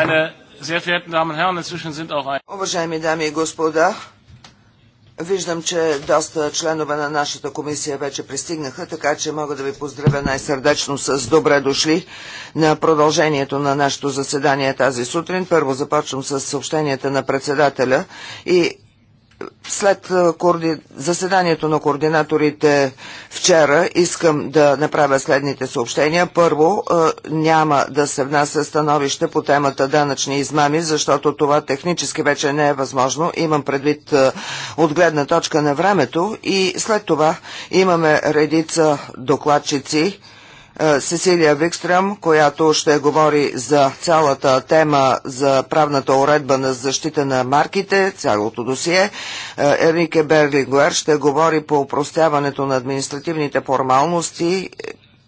Meine sehr verehrten Damen und Herren, inzwischen sind auch ein... Уважаеми дами и господа, Виждам, че доста членове на нашата комисия вече пристигнаха, така че мога да ви поздравя най-сърдечно с добре дошли на продължението на нашето заседание тази сутрин. Първо започвам с съобщенията на председателя и след коорди... заседанието на координаторите вчера искам да направя следните съобщения. Първо, няма да се внася становище по темата данъчни измами, защото това технически вече не е възможно. Имам предвид от гледна точка на времето и след това имаме редица докладчици, е, Сесилия Викстрем, която ще говори за цялата тема за правната уредба на защита на марките, цялото досие. Е, Ернике Берлингуер ще говори по упростяването на административните формалности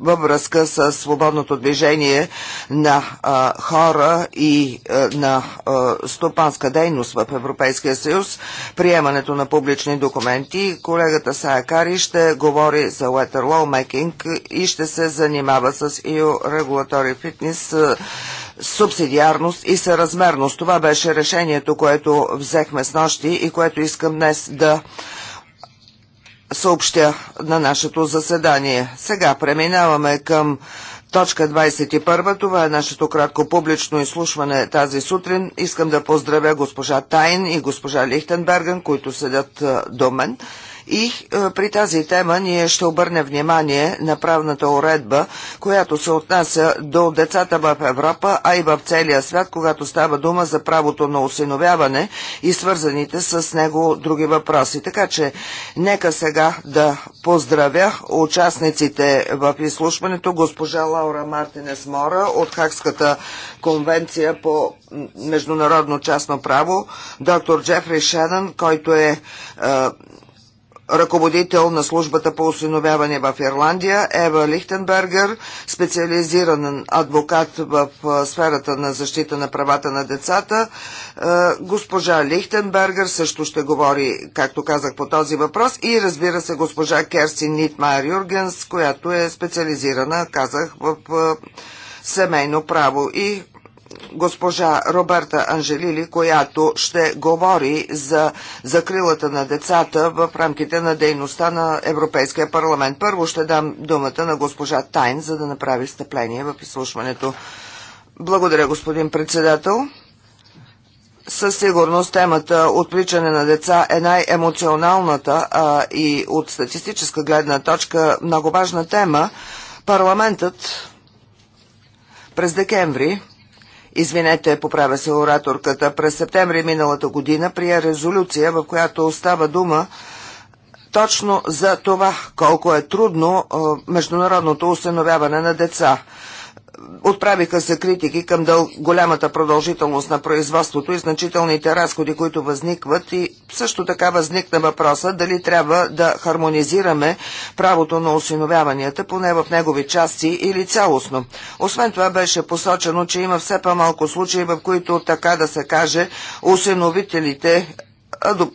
във връзка с свободното движение на а, хора и а, на а, стопанска дейност в Европейския съюз, приемането на публични документи. Колегата Саякари ще говори за Letter Lawmaking и ще се занимава с EU Regulatory Fitness субсидиарност и съразмерност. Това беше решението, което взехме с нощи и което искам днес да съобщя на нашето заседание. Сега преминаваме към Точка 21. Това е нашето кратко публично изслушване тази сутрин. Искам да поздравя госпожа Тайн и госпожа Лихтенберген, които седят до мен. И е, при тази тема ние ще обърнем внимание на правната уредба, която се отнася до децата в Европа, а и в целия свят, когато става дума за правото на осиновяване и свързаните с него други въпроси. Така че нека сега да поздравя участниците в изслушването госпожа Лаура Мартинес Мора от Хакската конвенция по международно частно право, доктор Джефри Шенън, който е, е ръководител на службата по осиновяване в Ирландия, Ева Лихтенбергер, специализиран адвокат в сферата на защита на правата на децата. Госпожа Лихтенбергер също ще говори, както казах, по този въпрос и разбира се госпожа Керсин Нитмайер Юргенс, която е специализирана, казах, в семейно право и госпожа Роберта Анжелили, която ще говори за закрилата на децата в рамките на дейността на Европейския парламент. Първо ще дам думата на госпожа Тайн, за да направи встъпление в изслушването. Благодаря, господин председател. Със сигурност темата отвличане на деца е най-емоционалната а, и от статистическа гледна точка много важна тема. Парламентът през декември Извинете, поправя се ораторката. През септември миналата година прия резолюция, в която остава дума точно за това колко е трудно международното установяване на деца. Отправиха се критики към дъл... голямата продължителност на производството и значителните разходи, които възникват и също така възникна въпроса дали трябва да хармонизираме правото на осиновяванията, поне в негови части или цялостно. Освен това беше посочено, че има все по-малко случаи, в които така да се каже, осиновителите адоп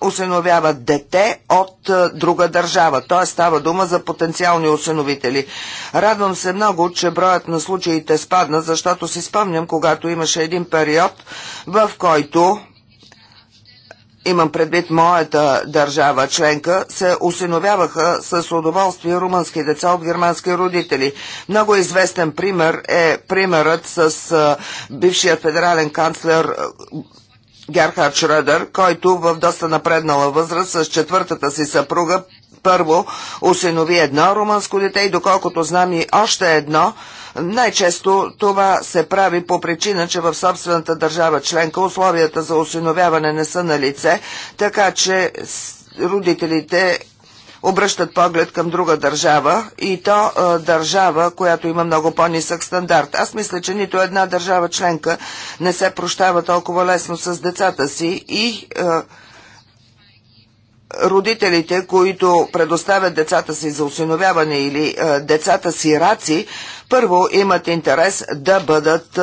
осиновяват дете от е, друга държава. Т.е. става дума за потенциални осиновители. Радвам се много, че броят на случаите спадна, защото си спомням, когато имаше един период, в който имам предвид моята държава членка, се осиновяваха с удоволствие румънски деца от германски родители. Много известен пример е примерът с е, бившият федерален канцлер е, Герхард Шредер, който в доста напреднала възраст с четвъртата си съпруга първо осинови едно румънско дете и доколкото знам и още едно, най-често това се прави по причина, че в собствената държава членка условията за осиновяване не са на лице, така че родителите обръщат поглед към друга държава и то държава, която има много по-нисък стандарт. Аз мисля, че нито една държава членка не се прощава толкова лесно с децата си и родителите, които предоставят децата си за осиновяване или децата си раци, първо имат интерес да бъдат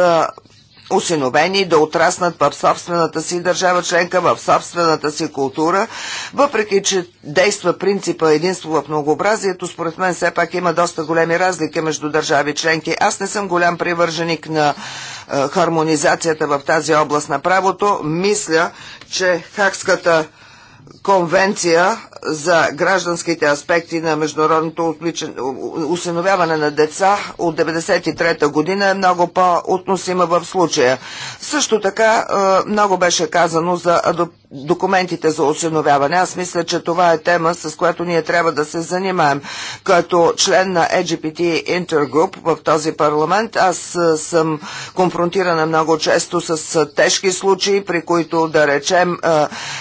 осиновени да отраснат в собствената си държава членка, в собствената си култура, въпреки че действа принципа единство в многообразието, според мен все пак има доста големи разлики между държави членки. Аз не съм голям привърженик на е, хармонизацията в тази област на правото. Мисля, че Хакската конвенция за гражданските аспекти на международното усиновяване на деца от 1993 година е много по-относима в случая. Също така е, много беше казано за документите за осиновяване. Аз мисля, че това е тема, с която ние трябва да се занимаем. Като член на EGPT Intergroup в този парламент, аз е, съм конфронтирана много често с е, тежки случаи, при които, да речем,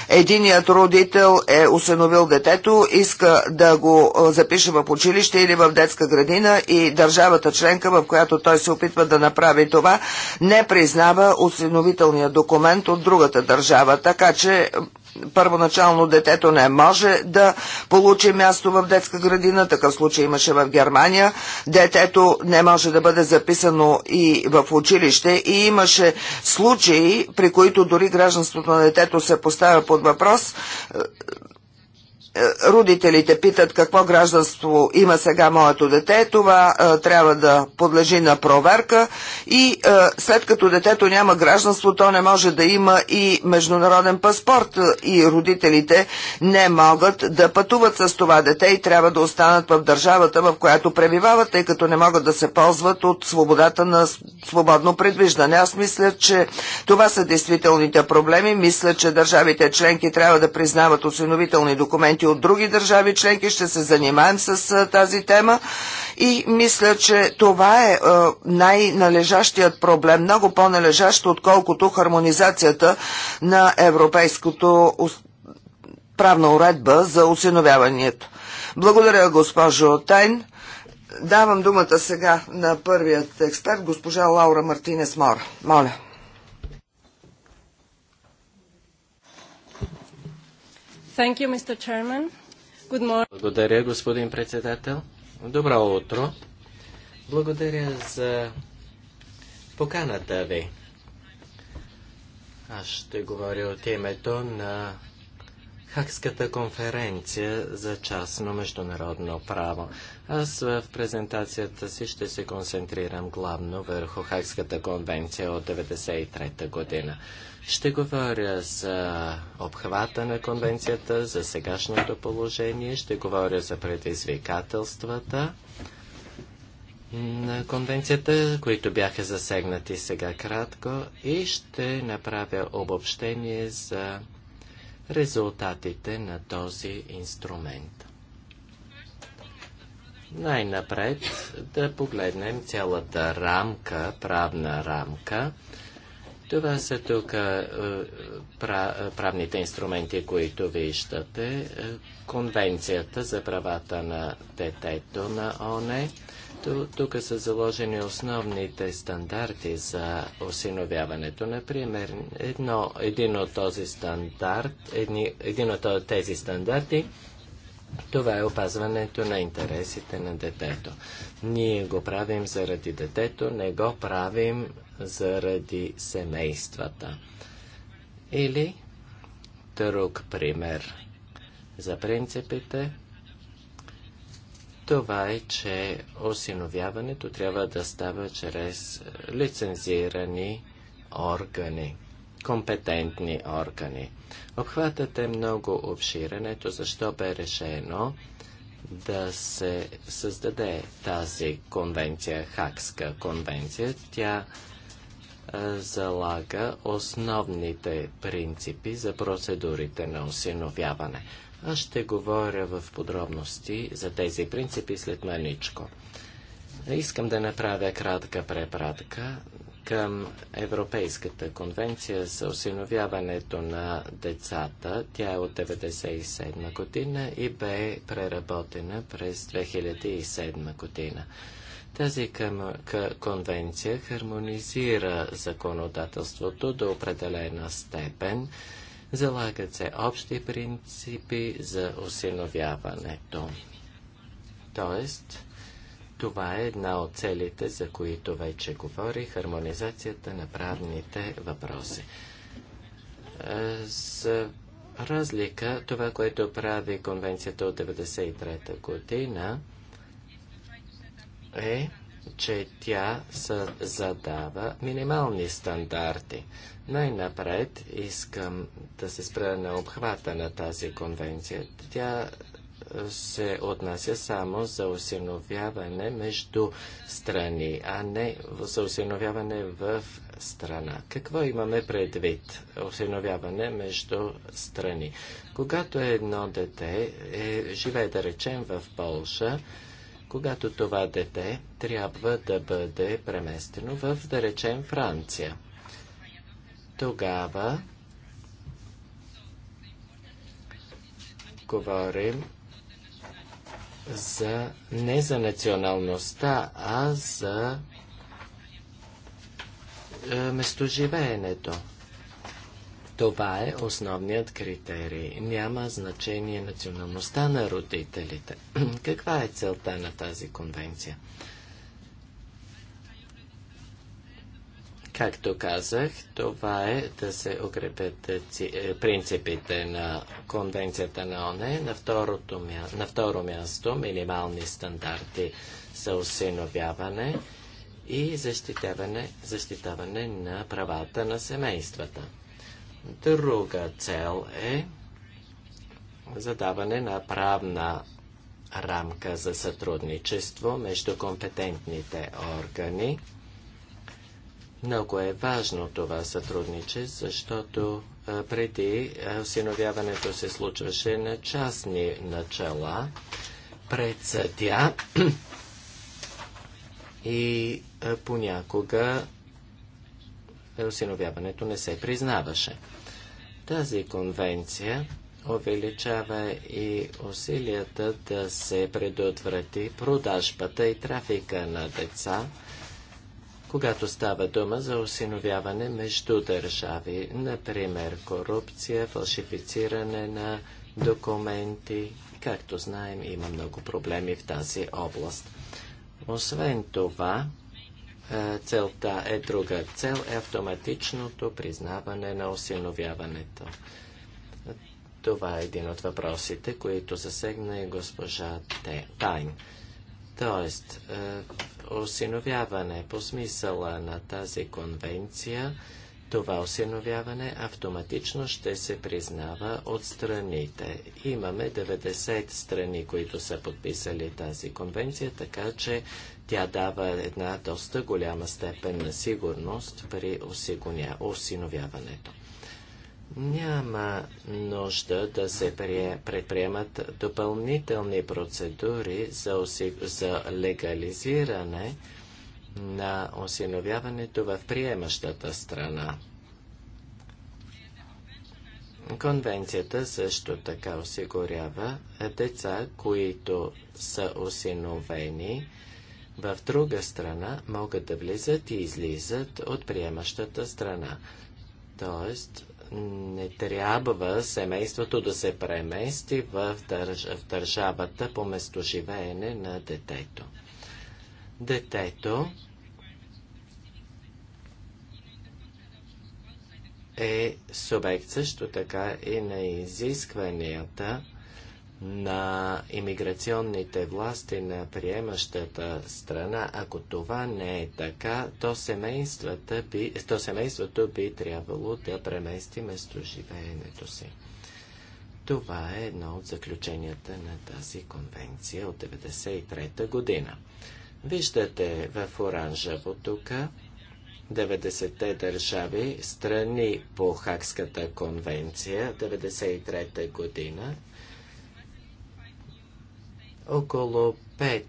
единият родител е осиновил детето иска да го запише в училище или в детска градина и държавата членка, в която той се опитва да направи това, не признава осиновителния документ от другата държава. Така че първоначално детето не може да получи място в детска градина, такъв случай имаше в Германия, детето не може да бъде записано и в училище и имаше случаи, при които дори гражданството на детето се поставя под въпрос, е, родителите питат какво гражданство има сега моето дете, това а, е, трябва да подлежи на проверка и а, е, след като детето няма гражданство, то не може да има и международен паспорт и родителите не могат да пътуват с това дете и трябва да останат в държавата, в която пребивават, тъй като не могат да се ползват от свободата на свободно предвиждане. Аз мисля, че това са действителните проблеми. Мисля, че държавите членки трябва да признават осиновителни документи експерти от други държави членки. Ще се занимаем с тази тема и мисля, че това е най-належащият проблем, много по-належащ, отколкото хармонизацията на европейското правна уредба за осиновяването. Благодаря, госпожо Тайн. Давам думата сега на първият експерт, госпожа Лаура Мартинес Мора. Моля. Thank you, Mr. Chairman. Good morning. Благодаря, господин председател. Добро утро. Благодаря за поканата ви. Аз ще говоря от името на Хакската конференция за частно международно право. Аз в презентацията си ще се концентрирам главно върху Хакската конвенция от 1993 година. Ще говоря за обхвата на конвенцията, за сегашното положение, ще говоря за предизвикателствата на конвенцията, които бяха засегнати сега кратко и ще направя обобщение за резултатите на този инструмент. Най-напред да погледнем цялата рамка, правна рамка, това са тук е, правните инструменти, които виждате. Е, Конвенцията за правата на детето на ОНЕ. Тук са заложени основните стандарти за осиновяването. Например, едно, един от този стандарт, едни, един от тези стандарти, това е опазването на интересите на детето. Ние го правим заради детето, не го правим заради семействата. Или друг пример за принципите. Това е, че осиновяването трябва да става чрез лицензирани органи, компетентни органи. Обхватът е много обширен, ето защо бе решено да се създаде тази конвенция, Хакска конвенция. Тя залага основните принципи за процедурите на осиновяване. Аз ще говоря в подробности за тези принципи след маличко. Искам да направя кратка препратка към Европейската конвенция за осиновяването на децата. Тя е от 1997 година и бе преработена през 2007 година. Тази конвенция хармонизира законодателството до определена степен. Залагат се общи принципи за осиновяването. Тоест, това е една от целите, за които вече говори хармонизацията на правните въпроси. С е, разлика, това, което прави конвенцията от 1993 година, е, че тя задава минимални стандарти. Най-напред искам да се спра на обхвата на тази конвенция. Тя е, се отнася само за осиновяване между страни, а не за осиновяване в страна. Какво имаме предвид? Осиновяване между страни. Когато едно дете е, живее, да речем, в Полша, когато това дете трябва да бъде преместено в, да речем, Франция. Тогава говорим за, не за националността, а за е, местоживеенето. Това е основният критерий. Няма значение националността на родителите. Каква е целта на тази конвенция? Както казах, това е да се укрепят е, принципите на Конвенцията на ОНЕ. На, второто, на второ място минимални стандарти за осиновяване и защитаване, защитаване на правата на семействата. Друга цел е задаване на правна рамка за сътрудничество между компетентните органи. Много е важно това сътрудничество, защото преди осиновяването се случваше на частни начала пред съдя и понякога е, осиновяването не се признаваше. Тази конвенция увеличава и усилията да се предотврати продажбата и трафика на деца, когато става дума за осиновяване между държави, например корупция, фалшифициране на документи. Както знаем, има много проблеми в тази област. Освен това, е, целта е друга. Цел е автоматичното признаване на осиновяването. Това е един от въпросите, които засегна и госпожа Тайн. Тоест, е, осиновяване по смисъла на тази конвенция – това осиновяване автоматично ще се признава от страните. Имаме 90 страни, които са подписали тази конвенция, така че тя дава една доста голяма степен на сигурност при осиновяването. Няма нужда да се предприемат допълнителни процедури за, за легализиране на осиновяването в приемащата страна. Конвенцията също така осигурява деца, които са осиновени в друга страна, могат да влизат и излизат от приемащата страна. Тоест, не трябва семейството да се премести в, в държавата по местоживеене на детето детето е субект също така и на изискванията на имиграционните власти на приемащата страна. Ако това не е така, то семейството би, то семейството би трябвало да премести место живеенето си. Това е едно от заключенията на тази конвенция от 1993 година. Виждате в оранжево тук 90-те държави, страни по Хакската конвенция 93-та година. Около 5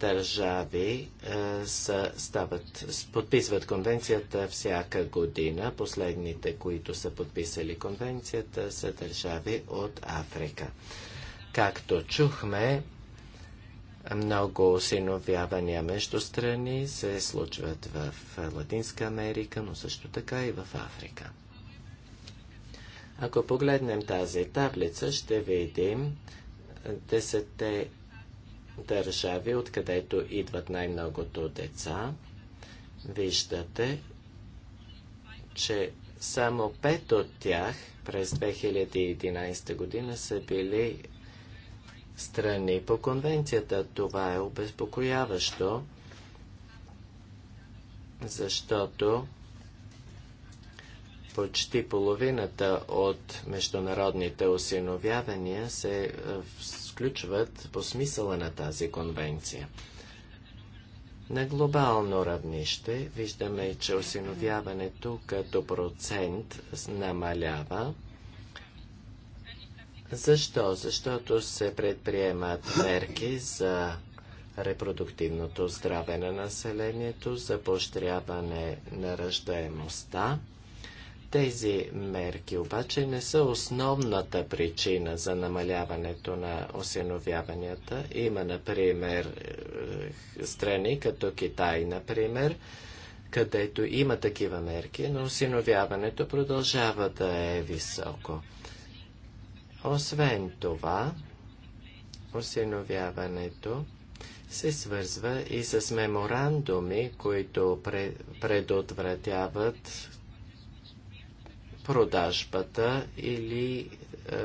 държави е, са, стават, подписват конвенцията всяка година. Последните, които са подписали конвенцията, са държави от Африка. Както чухме, много осиновявания между страни се случват в Латинска Америка, но също така и в Африка. Ако погледнем тази таблица, ще видим 10 държави, откъдето идват най-многото деца. Виждате, че само пет от тях през 2011 година са били страни. По конвенцията това е обезпокояващо, защото почти половината от международните осиновявания се включват е, по смисъла на тази конвенция. На глобално равнище виждаме, че осиновяването като процент намалява. Защо? Защото се предприемат мерки за репродуктивното здраве на населението, за поощряване на ръждаемостта. Тези мерки обаче не са основната причина за намаляването на осиновяванията. Има, например, е, страни като Китай, например, където има такива мерки, но осиновяването продължава да е високо. Освен това, осиновяването се свързва и с меморандуми, които предотвратяват продажбата или е,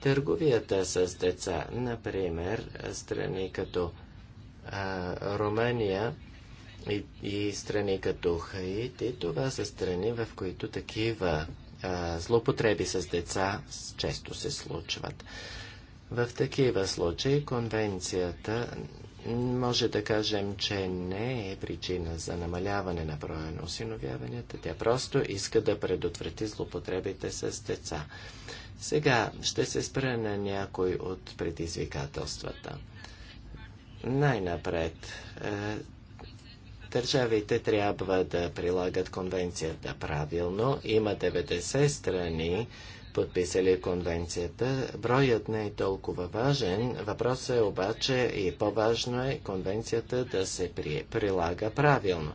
търговията с деца. Например, страни като е, Румъния и, и страни като Хаити, това са страни, в които такива злоупотреби с деца често се случват. В такива случаи конвенцията може да кажем, че не е причина за намаляване на броя на осиновяванията. Тя просто иска да предотврати злопотребите с деца. Сега ще се спра на някой от предизвикателствата. Най-напред, е, Държавите трябва да прилагат конвенцията правилно. Има 90 страни, подписали конвенцията. Броят не е толкова важен. Въпросът е обаче и по-важно е конвенцията да се прилага правилно.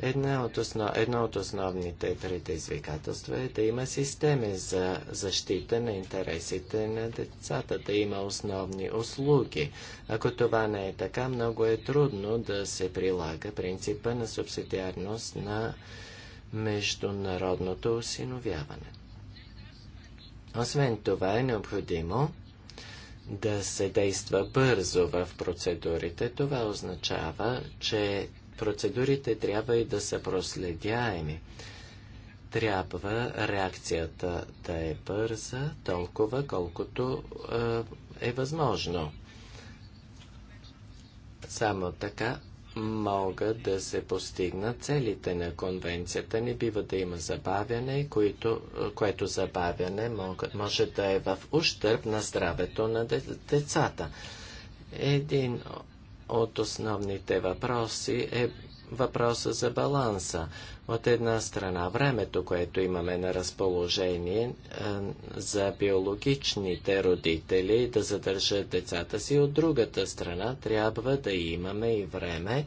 Една от основ... Едно от основните предизвикателства е да има системи за защита на интересите на децата, да има основни услуги. Ако това не е така, много е трудно да се прилага принципа на субсидиарност на международното осиновяване. Освен това е необходимо да се действа бързо в процедурите. Това означава, че процедурите трябва и да са проследяеми. Трябва реакцията да е бърза, толкова колкото е, е възможно. Само така могат да се постигнат целите на конвенцията. Не бива да има забавяне, което, което забавяне може да е в ущърп на здравето на децата. Един от основните въпроси е въпроса за баланса. От една страна времето, което имаме на разположение е, за биологичните родители да задържат децата си, от другата страна трябва да имаме и време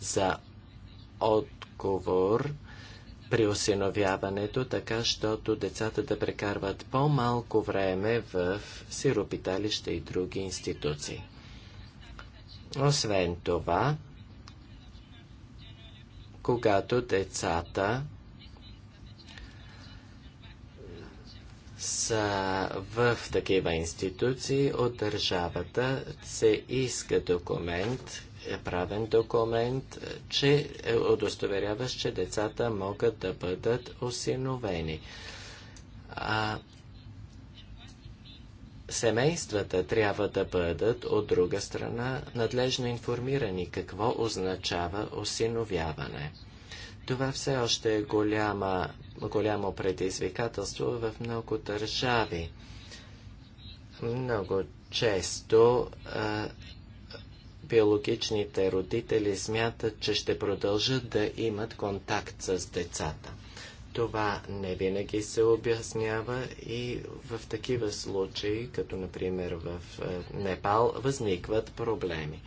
за отговор при осиновяването, така, щото децата да прекарват по-малко време в сиропиталище и други институции. Освен това, когато децата са в такива институции, от държавата се иска документ, е правен документ, че е удостоверяващ, че децата могат да бъдат осиновени. А, семействата трябва да бъдат, от друга страна, надлежно информирани какво означава осиновяване. Това все още е голяма, голямо предизвикателство в много държави. Много често а, биологичните родители смятат, че ще продължат да имат контакт с децата. Това не винаги се обяснява и в такива случаи, като например в е, Непал, възникват проблеми.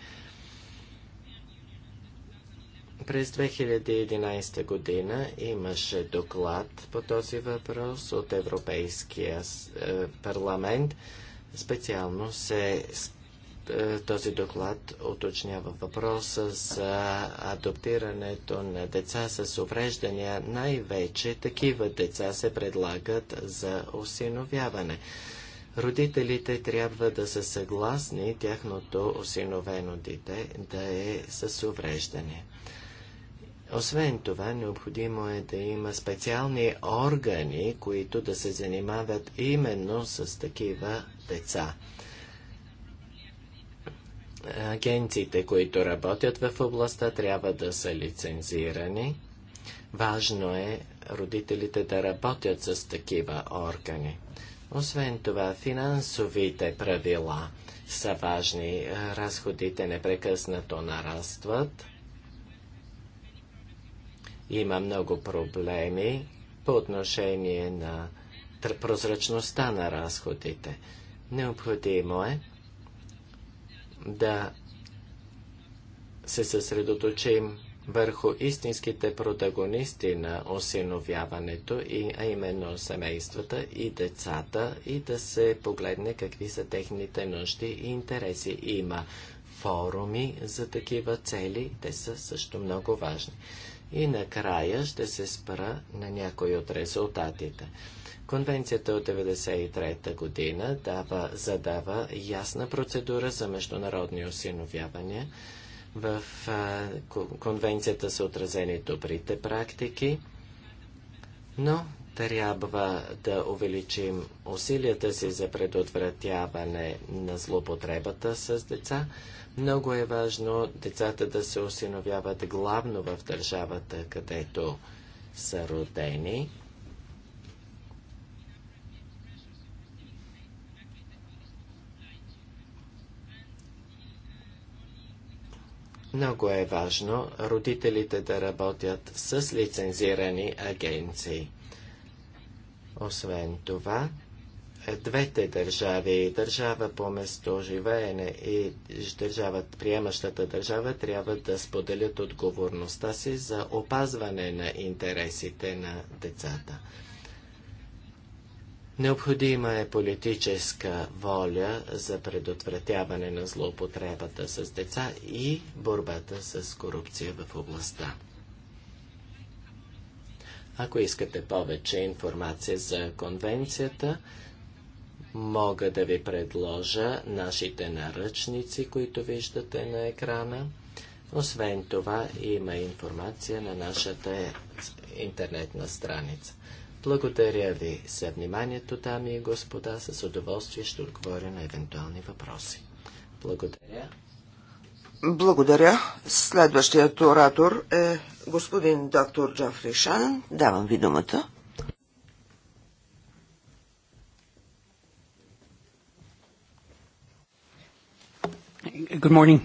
През 2011 година имаше доклад по този въпрос от Европейския е, парламент. Специално се е, този доклад уточнява въпроса за адоптирането на деца с увреждания. Най-вече такива деца се предлагат за осиновяване. Родителите трябва да са съгласни тяхното осиновено дете да е с увреждане. Освен това, необходимо е да има специални органи, които да се занимават именно с такива деца агенциите, които работят в областта, трябва да са лицензирани. Важно е родителите да работят с такива органи. Освен това, финансовите правила са важни. Разходите непрекъснато нарастват. Има много проблеми по отношение на прозрачността на разходите. Необходимо е да се съсредоточим върху истинските протагонисти на осиновяването, и, а именно семействата и децата, и да се погледне какви са техните нужди и интереси. Има форуми за такива цели, те са също много важни. И накрая ще се спра на някои от резултатите. Конвенцията от 1993 година дава, задава ясна процедура за международни осиновявания. В а, конвенцията са отразени добрите практики, но трябва да увеличим усилията си за предотвратяване на злопотребата с деца. Много е важно децата да се осиновяват главно в държавата, където са родени. Много е важно родителите да работят с лицензирани агенции. Освен това, е двете държави, държава по место живеене и държава, приемащата държава, трябва да споделят отговорността си за опазване на интересите на децата. Необходима е политическа воля за предотвратяване на злоупотребата с деца и борбата с корупция в областта. Ако искате повече информация за конвенцията, Мога да ви предложа нашите наръчници, които виждате на екрана. Освен това има информация на нашата интернетна страница. Благодаря ви за вниманието, дами и господа. С удоволствие ще отговоря на евентуални въпроси. Благодаря. Благодаря. Следващият оратор е господин доктор Джафри Шанен. Давам ви думата. Good morning.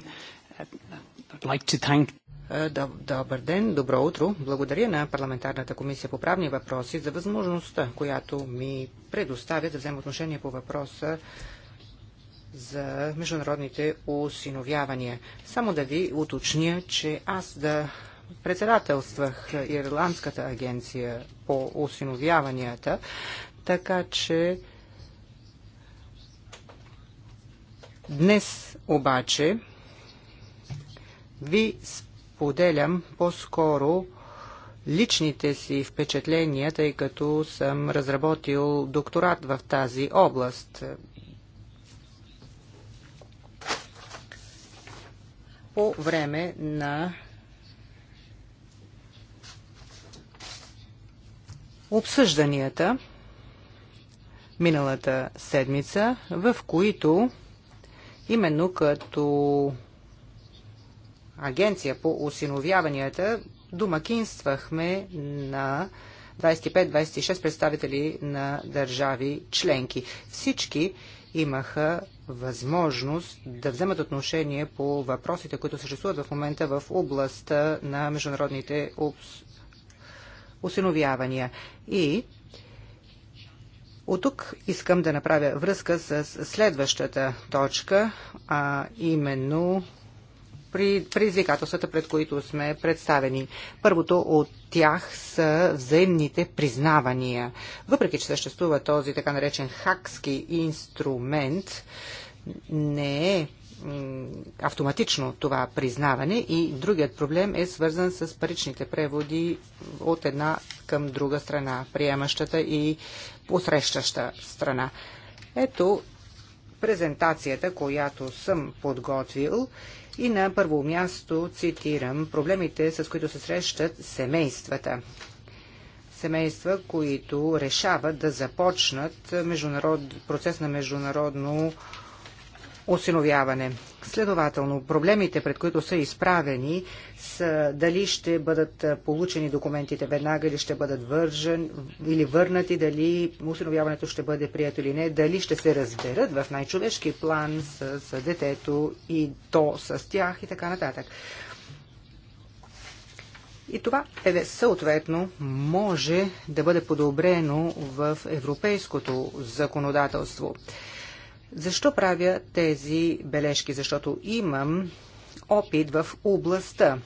I'd like to thank е, Добър ден, добро утро. Благодаря на Парламентарната комисия по правни въпроси за възможността, която ми предоставя да взема отношение по въпроса за международните осиновявания. Само да ви уточня, че аз да председателствах Ирландската агенция по осиновяванията, така че Днес обаче ви споделям по-скоро личните си впечатления, тъй като съм разработил докторат в тази област. По време на обсъжданията миналата седмица, в които именно като агенция по осиновяванията домакинствахме на 25-26 представители на държави членки. Всички имаха възможност да вземат отношение по въпросите, които съществуват в момента в областта на международните осиновявания. И от тук искам да направя връзка с следващата точка, а именно при предизвикателствата, пред които сме представени. Първото от тях са взаимните признавания. Въпреки, че съществува този така наречен хакски инструмент, не е автоматично това признаване и другият проблем е свързан с паричните преводи от една към друга страна, приемащата и посрещаща страна. Ето презентацията, която съм подготвил и на първо място цитирам проблемите, с които се срещат семействата семейства, които решават да започнат международ, процес на международно осиновяване. Следователно, проблемите, пред които са изправени, са дали ще бъдат получени документите веднага или ще бъдат вържен, или върнати, дали осиновяването ще бъде прието или не, дали ще се разберат в най-човешки план с, с детето и то с тях и така нататък. И това е, съответно може да бъде подобрено в европейското законодателство. Защо правя тези бележки? Защото имам опит в областта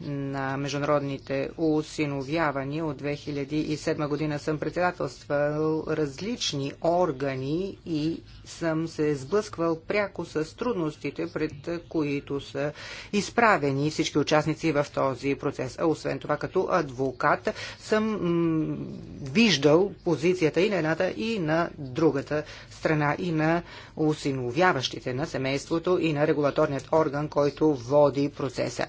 на международните усиновявания от 2007 година съм председателствал различни органи и съм се сблъсквал пряко с трудностите, пред които са изправени всички участници в този процес. А освен това, като адвокат съм виждал позицията и на едната, и на другата страна, и на усиновяващите на семейството, и на регулаторният орган, който води процеса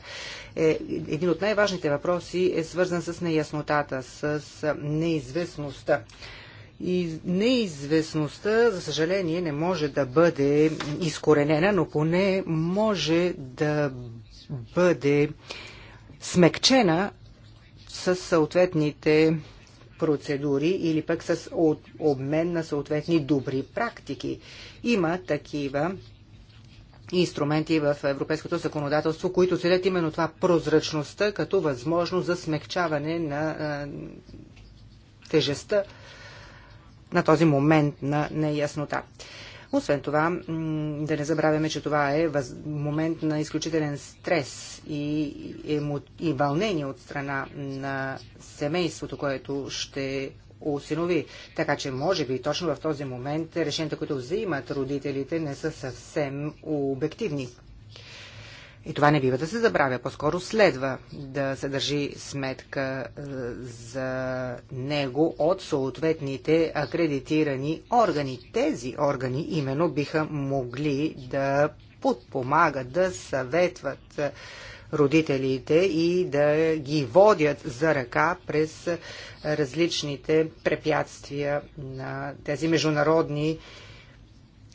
е, един от най-важните въпроси е свързан с неяснотата, с неизвестността. И неизвестността, за съжаление, не може да бъде изкоренена, но поне може да бъде смекчена с съответните процедури или пък с обмен на съответни добри практики. Има такива инструменти в европейското законодателство, които целят именно това прозрачността като възможност за смягчаване на тежестта на този момент на неяснота. Освен това, да не забравяме, че това е въз... момент на изключителен стрес и, емо... и вълнение от страна на семейството, което ще осинови. Така че, може би, точно в този момент решенията, които взимат родителите, не са съвсем обективни. И това не бива да се забравя, по-скоро следва да се държи сметка е, за него от съответните акредитирани органи. Тези органи именно биха могли да подпомагат, да съветват е, родителите и да ги водят за ръка през различните препятствия на тези международни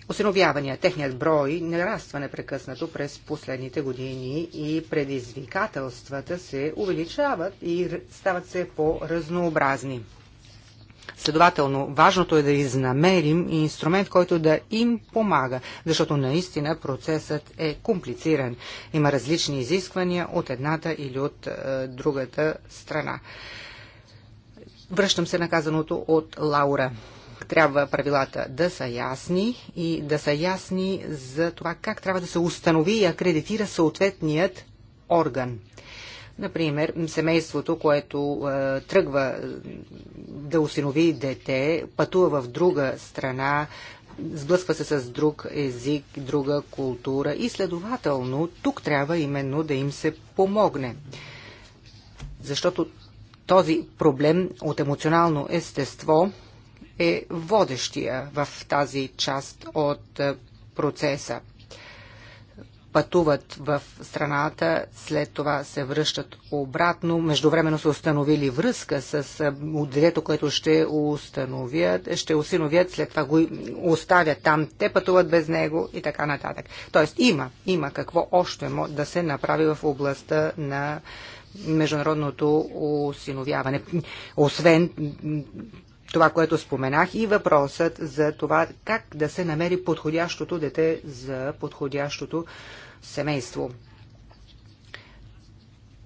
Осиновявания, техният брой нараства непрекъснато през последните години и предизвикателствата се увеличават и стават се по-разнообразни. Следователно, важното е да изнамерим инструмент, който да им помага, защото наистина процесът е комплициран. Има различни изисквания от едната или от е, другата страна. Връщам се на казаното от Лаура трябва правилата да са ясни и да са ясни за това как трябва да се установи и акредитира съответният орган. Например, семейството, което е, тръгва е, да осинови дете, пътува в друга страна, сблъсква се с друг език, друга култура и следователно тук трябва именно да им се помогне. Защото този проблем от емоционално естество е водещия в тази част от е, процеса пътуват в страната, след това се връщат обратно. Междувременно са установили връзка с детето, което ще установят, ще усиновят, след това го оставят там, те пътуват без него и така нататък. Тоест има, има какво още да се направи в областта на международното осиновяване. Освен това, което споменах и въпросът за това как да се намери подходящото дете за подходящото семейство.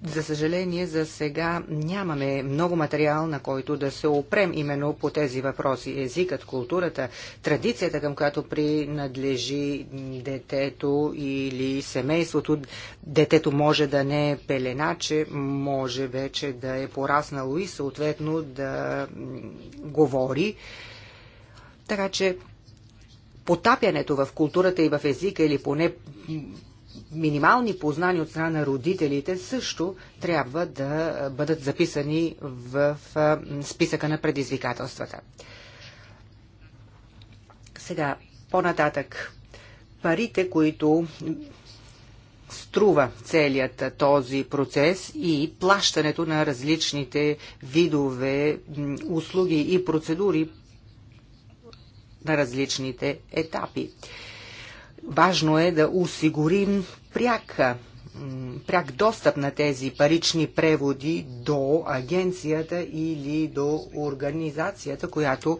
За съжаление, за сега нямаме много материал, на който да се опрем именно по тези въпроси. Езикът, културата, традицията, към която принадлежи детето или семейството. Детето може да не е пеленаче, може вече да е пораснало и съответно да говори. Така че потапянето в културата и в езика или поне минимални познания от страна на родителите също трябва да бъдат записани в списъка на предизвикателствата. Сега, по-нататък, парите, които струва целият този процес и плащането на различните видове услуги и процедури на различните етапи. Важно е да осигурим пряк, пряк достъп на тези парични преводи до агенцията или до организацията, която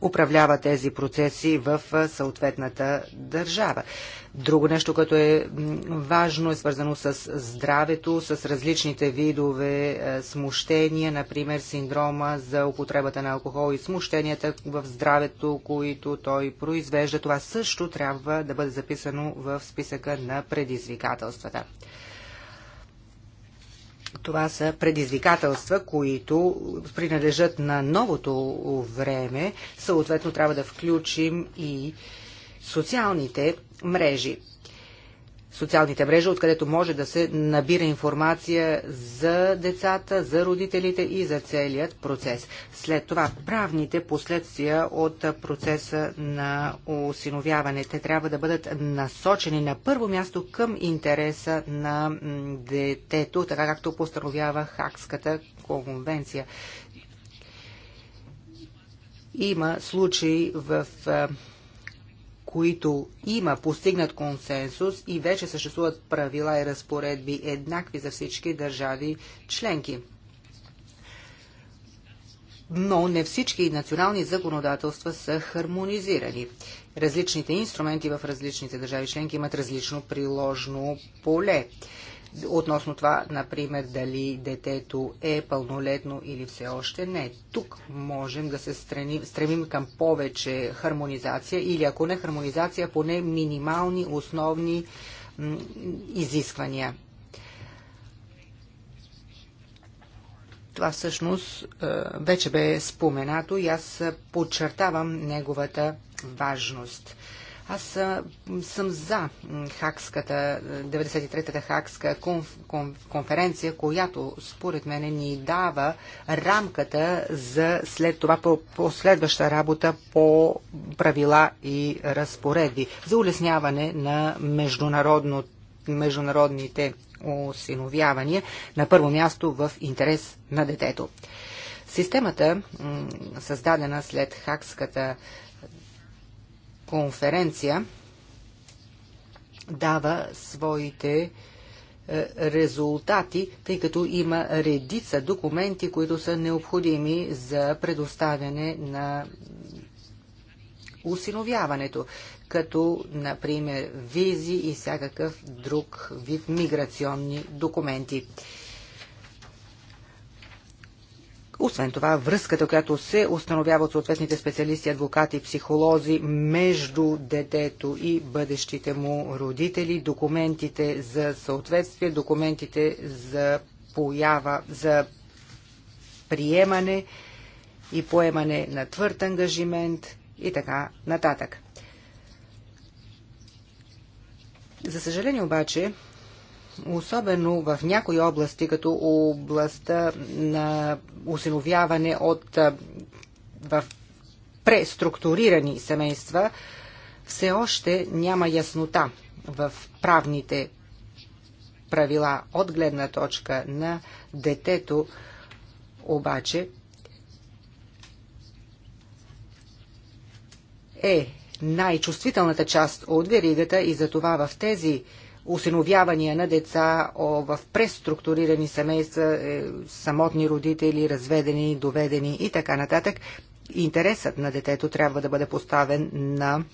управлява тези процеси в съответната държава. Друго нещо, което е важно, е свързано с здравето, с различните видове е, смущения, например синдрома за употребата на алкохол и смущенията в здравето, които той произвежда. Това също трябва да бъде записано в списъка на предизвикателствата. Това са предизвикателства, които принадлежат на новото време. Съответно трябва да включим и социалните мрежи. Социалните мрежи, откъдето може да се набира информация за децата, за родителите и за целият процес. След това правните последствия от процеса на осиновяване. Те трябва да бъдат насочени на първо място към интереса на детето, така както постановява Хакската конвенция. Има случаи в които има постигнат консенсус и вече съществуват правила и разпоредби еднакви за всички държави членки. Но не всички национални законодателства са хармонизирани. Различните инструменти в различните държави членки имат различно приложно поле относно това, например, дали детето е пълнолетно или все още не. Тук можем да се стремим, стремим към повече хармонизация или ако не хармонизация, поне минимални основни изисквания. Това всъщност е, вече бе споменато и аз подчертавам неговата важност. Аз съм за хакската, 93-та хакска конференция, която според мен ни дава рамката за след това последваща работа по правила и разпоредби за улесняване на международно, международните осиновявания на първо място в интерес на детето. Системата, създадена след хакската конференция дава своите е, резултати, тъй като има редица документи, които са необходими за предоставяне на усиновяването, като, например, визи и всякакъв друг вид миграционни документи. Освен това, връзката, която се установява от съответните специалисти, адвокати, психолози между детето и бъдещите му родители, документите за съответствие, документите за поява, за приемане и поемане на твърд ангажимент и така нататък. За съжаление обаче, особено в някои области, като областта на усиновяване от в преструктурирани семейства, все още няма яснота в правните правила от гледна точка на детето, обаче е най-чувствителната част от веригата и затова в тези осиновявания на деца о, в преструктурирани семейства, е, самотни родители, разведени, доведени и така нататък. Интересът на детето трябва да бъде поставен на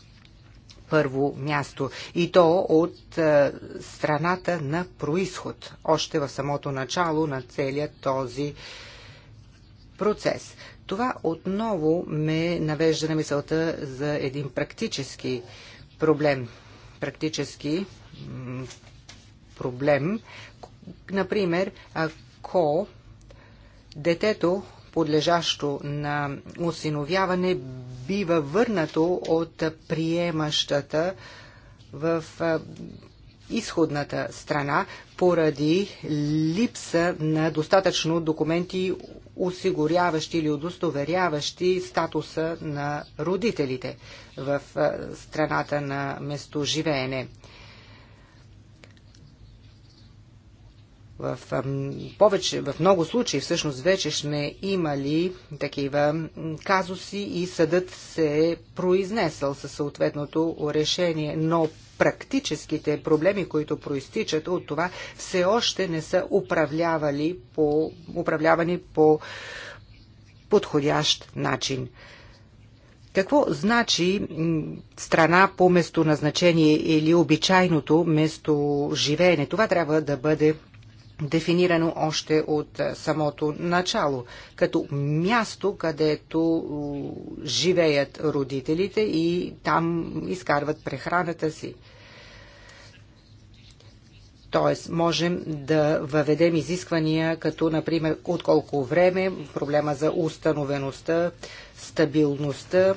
първо място. И то от е, страната на происход, още в самото начало на целият този процес. Това отново ме навежда на мисълта за един практически проблем. Практически проблем. Например, ако детето подлежащо на осиновяване бива върнато от приемащата в изходната страна поради липса на достатъчно документи, осигуряващи или удостоверяващи статуса на родителите в страната на местоживеене. в повече, в много случаи всъщност вече сме имали такива казуси и съдът се е произнесъл със съответното решение, но практическите проблеми, които проистичат от това, все още не са управлявали по, управлявани по подходящ начин. Какво значи страна по местоназначение или обичайното местоживеене? Това трябва да бъде дефинирано още от самото начало, като място, където живеят родителите и там изкарват прехраната си. Тоест, можем да въведем изисквания, като, например, от колко време, проблема за установеността, стабилността,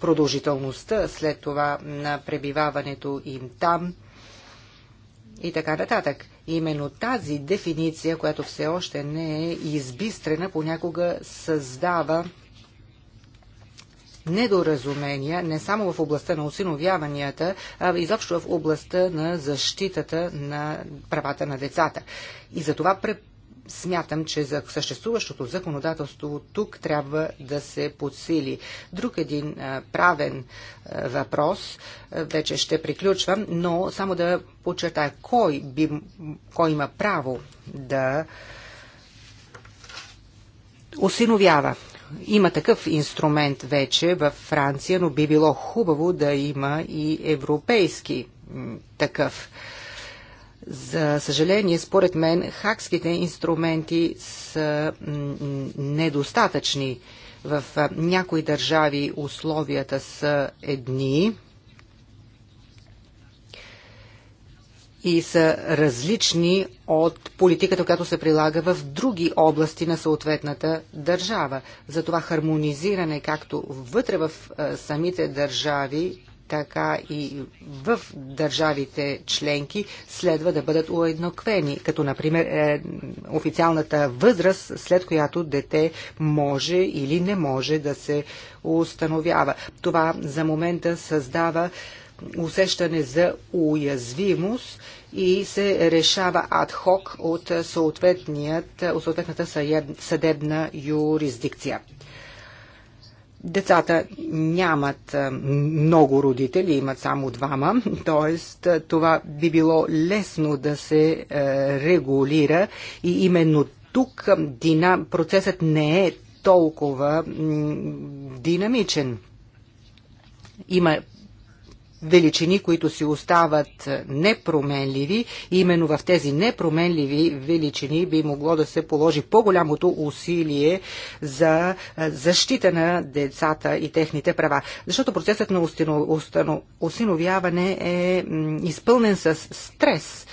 продължителността след това на пребиваването им там – и така нататък. Именно тази дефиниция, която все още не е избистрена, понякога създава недоразумения не само в областта на осиновяванията, а изобщо в областта на защитата на правата на децата. И за това смятам, че за съществуващото законодателство тук трябва да се подсили. Друг един правен въпрос, вече ще приключвам, но само да подчертая кой, би, кой има право да осиновява. Има такъв инструмент вече във Франция, но би било хубаво да има и европейски такъв. За съжаление, според мен, хакските инструменти са недостатъчни. В някои държави условията са едни и са различни от политиката, която се прилага в други области на съответната държава. Затова хармонизиране както вътре в самите държави, така и в държавите членки следва да бъдат уеднаквени, като например е, официалната възраст, след която дете може или не може да се установява. Това за момента създава усещане за уязвимост и се решава адхок от, от съответната съдебна юрисдикция. Децата нямат е, много родители, имат само двама, т.е. това би било лесно да се е, регулира и именно тук е, дина, процесът не е толкова динамичен. Има величини, които си остават непроменливи. И именно в тези непроменливи величини би могло да се положи по-голямото усилие за защита на децата и техните права. Защото процесът на осиновяване е изпълнен с стрес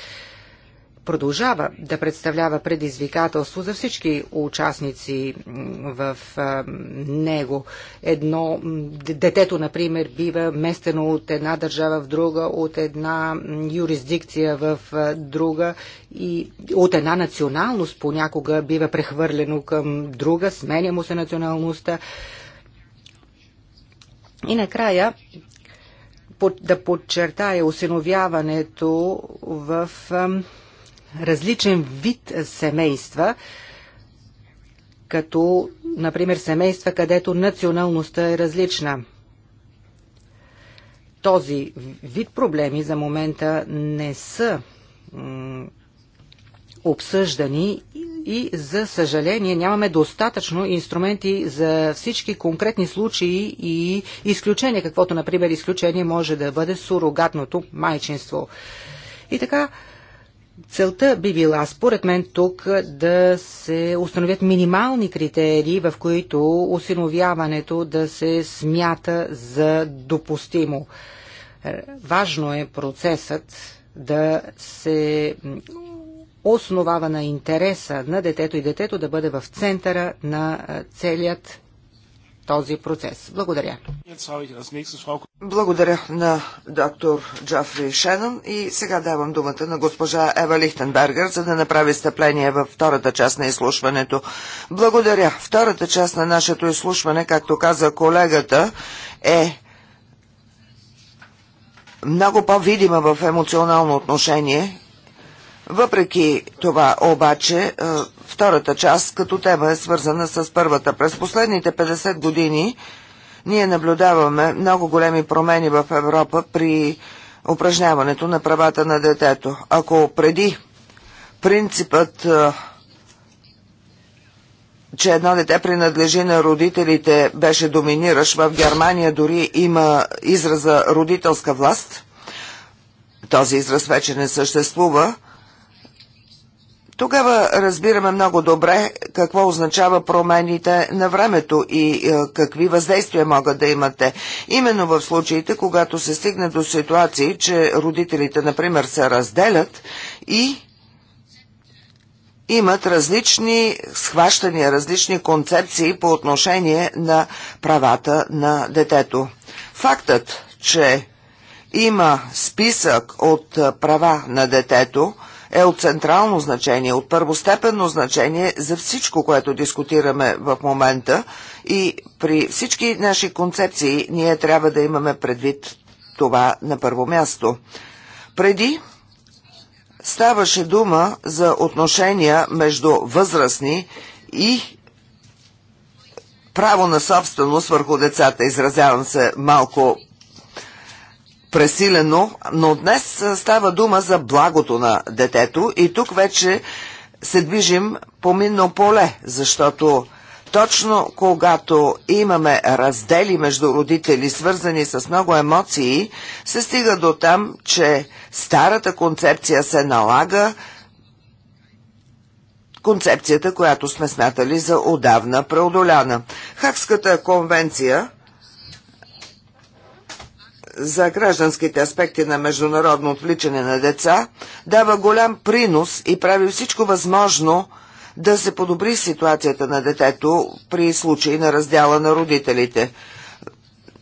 продължава да представлява предизвикателство за всички участници в него. Едно детето, например, бива местено от една държава в друга, от една юрисдикция в друга и от една националност понякога бива прехвърлено към друга, сменя му се националността. И накрая да подчертая осиновяването в различен вид семейства, като, например, семейства, където националността е различна. Този вид проблеми за момента не са обсъждани и за съжаление нямаме достатъчно инструменти за всички конкретни случаи и изключения, каквото например изключение може да бъде сурогатното майчинство. И така, Целта би била, според мен, тук да се установят минимални критерии, в които осиновяването да се смята за допустимо. Е, важно е процесът да се основава на интереса на детето и детето да бъде в центъра на целият този процес. Благодаря. Благодаря на доктор Джафри Шенън и сега давам думата на госпожа Ева Лихтенбергер, за да направи стъпление във втората част на изслушването. Благодаря. Втората част на нашето изслушване, както каза колегата, е много по-видима в емоционално отношение въпреки това обаче, е, втората част като тема е свързана с първата. През последните 50 години ние наблюдаваме много големи промени в Европа при упражняването на правата на детето. Ако преди принципът, е, че едно дете принадлежи на родителите, беше доминираш, в Германия дори има израза родителска власт, този израз вече не съществува, тогава разбираме много добре какво означава промените на времето и е, какви въздействия могат да имате. Именно в случаите, когато се стигне до ситуации, че родителите, например, се разделят и имат различни схващания, различни концепции по отношение на правата на детето. Фактът, че има списък от е, права на детето – е от централно значение, от първостепенно значение за всичко, което дискутираме в момента и при всички наши концепции ние трябва да имаме предвид това на първо място. Преди ставаше дума за отношения между възрастни и право на собственост върху децата. Изразявам се малко пресилено, но днес става дума за благото на детето и тук вече се движим по минно поле, защото точно когато имаме раздели между родители, свързани с много емоции, се стига до там, че старата концепция се налага, концепцията, която сме смятали за отдавна преодоляна. Хакската конвенция за гражданските аспекти на международно отвличане на деца дава голям принос и прави всичко възможно да се подобри ситуацията на детето при случай на раздяла на родителите.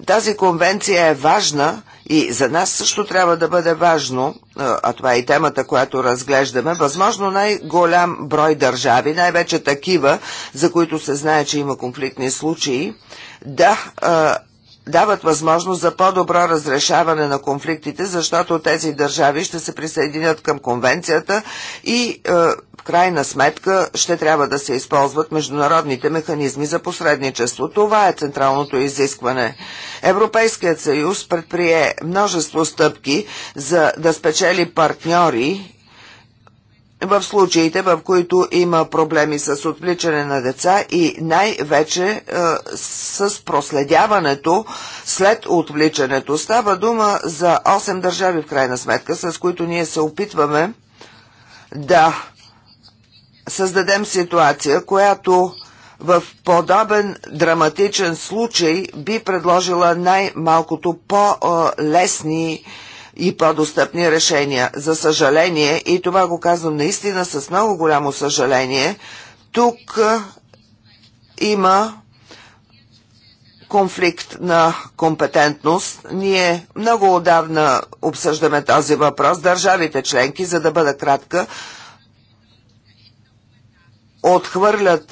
Тази конвенция е важна и за нас също трябва да бъде важно, а това е и темата, която разглеждаме, възможно най-голям брой държави, най-вече такива, за които се знае, че има конфликтни случаи, да дават възможност за по-добро разрешаване на конфликтите, защото тези държави ще се присъединят към конвенцията и е, в крайна сметка ще трябва да се използват международните механизми за посредничество. Това е централното изискване. Европейският съюз предприе множество стъпки за да спечели партньори в случаите, в които има проблеми с отвличане на деца и най-вече е, с проследяването след отвличането. Става дума за 8 държави в крайна сметка, с които ние се опитваме да създадем ситуация, която в подобен драматичен случай би предложила най-малкото по-лесни е, и по-достъпни решения. За съжаление, и това го казвам наистина с много голямо съжаление, тук има конфликт на компетентност. Ние много отдавна обсъждаме този въпрос. Държавите членки, за да бъда кратка, отхвърлят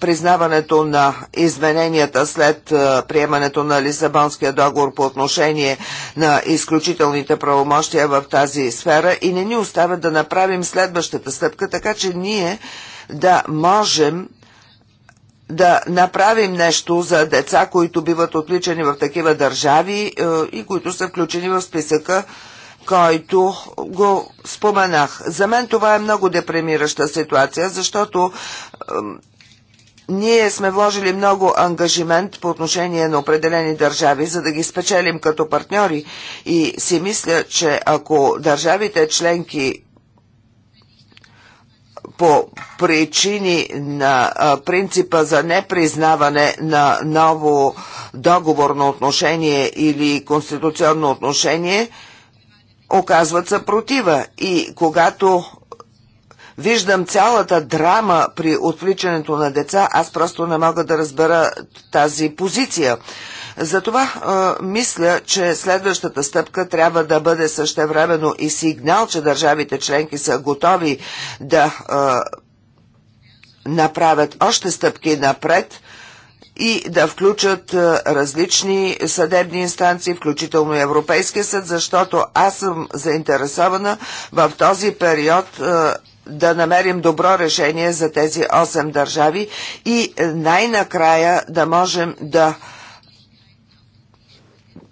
признаването на измененията след приемането на Лисабонския договор по отношение на изключителните правомощия в тази сфера и не ни оставят да направим следващата стъпка, така че ние да можем да направим нещо за деца, които биват отличани в такива държави и които са включени в списъка който го споменах. За мен това е много депремираща ситуация, защото ние сме вложили много ангажимент по отношение на определени държави, за да ги спечелим като партньори и си мисля, че ако държавите членки по причини на принципа за непризнаване на ново договорно отношение или конституционно отношение – оказват съпротива. И когато виждам цялата драма при отвличането на деца, аз просто не мога да разбера тази позиция. Затова е, мисля, че следващата стъпка трябва да бъде същевременно и сигнал, че държавите членки са готови да е, направят още стъпки напред – и да включат е, различни съдебни инстанции, включително Европейския съд, защото аз съм заинтересована в този период е, да намерим добро решение за тези 8 държави и е, най-накрая да можем да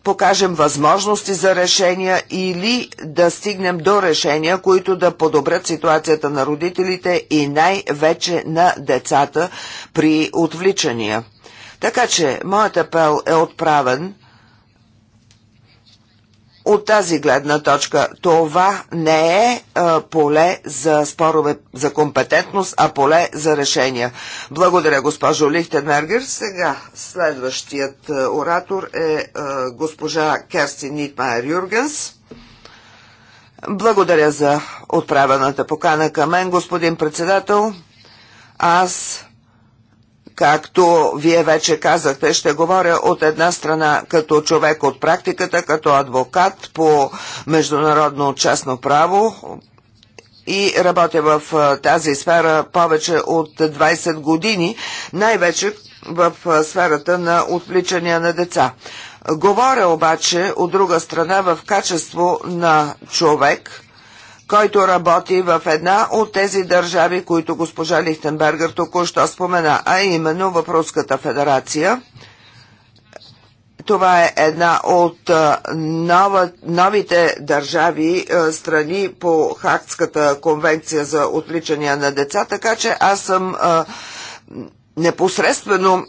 покажем възможности за решения или да стигнем до решения, които да подобрят ситуацията на родителите и най-вече на децата при отвличания. Така че, моят апел е отправен от тази гледна точка. Това не е а, поле за спорове за компетентност, а поле за решения. Благодаря, госпожо Лихтенергер. Сега следващият а, оратор е а, госпожа Керсти Нитмайер Юргенс. Благодаря за отправената покана към мен, господин председател. Аз Както вие вече казахте, ще говоря от една страна като човек от практиката, като адвокат по международно частно право, и работя в тази сфера повече от 20 години, най-вече в сферата на отвличания на деца. Говоря обаче от друга страна в качество на човек, който работи в една от тези държави, които госпожа Лихтенбергер току-що спомена, а именно в Руската федерация. Това е една от нова, новите държави, страни по Хактската конвенция за отличания на деца, така че аз съм непосредствено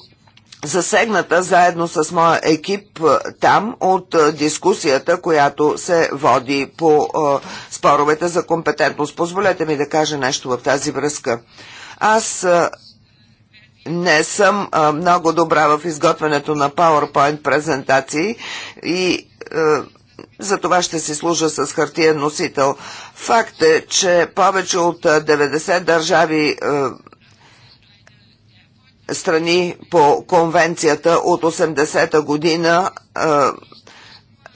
засегната заедно с моя екип там от дискусията, която се води по споровете за компетентност. Позволете ми да кажа нещо в тази връзка. Аз не съм много добра в изготвянето на PowerPoint презентации и за това ще си служа с хартиен носител. Факт е, че повече от 90 държави страни по конвенцията от 80-та година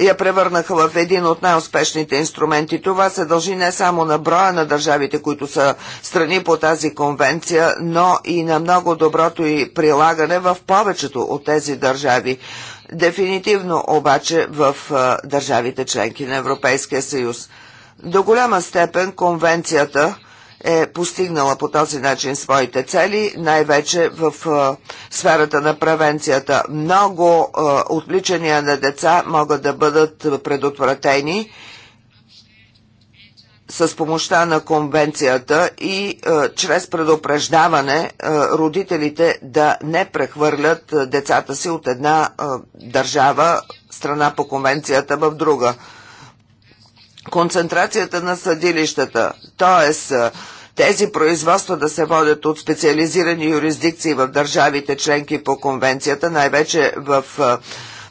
я превърнаха в един от най-успешните инструменти. Това се дължи не само на броя на държавите, които са страни по тази конвенция, но и на много доброто и прилагане в повечето от тези държави. Дефинитивно обаче в държавите членки на Европейския съюз. До голяма степен конвенцията – е постигнала по този начин своите цели, най-вече в е, сферата на превенцията. Много е, отвличания на деца могат да бъдат предотвратени с помощта на конвенцията и е, чрез предупреждаване е, родителите да не прехвърлят е, децата си от една е, държава, страна по конвенцията в друга концентрацията на съдилищата, т.е. тези производства да се водят от специализирани юрисдикции в държавите членки по конвенцията, най-вече в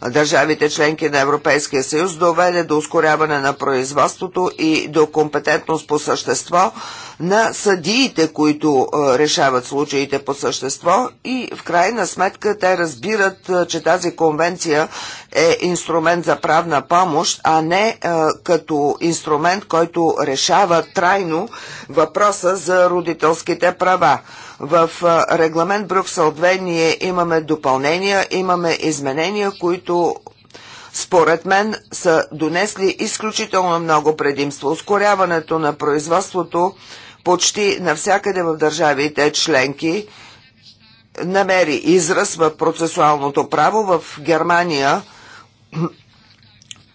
държавите членки на Европейския съюз доведе до ускоряване на производството и до компетентност по същество на съдиите, които е, решават случаите по същество и в крайна сметка те разбират, е, че тази конвенция е инструмент за правна помощ, а не е, като инструмент, който решава трайно въпроса за родителските права. В регламент Брюксел 2 ние имаме допълнения, имаме изменения, които според мен са донесли изключително много предимство. Ускоряването на производството почти навсякъде в държавите членки намери израз в процесуалното право. В Германия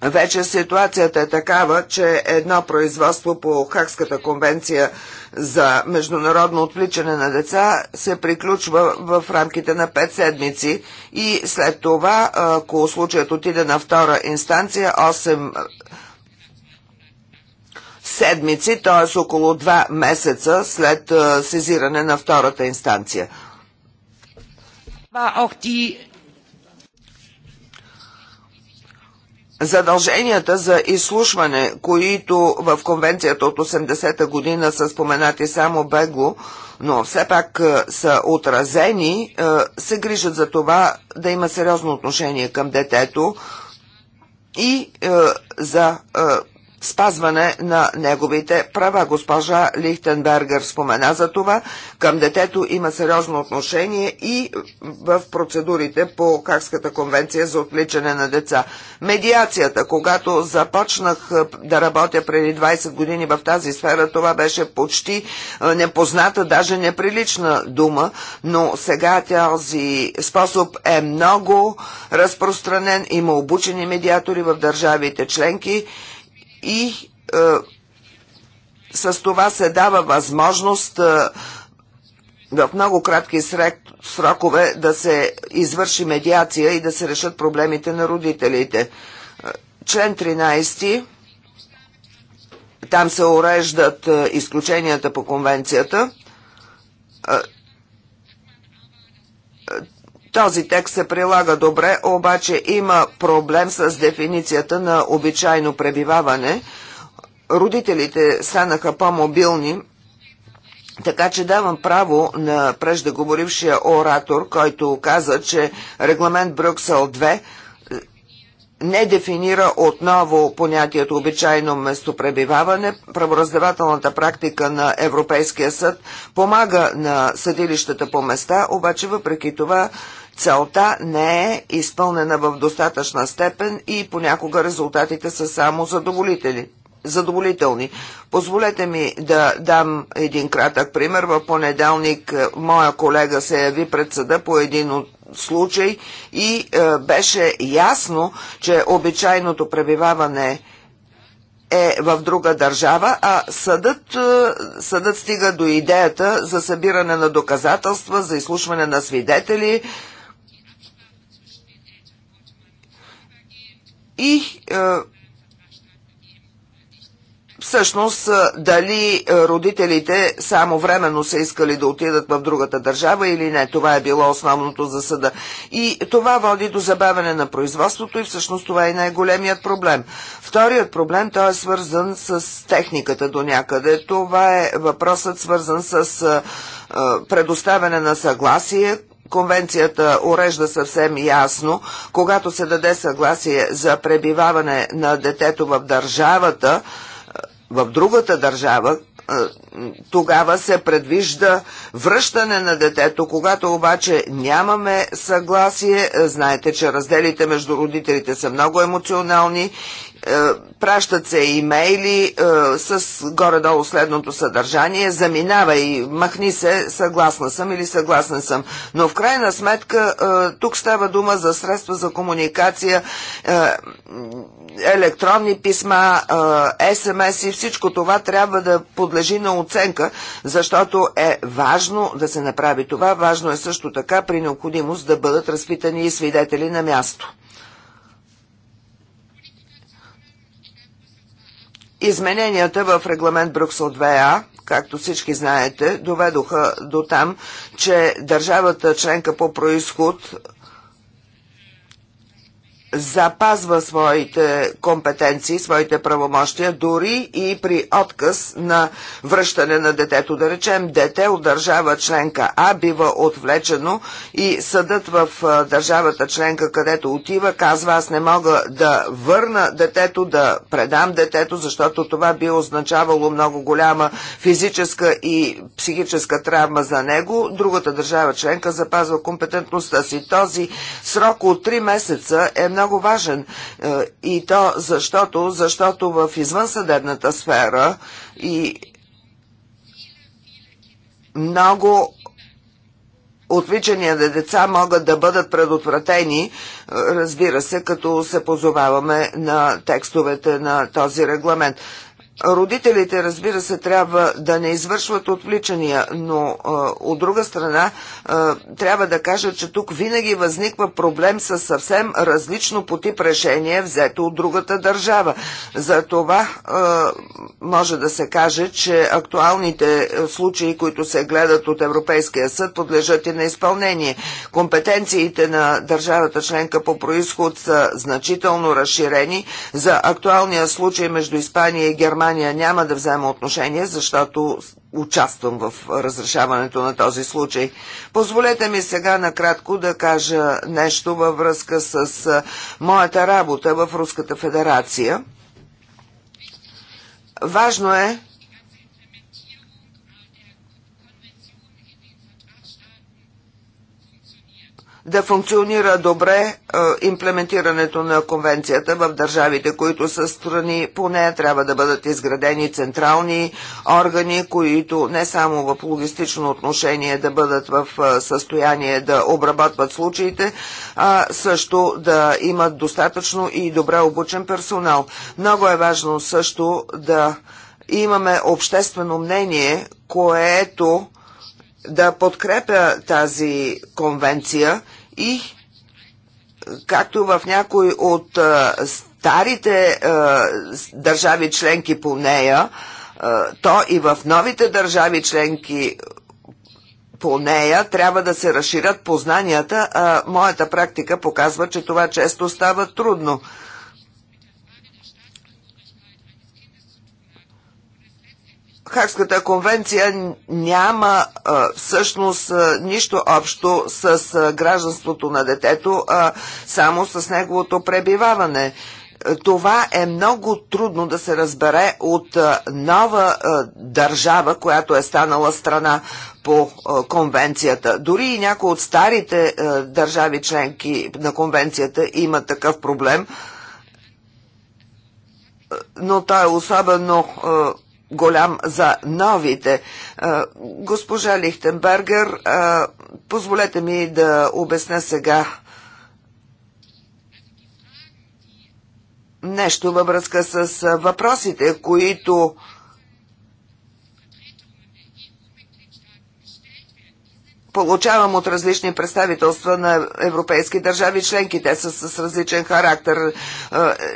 вече ситуацията е такава, че едно производство по Хакската конвенция за международно отвличане на деца се приключва в рамките на 5 седмици и след това, ако случаят отиде на втора инстанция, 8 седмици, т.е. около 2 месеца след сезиране на втората инстанция. Задълженията за изслушване, които в конвенцията от 80-та година са споменати само бегло, но все пак е, са отразени, е, се грижат за това да има сериозно отношение към детето и е, за спазване на неговите права. Госпожа Лихтенбергер спомена за това. Към детето има сериозно отношение и в процедурите по Хакската конвенция за отвличане на деца. Медиацията, когато започнах е, да работя преди 20 години в тази сфера, това беше почти е, непозната, даже неприлична дума, но сега този способ е много разпространен. Има обучени медиатори в държавите членки и е, с това се дава възможност е, в много кратки срокове да се извърши медиация и да се решат проблемите на родителите. Е, член 13. Там се уреждат е, изключенията по конвенцията. Е, този текст се прилага добре, обаче има проблем с дефиницията на обичайно пребиваване. Родителите станаха по-мобилни, така че давам право на преждеговорившия оратор, който каза, че регламент Брюксел 2 не дефинира отново понятието обичайно местопребиваване. Правораздавателната практика на Европейския съд помага на съдилищата по места, обаче въпреки това целта не е изпълнена в достатъчна степен и понякога резултатите са само задоволители задоволителни. Позволете ми да дам един кратък пример. В понеделник е, моя колега се яви пред съда по един от случай и е, беше ясно, че обичайното пребиваване е в друга държава, а съдът, е, съдът стига до идеята за събиране на доказателства, за изслушване на свидетели, и е, всъщност е, дали е, родителите само временно са искали да отидат в другата държава или не. Това е било основното за съда. И това води до забавяне на производството и всъщност това е най-големият проблем. Вторият проблем, той е свързан с техниката до някъде. Това е въпросът свързан с предоставяне на съгласие, Конвенцията урежда съвсем ясно, когато се даде съгласие за пребиваване на детето в държавата, е, в другата държава, е, тогава се предвижда връщане на детето. Когато обаче нямаме съгласие, е, знаете, че разделите между родителите са много емоционални е, пращат се имейли е, с горе-долу следното съдържание, заминава и махни се, съгласна съм или съгласен съм. Но в крайна сметка е, тук става дума за средства за комуникация, електронни писма, СМС и всичко това трябва да подлежи на оценка, защото е важно да се направи това. Важно е също така при необходимост да бъдат разпитани и свидетели на място. Измененията в регламент Брюксел 2А, както всички знаете, доведоха до там, че държавата членка по происход запазва своите компетенции, своите правомощия, дори и при отказ на връщане на детето. Да речем, дете от държава членка А бива отвлечено и съдът в държавата членка, където отива, казва, аз не мога да върна детето, да предам детето, защото това би означавало много голяма физическа и психическа травма за него. Другата държава членка запазва компетентността си. Този срок от 3 месеца е много много важен. Е, и то защото, защото в извънсъдебната сфера и много отвличания на деца могат да бъдат предотвратени, е, разбира се, като се позоваваме на текстовете на този регламент. Родителите, разбира се, трябва да не извършват отвличания, но а, от друга страна а, трябва да кажа, че тук винаги възниква проблем с съвсем различно по тип решение, взето от другата държава. За това а, може да се каже, че актуалните случаи, които се гледат от Европейския съд, подлежат и на изпълнение. Компетенциите на държавата членка по происход са значително разширени. За актуалния случай между Испания и Германия Германия няма да взема отношение, защото участвам в разрешаването на този случай. Позволете ми сега накратко да кажа нещо във връзка с моята работа в Руската федерация. Важно е да функционира добре е, имплементирането на конвенцията в държавите, които са страни по нея. Трябва да бъдат изградени централни органи, които не само в логистично отношение да бъдат в е, състояние да обработват случаите, а също да имат достатъчно и добре обучен персонал. Много е важно също да имаме обществено мнение, което да подкрепя тази конвенция и както в някои от старите държави членки по нея, то и в новите държави членки по нея трябва да се разширят познанията, а моята практика показва, че това често става трудно. Хакската конвенция няма всъщност нищо общо с гражданството на детето, а само с неговото пребиваване. Това е много трудно да се разбере от нова държава, която е станала страна по конвенцията. Дори и някои от старите държави членки на конвенцията има такъв проблем, но той е особено голям за новите. Госпожа Лихтенбергер, позволете ми да обясня сега нещо във връзка с въпросите, които получавам от различни представителства на европейски държави членки. Те са с различен характер. Е,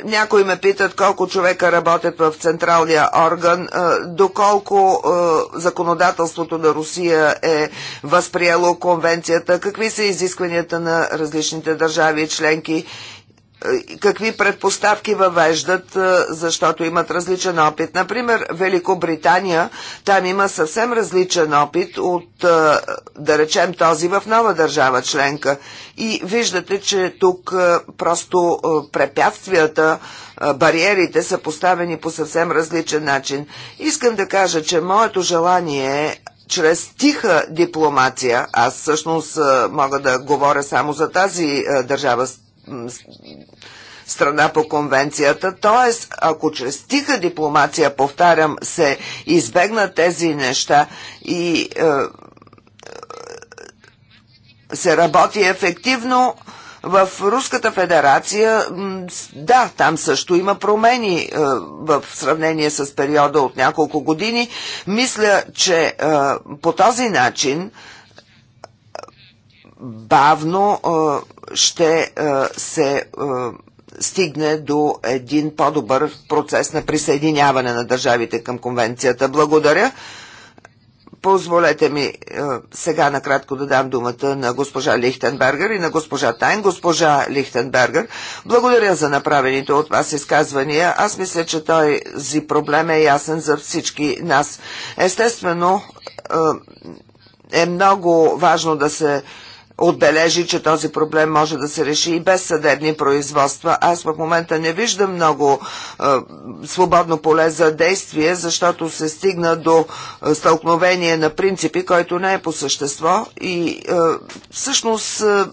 някои ме питат колко човека работят в централния орган, е, доколко е, законодателството на Русия е възприело конвенцията, какви са изискванията на различните държави членки какви предпоставки въвеждат, защото имат различен опит. Например, Великобритания, там има съвсем различен опит от, да речем, този в нова държава членка. И виждате, че тук просто препятствията, бариерите са поставени по съвсем различен начин. Искам да кажа, че моето желание е чрез тиха дипломация, аз всъщност мога да говоря само за тази държава страна по конвенцията. Т.е. ако чрез тиха дипломация, повтарям, се избегнат тези неща и е, е се работи ефективно, в Руската федерация, да, там също има промени е, в сравнение с периода от няколко години. Мисля, че е, по този начин бавно ще се стигне до един по-добър процес на присъединяване на държавите към конвенцията. Благодаря. Позволете ми сега накратко да дам думата на госпожа Лихтенбергер и на госпожа Тайн. Госпожа Лихтенбергер, благодаря за направените от вас изказвания. Аз мисля, че този проблем е ясен за всички нас. Естествено, е много важно да се отбележи, че този проблем може да се реши и без съдебни производства. Аз в момента не виждам много е, свободно поле за действие, защото се стигна до е, стълкновение на принципи, който не е по същество и е, всъщност. Е,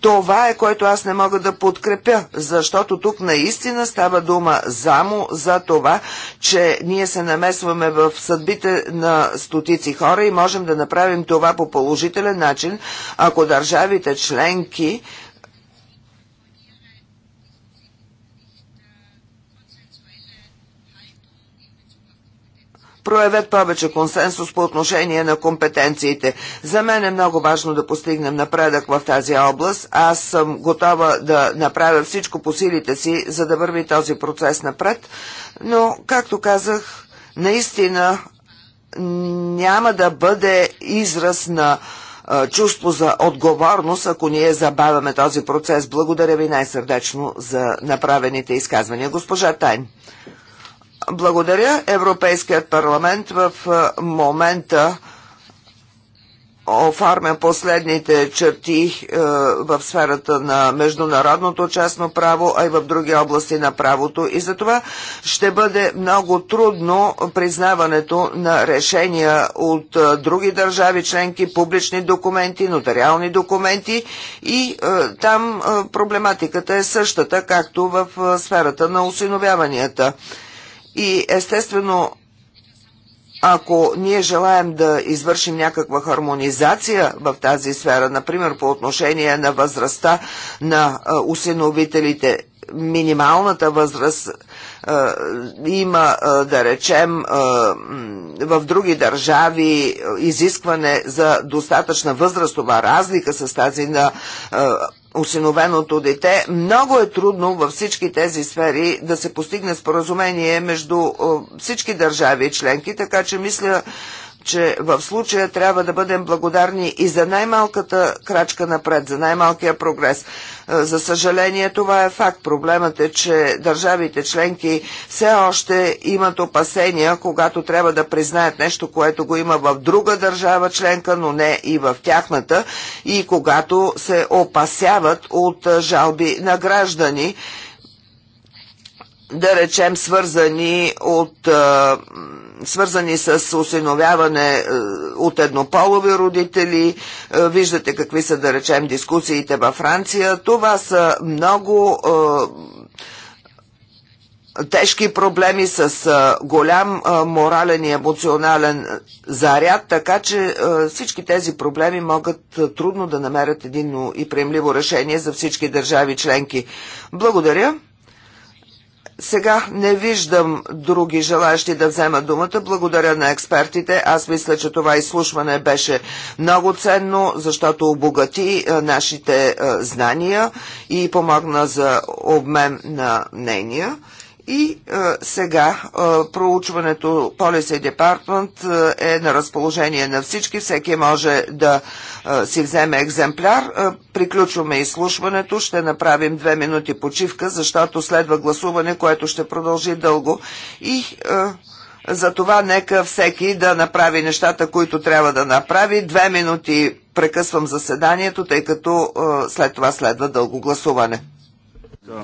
това е което аз не мога да подкрепя, защото тук наистина става дума само за това, че ние се намесваме в съдбите на стотици хора и можем да направим това по положителен начин, ако държавите членки проявят повече консенсус по отношение на компетенциите. За мен е много важно да постигнем напредък в тази област. Аз съм готова да направя всичко по силите си, за да върви този процес напред. Но, както казах, наистина няма да бъде израз на чувство за отговорност, ако ние забавяме този процес. Благодаря ви най-сърдечно за направените изказвания. Госпожа Тайн. Благодаря. Европейският парламент в момента оформя последните черти в сферата на международното частно право, а и в други области на правото. И за това ще бъде много трудно признаването на решения от други държави, членки, публични документи, нотариални документи и там проблематиката е същата, както в сферата на осиновяванията. И естествено, ако ние желаем да извършим някаква хармонизация в тази сфера, например по отношение на възрастта на усиновителите, минималната възраст има, да речем, в други държави изискване за достатъчна възрастова разлика с тази на осиновеното дете, много е трудно във всички тези сфери да се постигне споразумение между е, всички държави и членки, така че мисля, че в случая трябва да бъдем благодарни и за най-малката крачка напред, за най-малкия прогрес. Е, за съжаление това е факт. Проблемът е, че държавите членки все още имат опасения, когато трябва да признаят нещо, което го има в друга държава членка, но не и в тяхната, и когато се опасяват от е, жалби на граждани да речем, свързани от е, свързани с осиновяване е, от еднополови родители. Е, виждате какви са, да речем, дискусиите във Франция. Това са много е, тежки проблеми с голям морален и емоционален заряд, така че всички тези проблеми могат трудно да намерят единно и приемливо решение за всички държави членки. Благодаря. Сега не виждам други желащи да взема думата. Благодаря на експертите. Аз мисля, че това изслушване беше много ценно, защото обогати нашите знания и помогна за обмен на мнения. И а, е, сега а, е, проучването Policy Department а, е, е на разположение на всички. Всеки може да а, си вземе екземпляр. А, приключваме изслушването. Ще направим две минути почивка, защото следва гласуване, което ще продължи дълго. И а, за това нека всеки да направи нещата, които трябва да направи. Две минути прекъсвам заседанието, тъй като а, след това следва дълго гласуване. Да.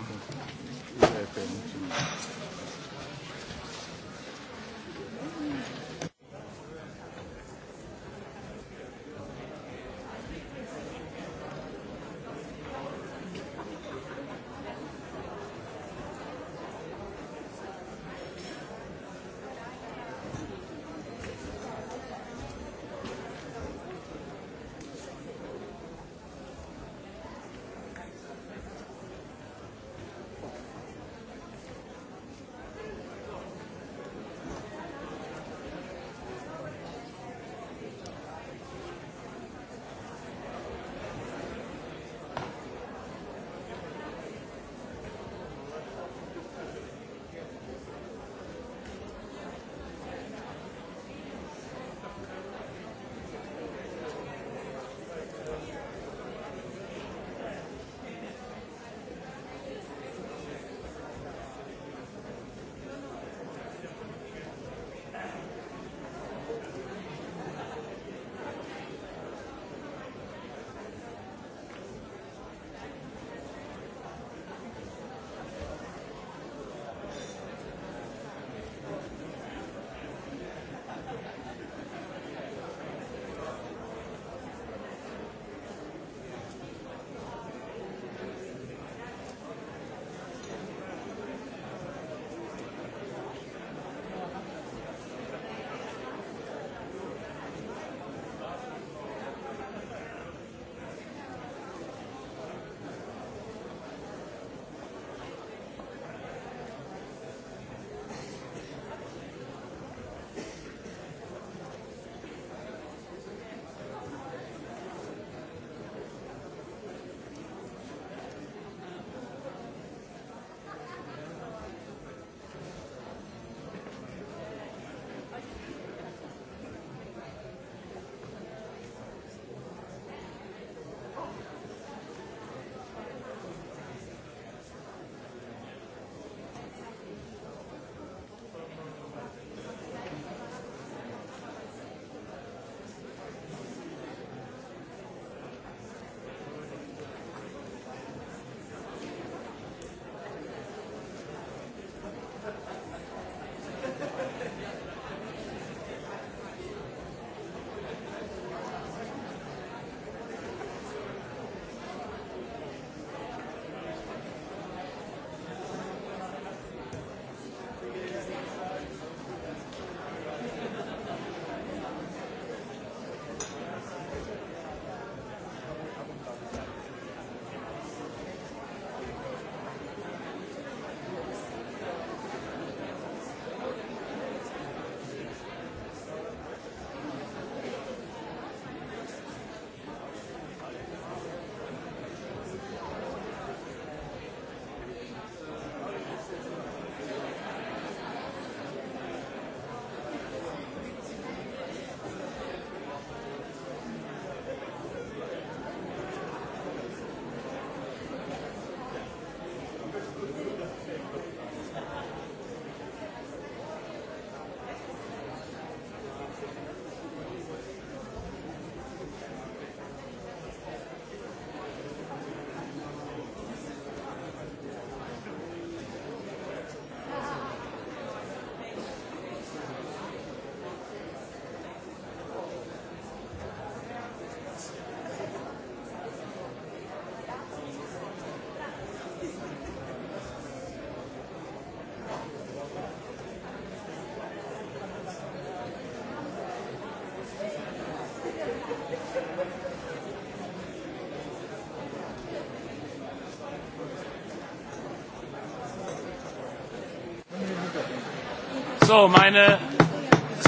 So, meine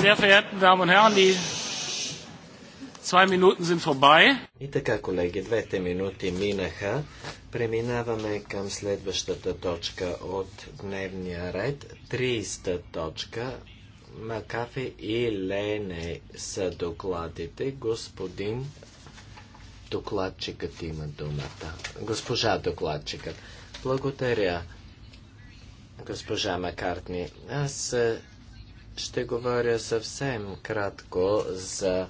sehr verehrten Damen und Herren, die zwei Minuten sind vorbei. И така, колеги, двете минути минаха. Преминаваме към следващата точка от дневния ред. 30 точка. Макафе и Лене са докладите. Господин докладчикът има думата. Госпожа докладчикът. Благодаря госпожа Макартни. Аз ще говоря съвсем кратко за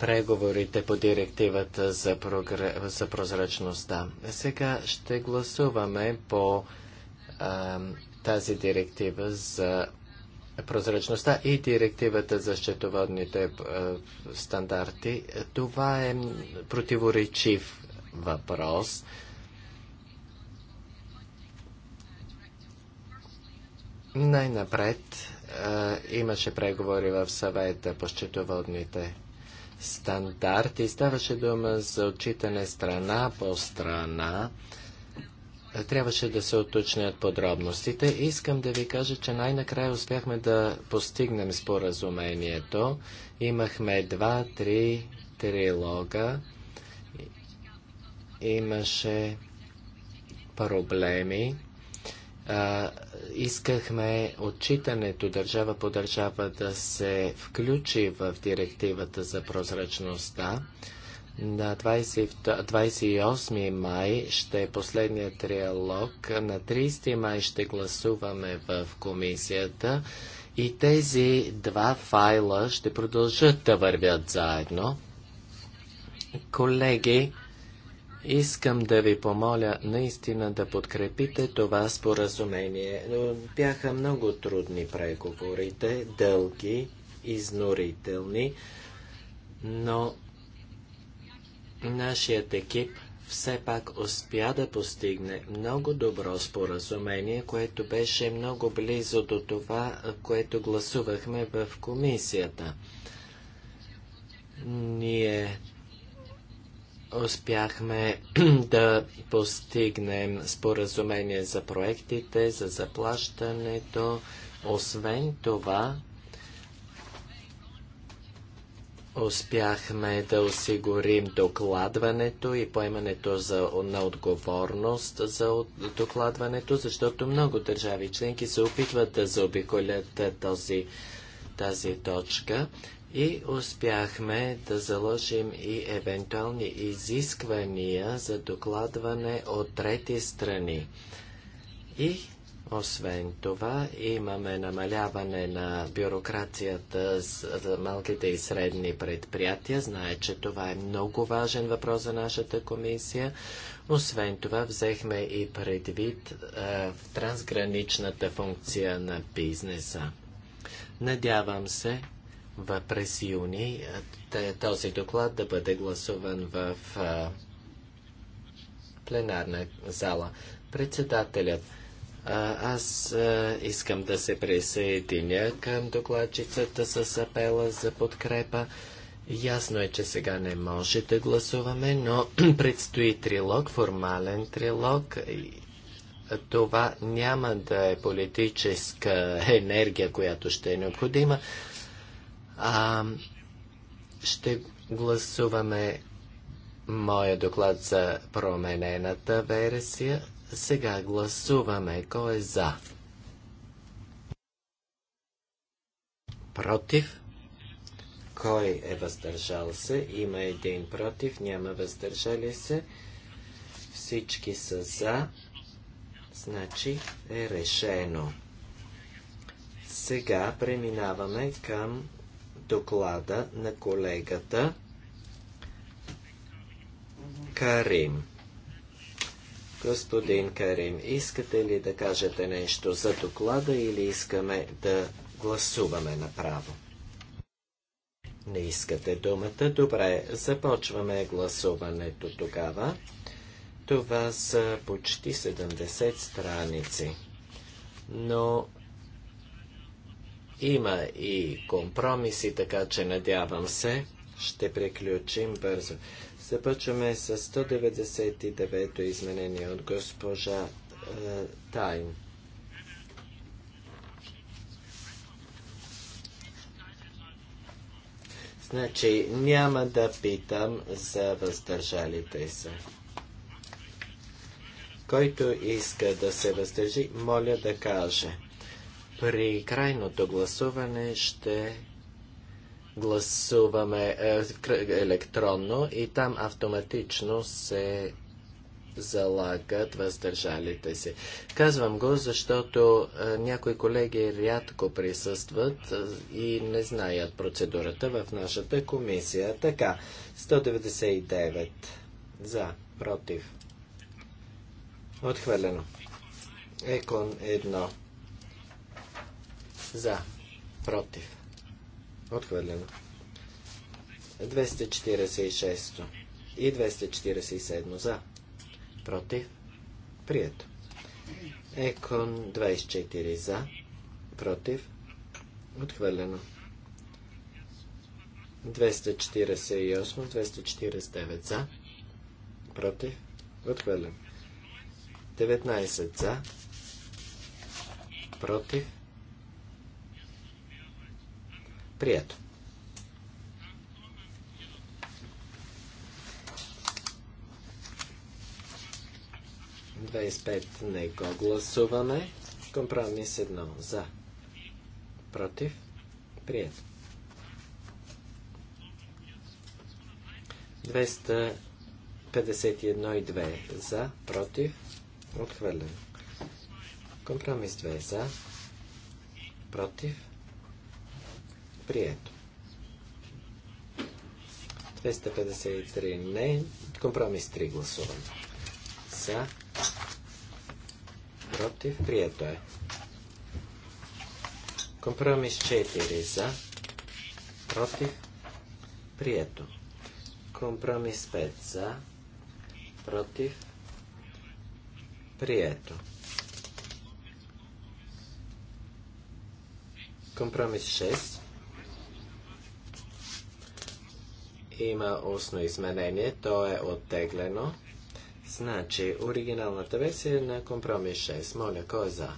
преговорите по директивата за, прогр... за прозрачността. Сега ще гласуваме по а, тази директива за прозрачността и директивата за счетоводните а, стандарти. Това е противоречив въпрос. Най-напред е, имаше преговори в съвета по счетоводните стандарти. Ставаше дума за отчитане страна по страна. Трябваше да се уточнят подробностите. Искам да ви кажа, че най-накрая успяхме да постигнем споразумението. Имахме два-три трилога. Имаше проблеми искахме отчитането държава по държава да се включи в директивата за прозрачността. На 20, 28 май ще е последният триалог, на 30 май ще гласуваме в комисията и тези два файла ще продължат да вървят заедно. Колеги, Искам да ви помоля наистина да подкрепите това споразумение. Бяха много трудни преговорите, дълги, изнорителни, но нашият екип все пак успя да постигне много добро споразумение, което беше много близо до това, което гласувахме в комисията. Ние успяхме да постигнем споразумение за проектите, за заплащането. Освен това, успяхме да осигурим докладването и поемането за, на отговорност за докладването, защото много държави членки се опитват да заобиколят е, този, тази точка и успяхме да заложим и евентуални изисквания за докладване от трети страни. И освен това имаме намаляване на бюрокрацията за малките и средни предприятия. Знае, че това е много важен въпрос за нашата комисия. Освен това взехме и предвид в е, трансграничната функция на бизнеса. Надявам се, в през юни е, този доклад да бъде гласуван в е, пленарна зала. Председателят, е, аз искам да се присъединя към докладчицата с апела за подкрепа. Ясно е, че сега не може да гласуваме, но предстои трилог, формален трилог. Това няма да е политическа енергия, която ще е необходима. А, ще гласуваме моя доклад за променената версия. Сега гласуваме кой е за. Против. Кой е въздържал се? Има един против, няма въздържали се. Всички са за. Значи е решено. Сега преминаваме към доклада на колегата Карим. Господин Карим, искате ли да кажете нещо за доклада или искаме да гласуваме направо? Не искате думата? Добре, започваме гласуването тогава. Това са почти 70 страници. Но има и компромиси, така че надявам се, ще приключим бързо. Започваме с 199-то изменение от госпожа е, Тайн. Значи няма да питам за въздържалите се. Който иска да се въздържи, моля да каже. При крайното гласуване ще гласуваме е, електронно и там автоматично се залагат въздържалите си. Казвам го, защото е, някои колеги рядко присъстват е, и не знаят процедурата в нашата комисия. Така, 199 за, против. Отхвърлено. Екон 1 за. Против. Отхвърлено. 246 и 247 за. Против. Прието. Екон 24 за. Против. Отхвърлено. 248, 249 за. Против. Отхвърлено. 19 за. Против. Прието. Двадесет пет не го гласуваме. Компромис едно. За. Против. Прието. 251 и 2 за, против, отхвърлено. Компромис 2 за, против, Прието. 253 не. Компромис 3 гласуваме. За. Против. Прието е. Компромис 4 за. Против. Прието. Компромис 5 за. Против. Прието. Компромис 6 Има устно изменение, то е оттеглено. Значи, оригиналната версия е на компромис 6. Моля, кой е за?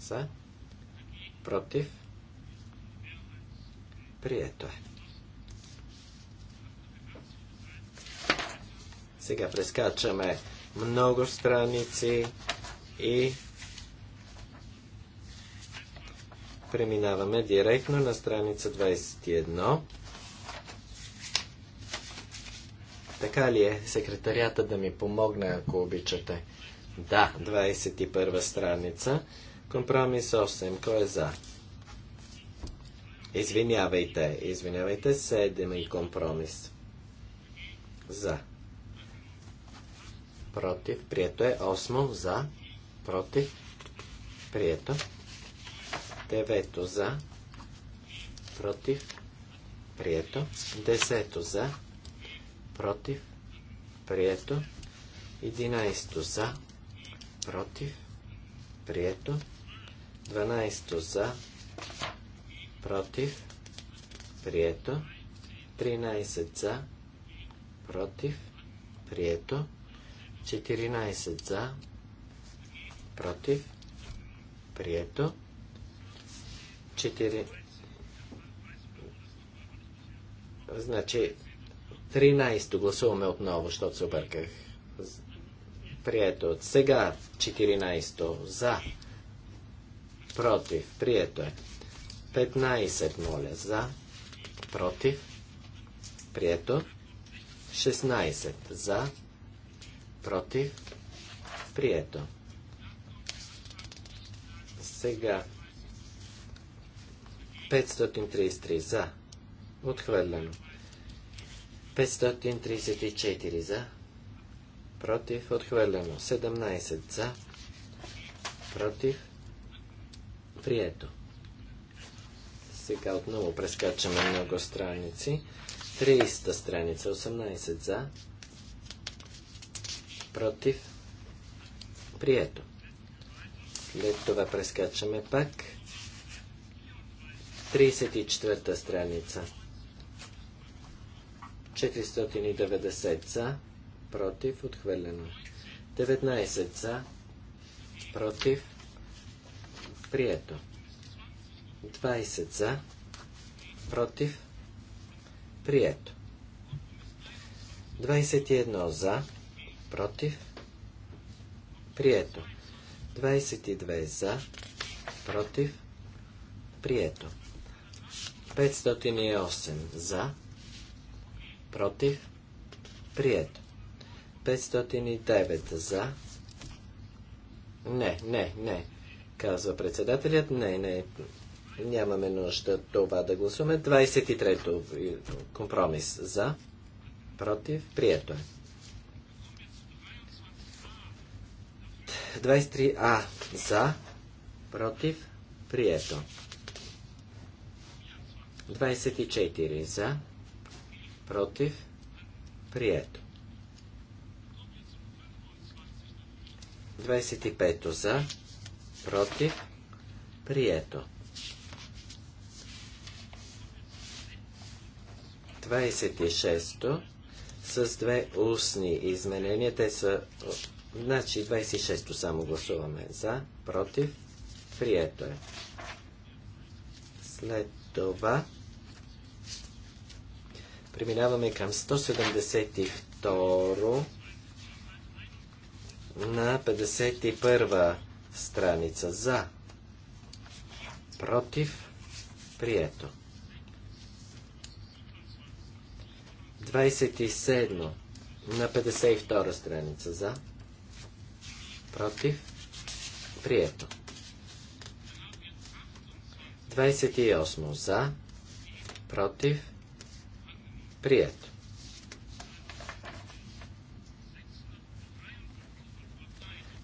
За? Против? Прието е. Сега прескачаме много страници и преминаваме директно на страница 21. Така ли е? Секретарията да ми помогне, ако обичате. Да, 21 страница. Компромис 8. Кой е за? Извинявайте. Извинявайте. 7 и компромис. За. Против. Прието е. 8. За. Против. Прието. 9 за. Против. Прието. 10 за против, прието. 11 за, против, прието. 12 за, против, прието. 13 за, против, прието. 14 за, против, прието. 4. Значи, 13 гласуваме отново, защото се обърках. Прието. от Сега 14 за. Против. Прието е. 15 моля за. Против. Прието. 16 за. Против. Прието. Сега 533 за. Отхвърлено. 534 за, против, отхвърлено. 17 за, против, прието. Сега отново прескачаме много страници. 300 страница, 18 за, против, прието. След това прескачаме пак. 34 страница. 490 за, против, отхвърлено. 19 за, против, прието. 20 за, против, прието. 21 за, против, прието. 22 за, против, прието. 508 за, против, прието. 509 за. Не, не, не, казва председателят. Не, не, нямаме нужда това да гласуваме. 23-то компромис за, против, прието е. 23А за, против, прието. 24 за, против, прието. 25 за, против, прието. 26 то с две устни изменения. Те са... Значи 26-то само гласуваме за, против, прието е. След това Преминаваме към 172 на 51 страница. За. Против. Прието. 27 на 52 страница. За. Против. Прието. 28 за. Против. Прието.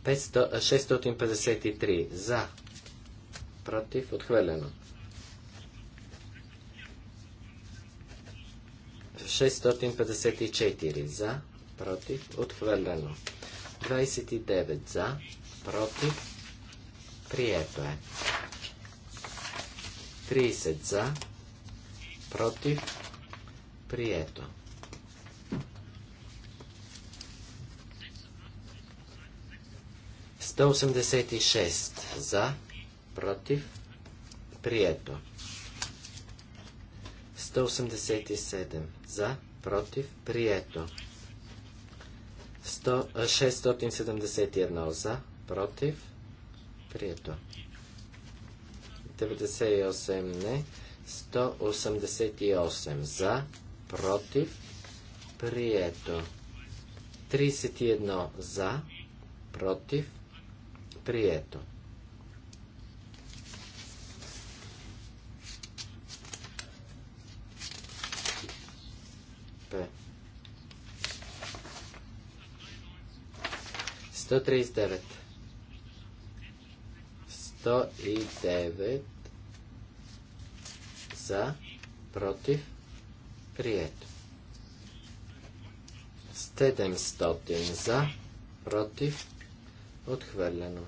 653 за. Против. Отхвърлено. 654 за. Против. Отхвърлено. 29 за. Против. Прието е. 30 за. Против. Прието. Сто осемдесет и шест за, против, прието. 187 за, против, прието. 100, 671 за, против, прието. 98 не, 188 за, против, прието. 31 за, против, прието. П. 139. 109 за, против, Прието. 700 за, против, отхвърлено.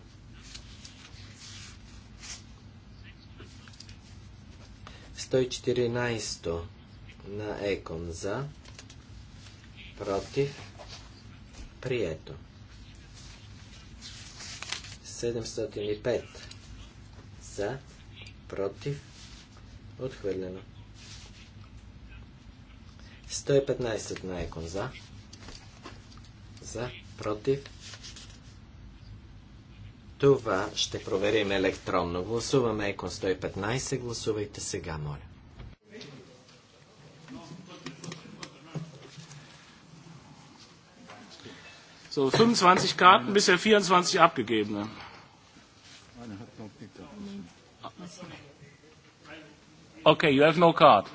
114 на Екон за, против, прието. 705 за, против, отхвърлено. 114 115 на Екон за. За. Против. Това ще проверим електронно. Гласуваме Екон 115. Гласувайте сега, моля. So, 25 Karten, bisher 24 abgegebene. Okay, you have no card.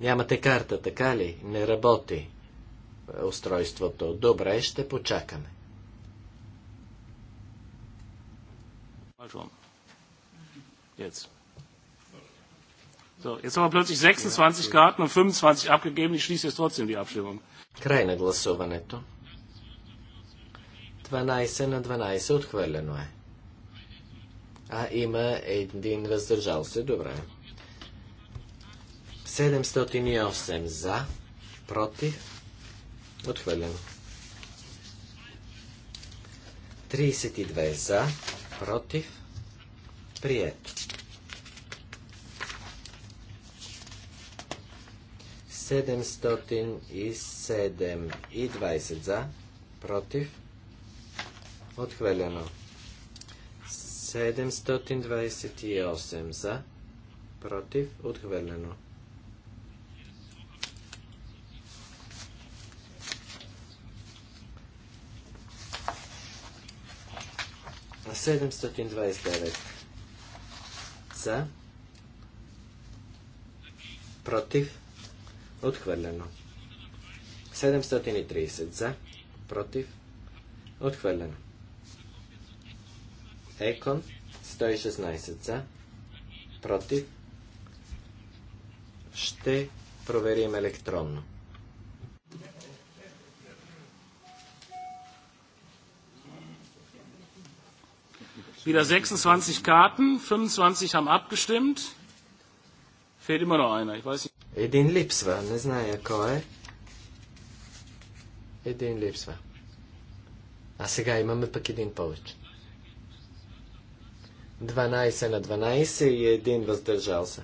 Нямате карта, така ли? Не работи устройството. Добре, ще почакаме. 26 25 Край на гласуването. 12 на 12 отхвърлено е. А има един въздържал се. Добре. 708 за, против, отхвърлено. 32 за, против, прието. 707 и 20 за, против, отхвърлено. 728 за, против, отхвърлено. 729 за, против, отхвърлено. 730 за, против, отхвърлено. Екон 116 за, против, ще проверим електронно. Wieder 26 Karten, 25 haben abgestimmt. Fehlt immer noch einer, ich weiß nicht. Един липсва, не зная кой е. Един липсва. А сега имаме пък един повече. 12 на 12 и един въздържал се.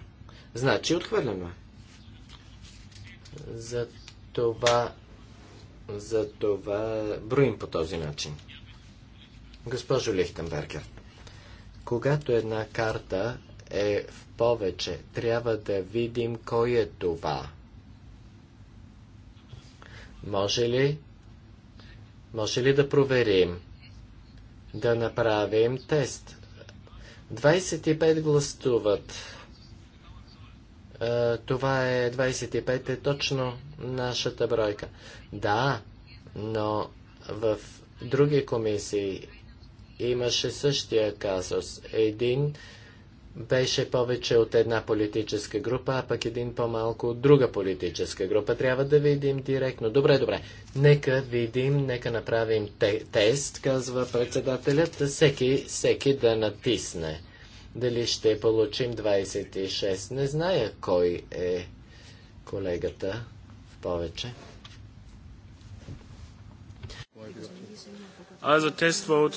Значи отхвърляме. За това, за това броим по този начин. Госпожо Лихтенбергер. Когато една карта е в повече, трябва да видим кой е това. Може ли? Може ли да проверим? Да направим тест. 25 гласуват. Това е 25 е точно нашата бройка. Да, но в други комисии имаше същия казус. Един беше повече от една политическа група, а пък един по-малко от друга политическа група. Трябва да видим директно. Добре, добре. Нека видим, нека направим те- тест, казва председателят, всеки, всеки да натисне. Дали ще получим 26? Не зная кой е колегата в повече. Also test vote.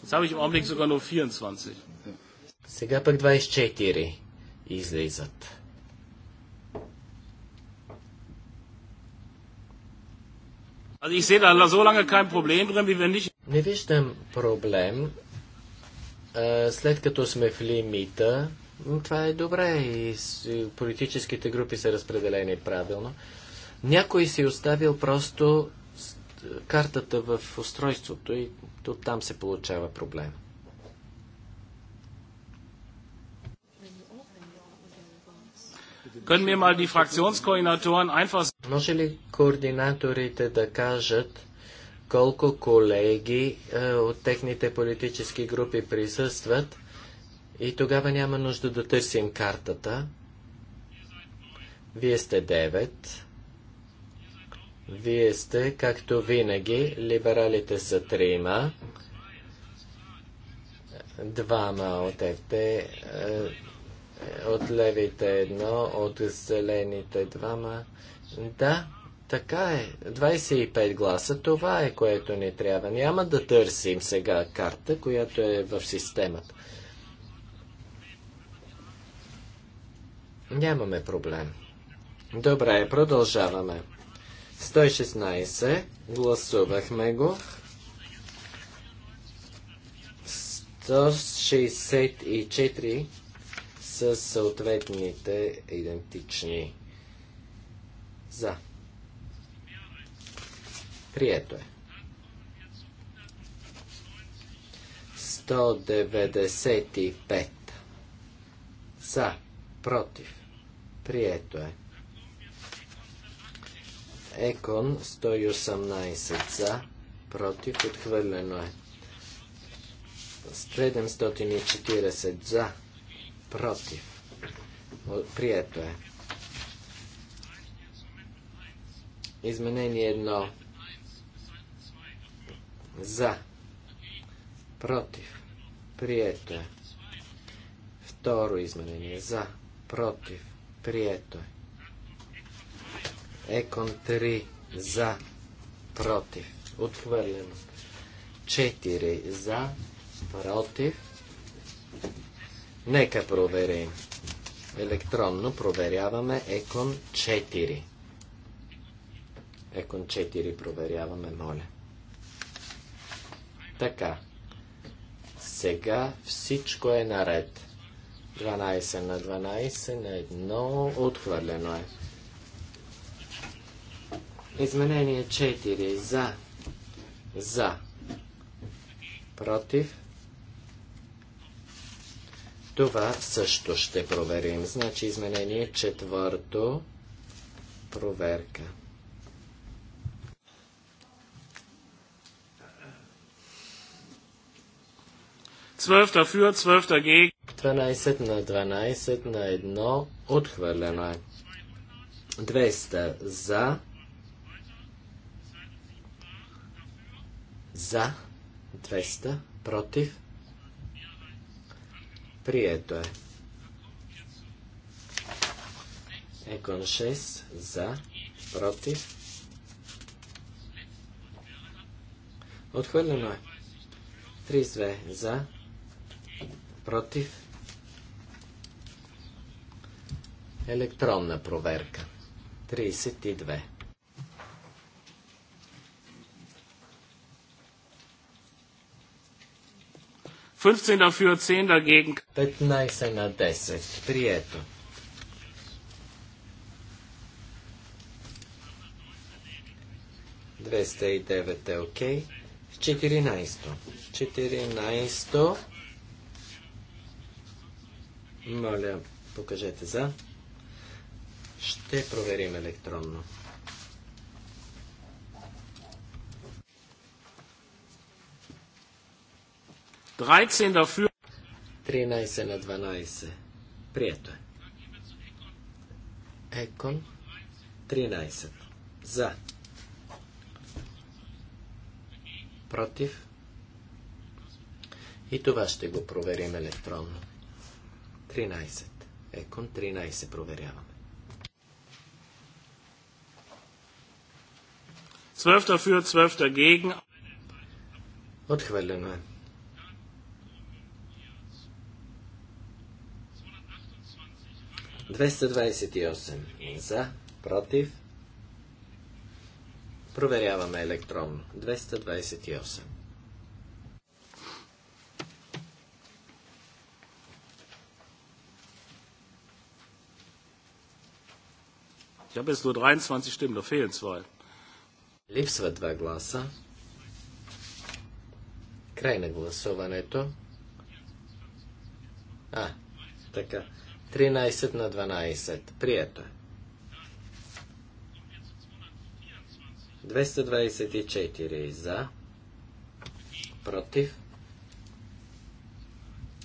Jetzt habe ich im Augenblick sogar nur 24. Сега пък 24 излизат. Also ich sehe da so lange kein Problem drin, wie nicht. Не виждам проблем. След като сме в лимита, това е добре и политическите групи са разпределени правилно. Някой си е оставил просто картата в устройството и от там се получава проблем. Können wir mal die Fraktionskoordinatoren einfach... Може ли координаторите да кажат колко колеги е, от техните политически групи присъстват и тогава няма нужда да търсим картата? Вие сте девет. Вие сте, както винаги, либералите са трима, двама от ефте, от левите едно, от зелените двама. Да, така е. 25 гласа, това е което ни трябва. Няма да търсим сега карта, която е в системата. Нямаме проблем. Добре, продължаваме. 116. Гласувахме го. 164 с съответните идентични за. Прието е. 195 за. Против. Прието е. Екон 118 за, против, отхвърлено е. 740 за, против, прието е. Изменение 1 за, против, прието е. Второ изменение за, против, прието е. Екон 3 за, против, отхвърлено. 4 за, против. Нека проверим. Електронно проверяваме Екон 4. Екон 4 проверяваме, моля. Така. Сега всичко е наред. 12 на 12 на 1 отхвърлено е. Изменение 4. За. За. Против. Това също ще проверим. Значи изменение четвърто. Проверка. фюр, цвърфта dagegen. 12 на 12 на 1 отхвърлено е. 200 за За 200. Против. Прието е. Екон 6. За. Против. Отхвърлено е. 32 за. Против. Електронна проверка. 32. 15 dafür, 10 dagegen. 15 на 10. Прието. Двеста и девет е окей. Четиринайсто. Четиринайсто. Моля, покажете за. Ще проверим електронно. 13 dafür. 13 на 12. Прието е. Екон 13. За. Против. И това ще го проверим електронно. 13. Екон 13 проверяваме. 12 dafür, 12 dagegen. Отхвърлено е. 228 за, против. Проверяваме електронно. 228. Ich habe jetzt nur 23 Stimmen, da fehlen zwei. Липсва два гласа. Край на гласуването. А, така. 13 на 12. Прието е. 224 за. Против.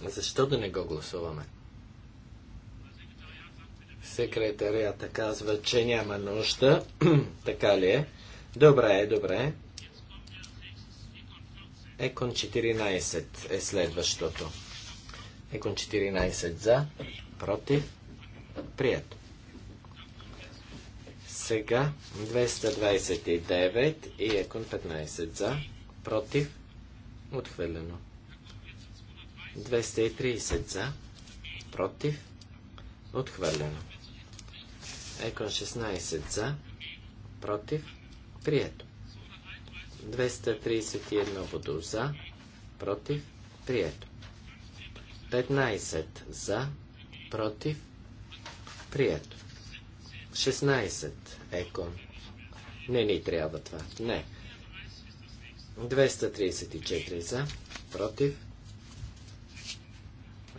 Защо да не го гласуваме? Секретарията казва, че няма нужда. така ли е? Добре, е, добре. Екон 14 е следващото. Екон 14 за против, прието. Сега 229 и Екон 15 за, против, отхвърлено. 230 за, против, отхвърлено. Екон 16 за, против, прието. 231 воду за, против, прието. 15 за, против, прието. 16 Еко. Не ни трябва това. Не. 234 за, против,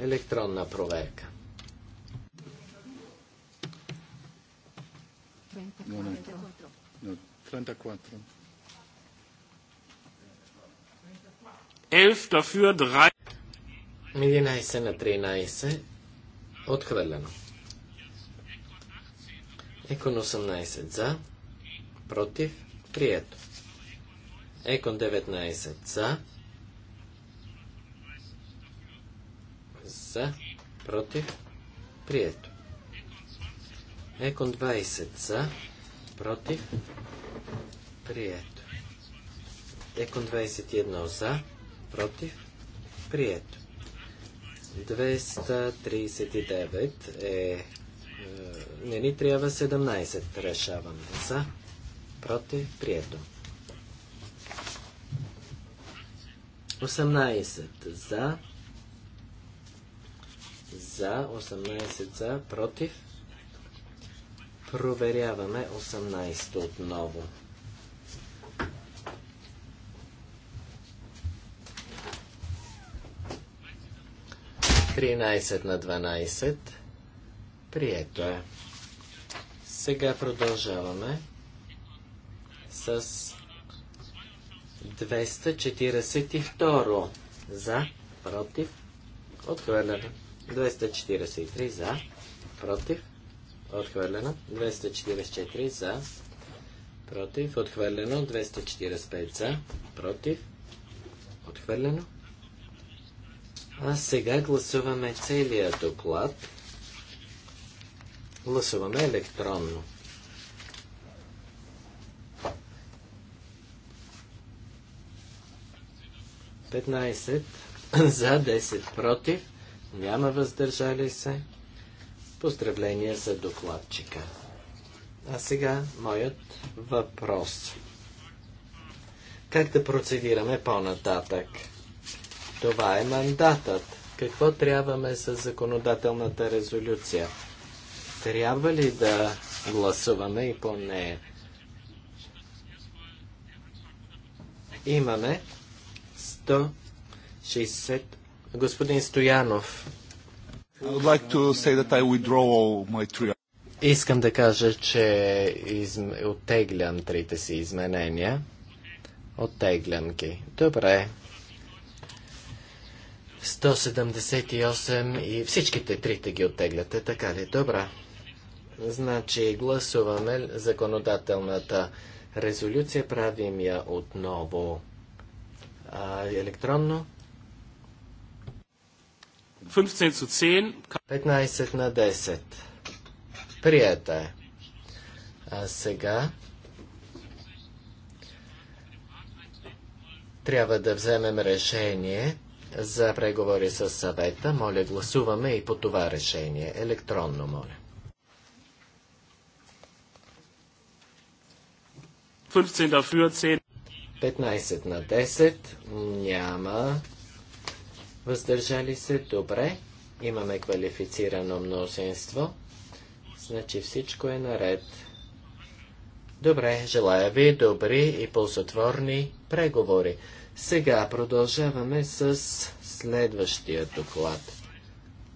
електронна проверка. Елф дафюр No, 11 3. 11 на 13 Отхвърлено. Екон 18 за, против, прието. Екон 19 за, за, против, прието. Екон 20 за, против, прието. Екон 21 за, против, прието. 239 е, е... Не ни трябва 17. Решаваме за. Против. Прието. 18 за. За. 18 за. Против. Проверяваме 18 отново. 13 на 12. Прието е. Сега продължаваме с 242 за, против, отхвърлено. 243 за, против, отхвърлено. 244 за, против, отхвърлено. 245 за, против, отхвърлено. А сега гласуваме целият доклад. Гласуваме електронно. Петнайсет за 10 против, няма въздържали се. Поздравления за докладчика. А сега моят въпрос. Как да процедираме по-нататък? Това е мандатът. Какво трябваме с законодателната резолюция? Трябва ли да гласуваме и по нея? Имаме 160. Господин Стоянов. Like Искам да кажа, че оттеглям трите си изменения. Оттеглям ги. Добре. 178 и всичките трите ги оттегляте, така ли? Добра. Значи гласуваме законодателната резолюция, правим я отново а, електронно. 15 на 10. Прията е. А сега трябва да вземем решение за преговори с съвета. Моля, гласуваме и по това решение. Електронно, моля. Петнайсет 15 на 10. Няма. Въздържали се. Добре. Имаме квалифицирано мнозинство. Значи всичко е наред. Добре, желая ви добри и ползотворни преговори. Сега продължаваме с следващия доклад.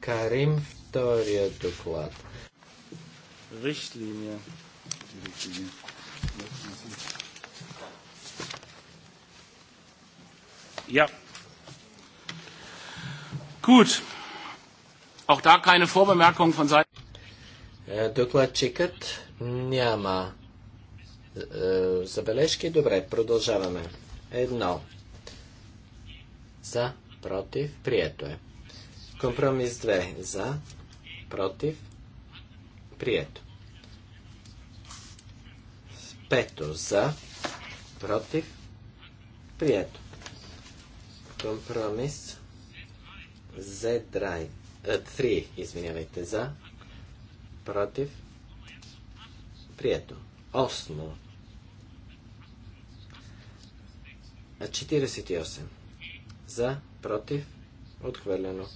Карим втория доклад. Richtlinie. Ja. Gut. Auch da keine Vorbemerkung von Seiten. Е, докладчикът няма е, забележки. Добре, продължаваме. Едно за, против, прието е. Компромис 2 за, против, прието. Пето за, против, прието. Компромис Z3, 3, извинявайте, за, против, прието. Осмо. 48 за, против, отхвърлено.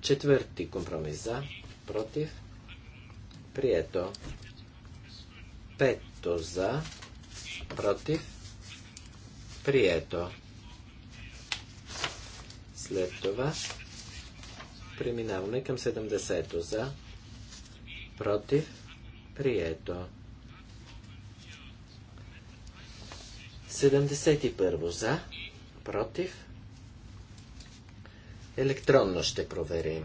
Четвърти компромис за, против, прието. Пето за, против, прието. След това преминаваме към 70-то за, против, прието. 71 за, против, Електронно ще проверим.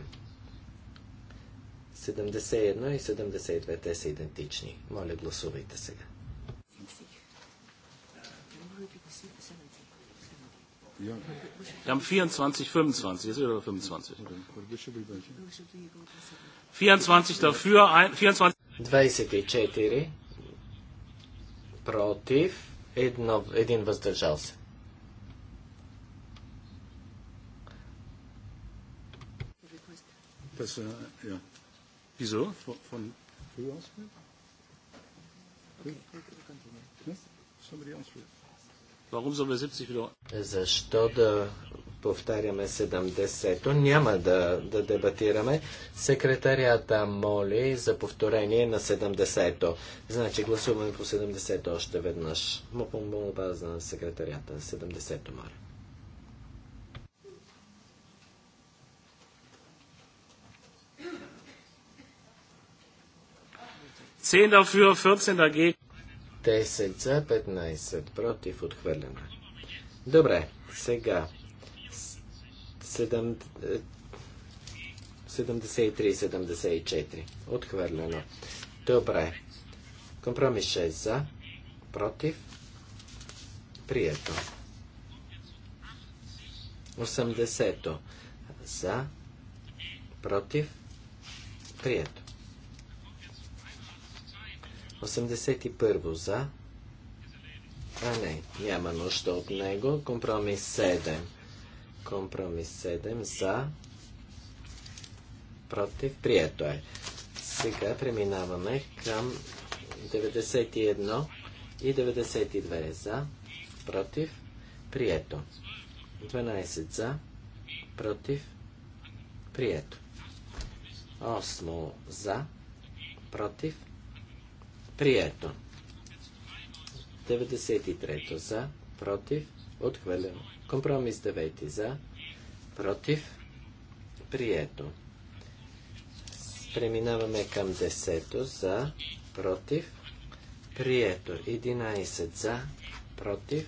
71 и 72, те са идентични. Моля, гласувайте сега. Wir haben 24, 25, ist 25. 24 dafür, 24. 24 против, едно, един въздържал се. Das, äh, ja. Wieso? Von, von früher aus? Защо да повтаряме 70-то? Няма да, да дебатираме. Секретарията моли за повторение на 70-то. Значи гласуваме по 70-то още веднъж. Му помолба на секретарията. 70-то, моля. 10 dafür, 14 dagegen. 10 за, 15 против, отхвърлено. Добре, сега. 73-74. Отхвърлено. Добре. Компромис 6 за, против, прието. 80 за, против, прието. 81 за. А не, няма нужда от него. Компромис 7. Компромис 7 за. Против. Прието е. Сега преминаваме към 91 и 92 за. Против. Прието. 12 за. Против. Прието. 8 за. Против. Прието. 93 за, против, отхвърлено. Компромис 9 за, против, прието. Преминаваме към 10 за, против, прието. 11 за, против,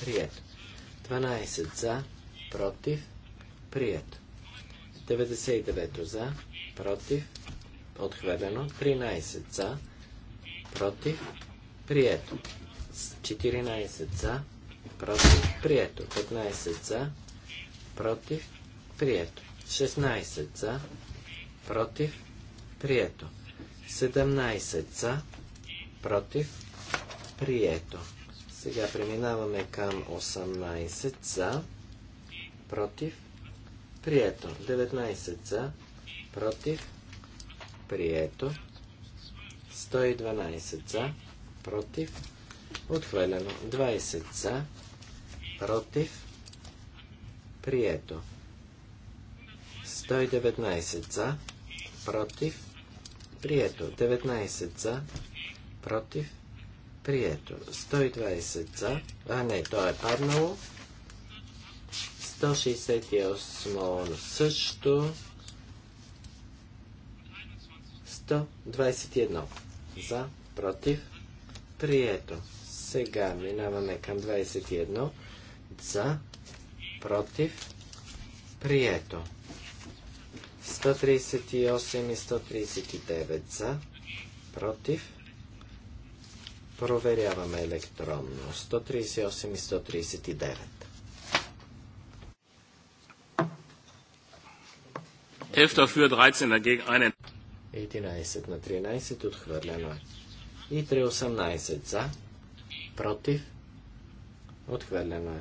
прието. 12 за, против, прието. 99 за, против, отхвърлено. 13 за, против, прието. 14 за, против, прието. 15 за, против, прието. 16 за, против, прието. 17 за, против, прието. Сега преминаваме към 18 за, против, прието. 19 за, против, прието. 112 за, против, отхвърлено. 20 за, против, прието. 119 за, против, прието. 19 за, против, прието. 120 за, а не, то е паднало. 168 също. 121 за, против, прието. Сега минаваме към 21 за, против, прието. 138 и 139 за, против. Проверяваме електронно. 138 и 139. Hälfte dafür, 13 dagegen, 1. 11 на 13 отхвърлено е. И 318 за, против, отхвърлено е.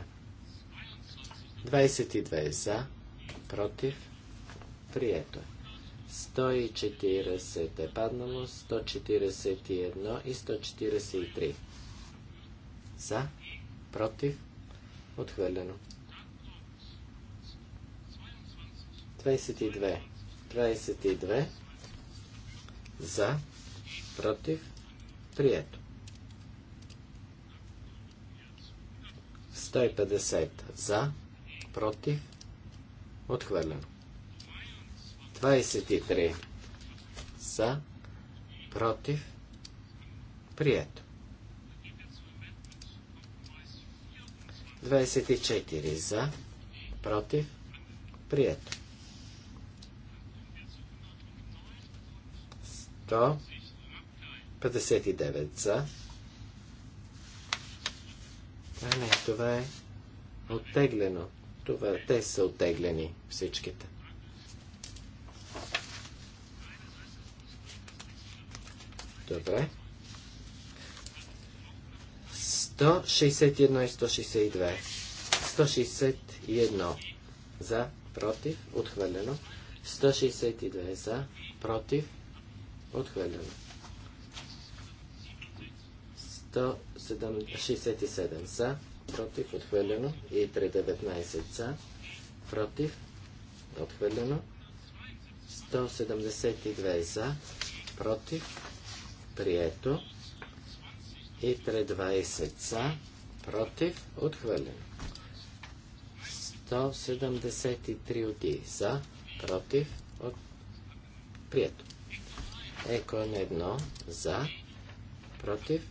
22 за, против, прието е. 140 е паднало, 141 и 143. За, против, отхвърлено. 22. 22 за. Против. Прието. 150 за, против, отхвърлено. 23 за, против, прието. 24 за, против, прието. до 59 за. А не, това е оттеглено. Това, те са оттеглени всичките. Добре. 161 и 162. 161 за, против, отхвърлено. 162 за, против, Отхвърлено. 167 са, против, отхвърлено. И 319 са, против, отхвърлено. 172 за, против, прието. И 320 за, против, отхвърлено. 173 от за, против, от... прието. Екон 1 за, против,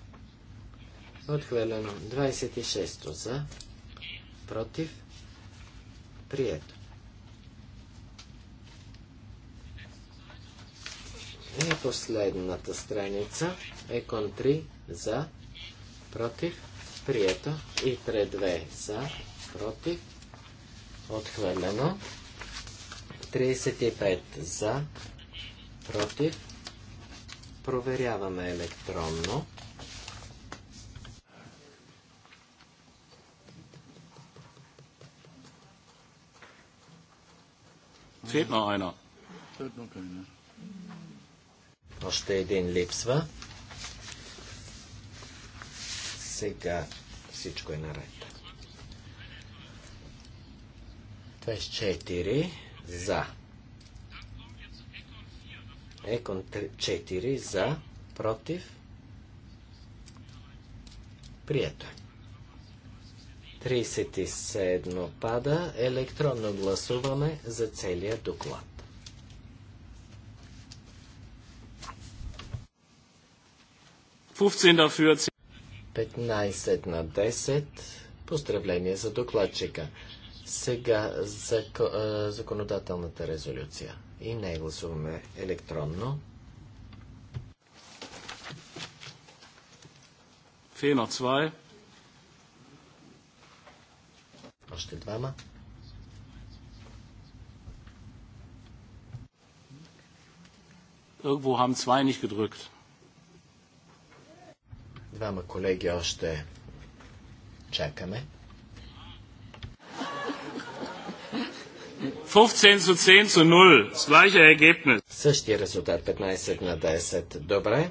отхвърлено. 26 за, против, прието. е последната страница. Екон 3 за, против, прието. И 3-2 за, против, отхвърлено. 35 за, против, Проверяваме електронно. Още един липсва. Сега всичко е наред. 24 за. Екон 4 за, против, прието е. 37 пада. Електронно гласуваме за целия доклад. Петнайсет 15 на 10. Поздравление за докладчика. Сега закон, законодателната резолюция и не гласуваме електронно. Фейна 2. Още двама. Irgendwo haben zwei nicht gedrückt. Двама колеги още чакаме. 15 zu 10 zu 0. Das gleiche Ergebnis. Същия резултат 15 на 10. Добре.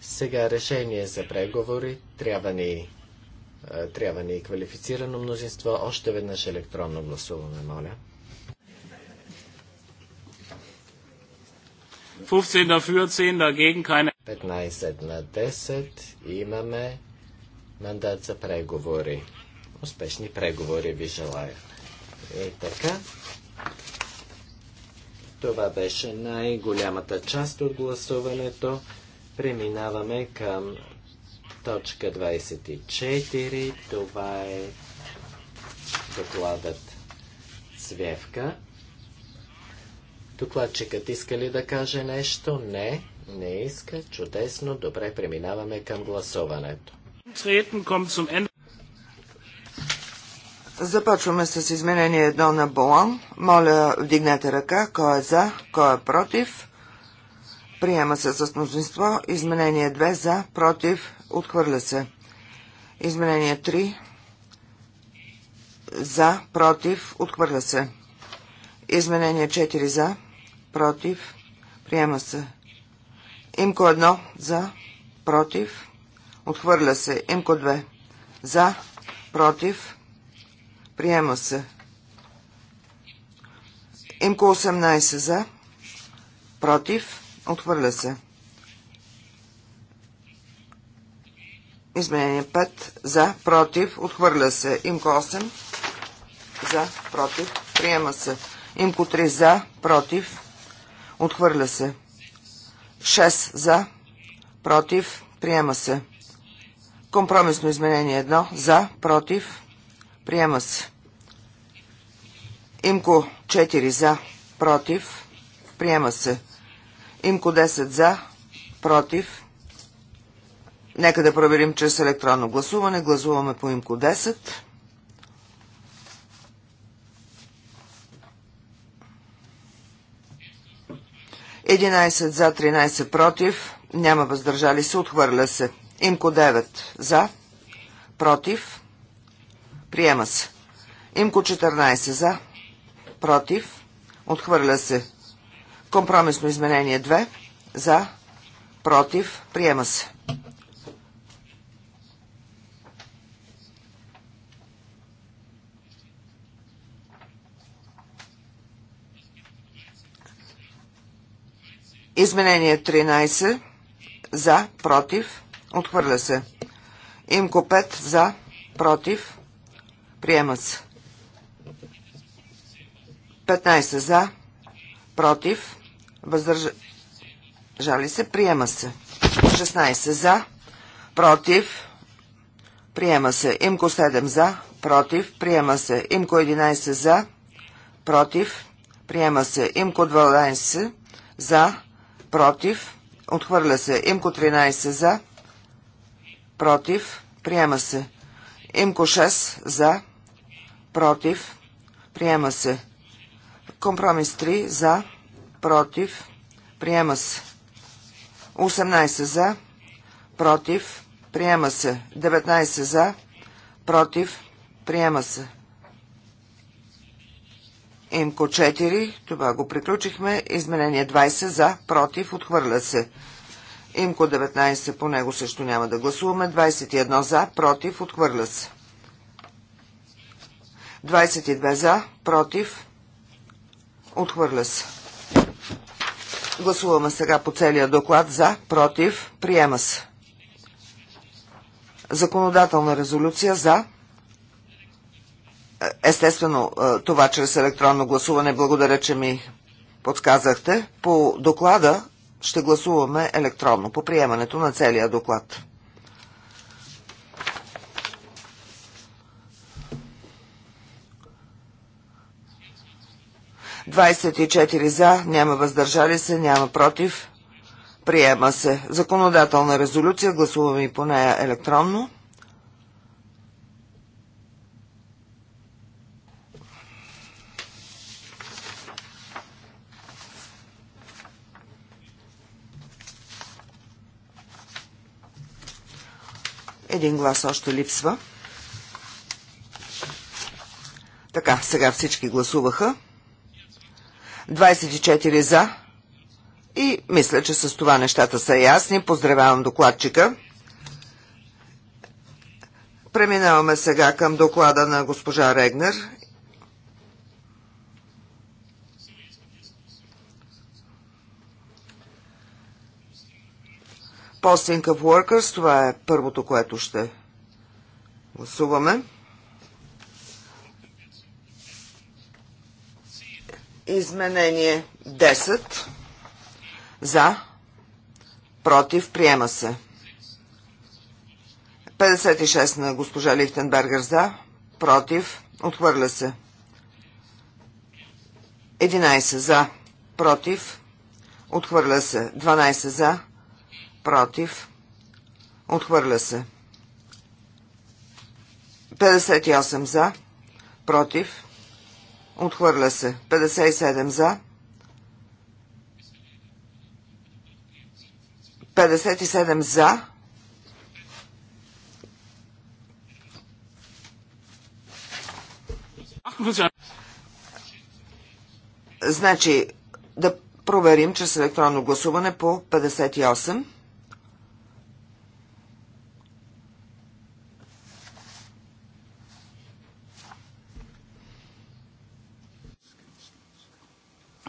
Сега решение за преговори. Трябва ни, трябва ни квалифицирано мнозинство. Още веднъж електронно гласуване, моля. 15 dafür, 10 dagegen, keine. 15 на 10 имаме мандат за преговори. Успешни преговори ви желая е така. Това беше най-голямата част от гласуването. Преминаваме към точка 24. Това е докладът Свевка. Докладчикът иска ли да каже нещо? Не, не иска. Чудесно. Добре, преминаваме към гласуването. Започваме с изменение едно на Болон. Моля, вдигнете ръка. Кой е за, кой е против? Приема се с мнозинство. Изменение 2 за, против, отхвърля се. Изменение 3 за, против, отхвърля се. Изменение 4 за, против, приема се. Имко 1 за, против, отхвърля се. Имко 2 за, против, Приема се. Имко 18 за. Против. Отхвърля се. Изменение 5. За. Против. Отхвърля се. Имко 8. За. Против. Приема се. Имко 3. За. Против. Отхвърля се. 6. За. Против. Приема се. Компромисно изменение 1. За. Против. Приема се. Имко 4 за, против. Приема се. Имко 10 за, против. Нека да проверим чрез електронно гласуване. Гласуваме по имко 10. Единайсет за, 13 против. Няма въздържали се. Отхвърля се. Имко 9 за, против. Приема се. Имко 14 за. Против. Отхвърля се. Компромисно изменение 2. За. Против. Приема се. Изменение 13. За. Против. Отхвърля се. Имко 5. За. Против. Приема се. 15 за, против, въздържали се, приема се. 16 за, против, приема се. Имко 7 за, против, приема се. Имко 11 за, против, приема се. Имко 12 за, против, отхвърля се. Имко 13 за, против, приема се. Имко 6 за, против, против, приема се. Компромис 3 за, против, приема се. 18 за, против, приема се. 19 за, против, приема се. Имко 4, това го приключихме. Изменение 20 за, против, отхвърля се. Имко 19, по него също няма да гласуваме. 21 за, против, отхвърля се. 22 за, против, отхвърля се. Гласуваме сега по целия доклад за, против, приема се. Законодателна резолюция за. Естествено, е, това чрез електронно гласуване. Благодаря, че ми подсказахте. По доклада ще гласуваме електронно по приемането на целия доклад. 24 за, няма въздържали се, няма против. Приема се. Законодателна резолюция. Гласуваме и по нея електронно. Един глас още липсва. Така, сега всички гласуваха. 24 за. И мисля, че с това нещата са ясни. Поздравявам докладчика. Преминаваме сега към доклада на госпожа Регнер. Posting of Workers, това е първото, което ще гласуваме. Изменение 10. За. Против. Приема се. 56 на госпожа Лихтенбергер за. Против. Отхвърля се. 11 за. Против. Отхвърля се. 12 за. Против. Отхвърля се. 58 за. Против. Отхвърля се. 57 за. 57 за. Значи да проверим чрез електронно гласуване по 58.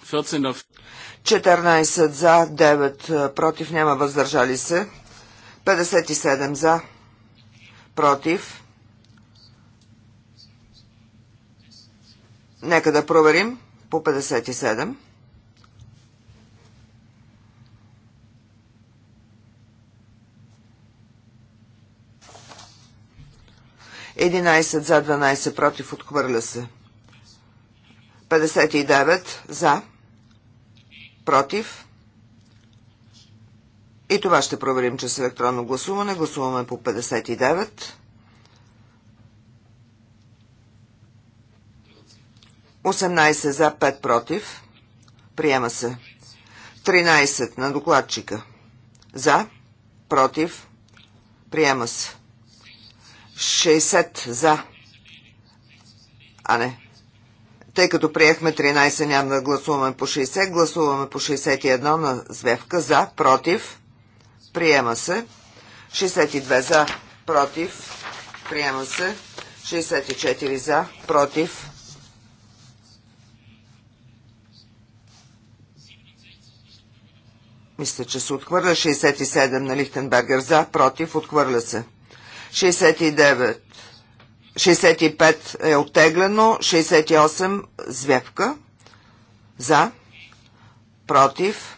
14 за, 9 е, против, няма въздържали се. 57 за, против. Нека да проверим по 57. Единайсет за, 12 против, отхвърля се. 59 за, Против. И това ще проверим чрез електронно гласуване. Гласуваме по 59. 18 за, 5 против. Приема се. 13 на докладчика. За. Против. Приема се. 60 за. А не. Тъй като приехме 13, няма да гласуваме по 60. Гласуваме по 61 на звевка. За, против. Приема се. 62 за, против. Приема се. 64 за, против. Мисля, че се отхвърля. 67 на Лихтенбергер за, против. Отхвърля се. 69 65 е оттеглено, 68 звявка. За. Против.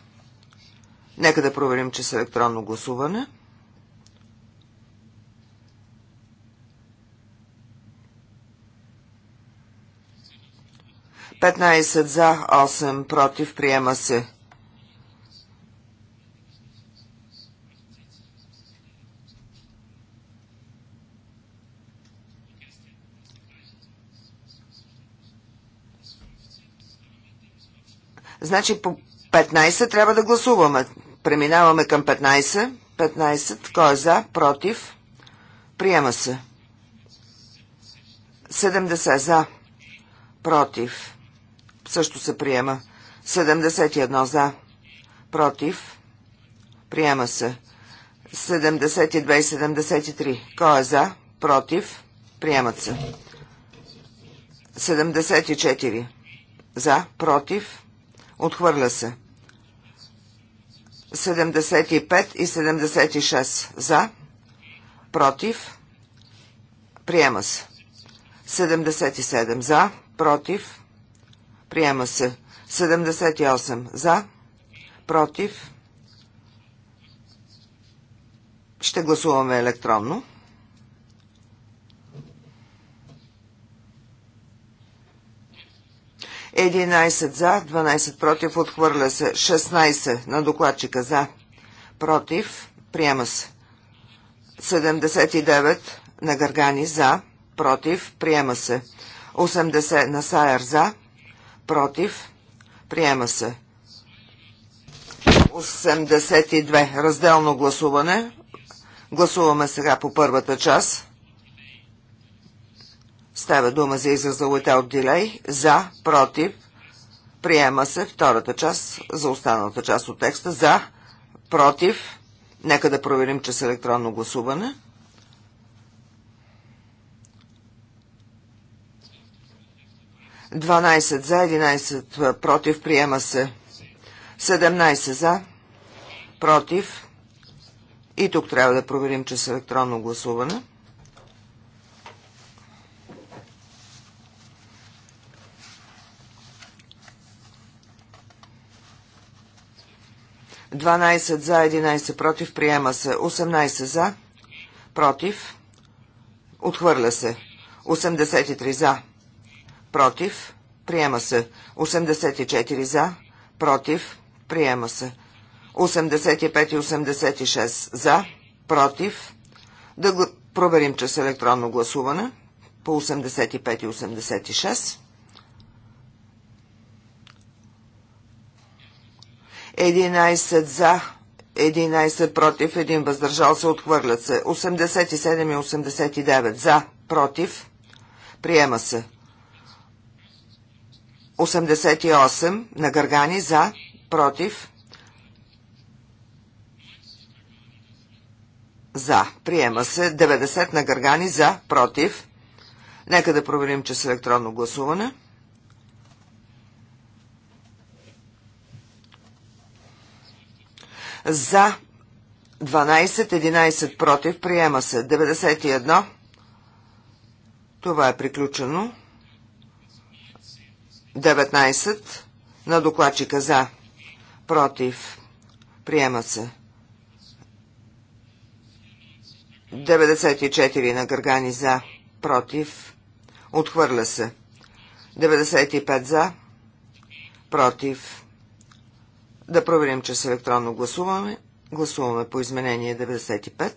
Нека да проверим, че с електронно гласуване. Петнайсет за, 8 против, приема се. Значи по 15 трябва да гласуваме. Преминаваме към 15. 15. Кой е за? Против? Приема се. 70 за. Против. Също се приема. 71 за. Против. Приема се. 72 и 73. Кой е за? Против. Приемат се. 74. За. Против. Отхвърля се. 75 и 76 за. Против. Приема се. 77 за. Против. Приема се. 78 за. Против. Ще гласуваме електронно. 11 за, 12 против, отхвърля се. 16 на докладчика за, против, приема се. 79 на Гаргани за, против, приема се. 80 на Саяр за, против, приема се. 82 разделно гласуване. Гласуваме сега по първата част. Става дума за израза without delay, за, против, приема се втората част, за останалата част от текста, за, против, нека да проверим, че с електронно гласуване. Дванайсет за, единайсет против, приема се. Седемнайсет за, против. И тук трябва да проверим, че с електронно гласуване. 12 за, 11 против, приема се. 18 за, против, отхвърля се. 83 за, против, приема се. 84 за, против, приема се. 85 и 86 за, против. Да проверим чрез електронно гласуване по 85 и 86. 11 за, 11 против, 1 въздържал се, отхвърлят се. 87 и 89 за, против, приема се. 88 на Гаргани за, против, за, приема се. 90 на Гаргани за, против. Нека да проверим, че с електронно гласуване. за 12, 11 против, приема се 91. Това е приключено. 19 на докладчика за, против, приема се 94 на Гъргани за, против, отхвърля се 95 за, против, да проверим, че с електронно гласуваме. Гласуваме по изменение 95.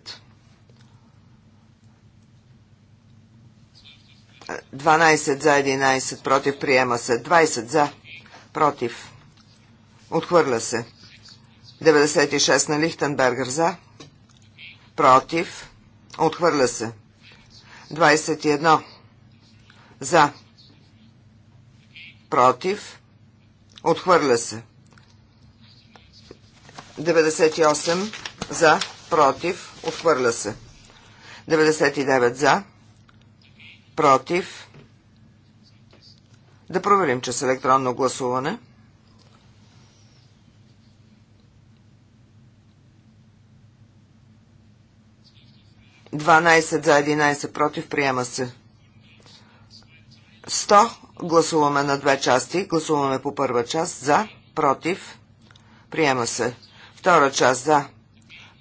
12 за 11 против приема се. 20 за против. Отхвърля се. 96 на Лихтенбергер за. Против. Отхвърля се. 21 за. Против. Отхвърля се. 98 за, против, отхвърля се. 99 за, против. Да проверим, че с електронно гласуване. Дванайсет за 11 против приема се. 100 гласуваме на две части. Гласуваме по първа част за, против, приема се. Втора част за.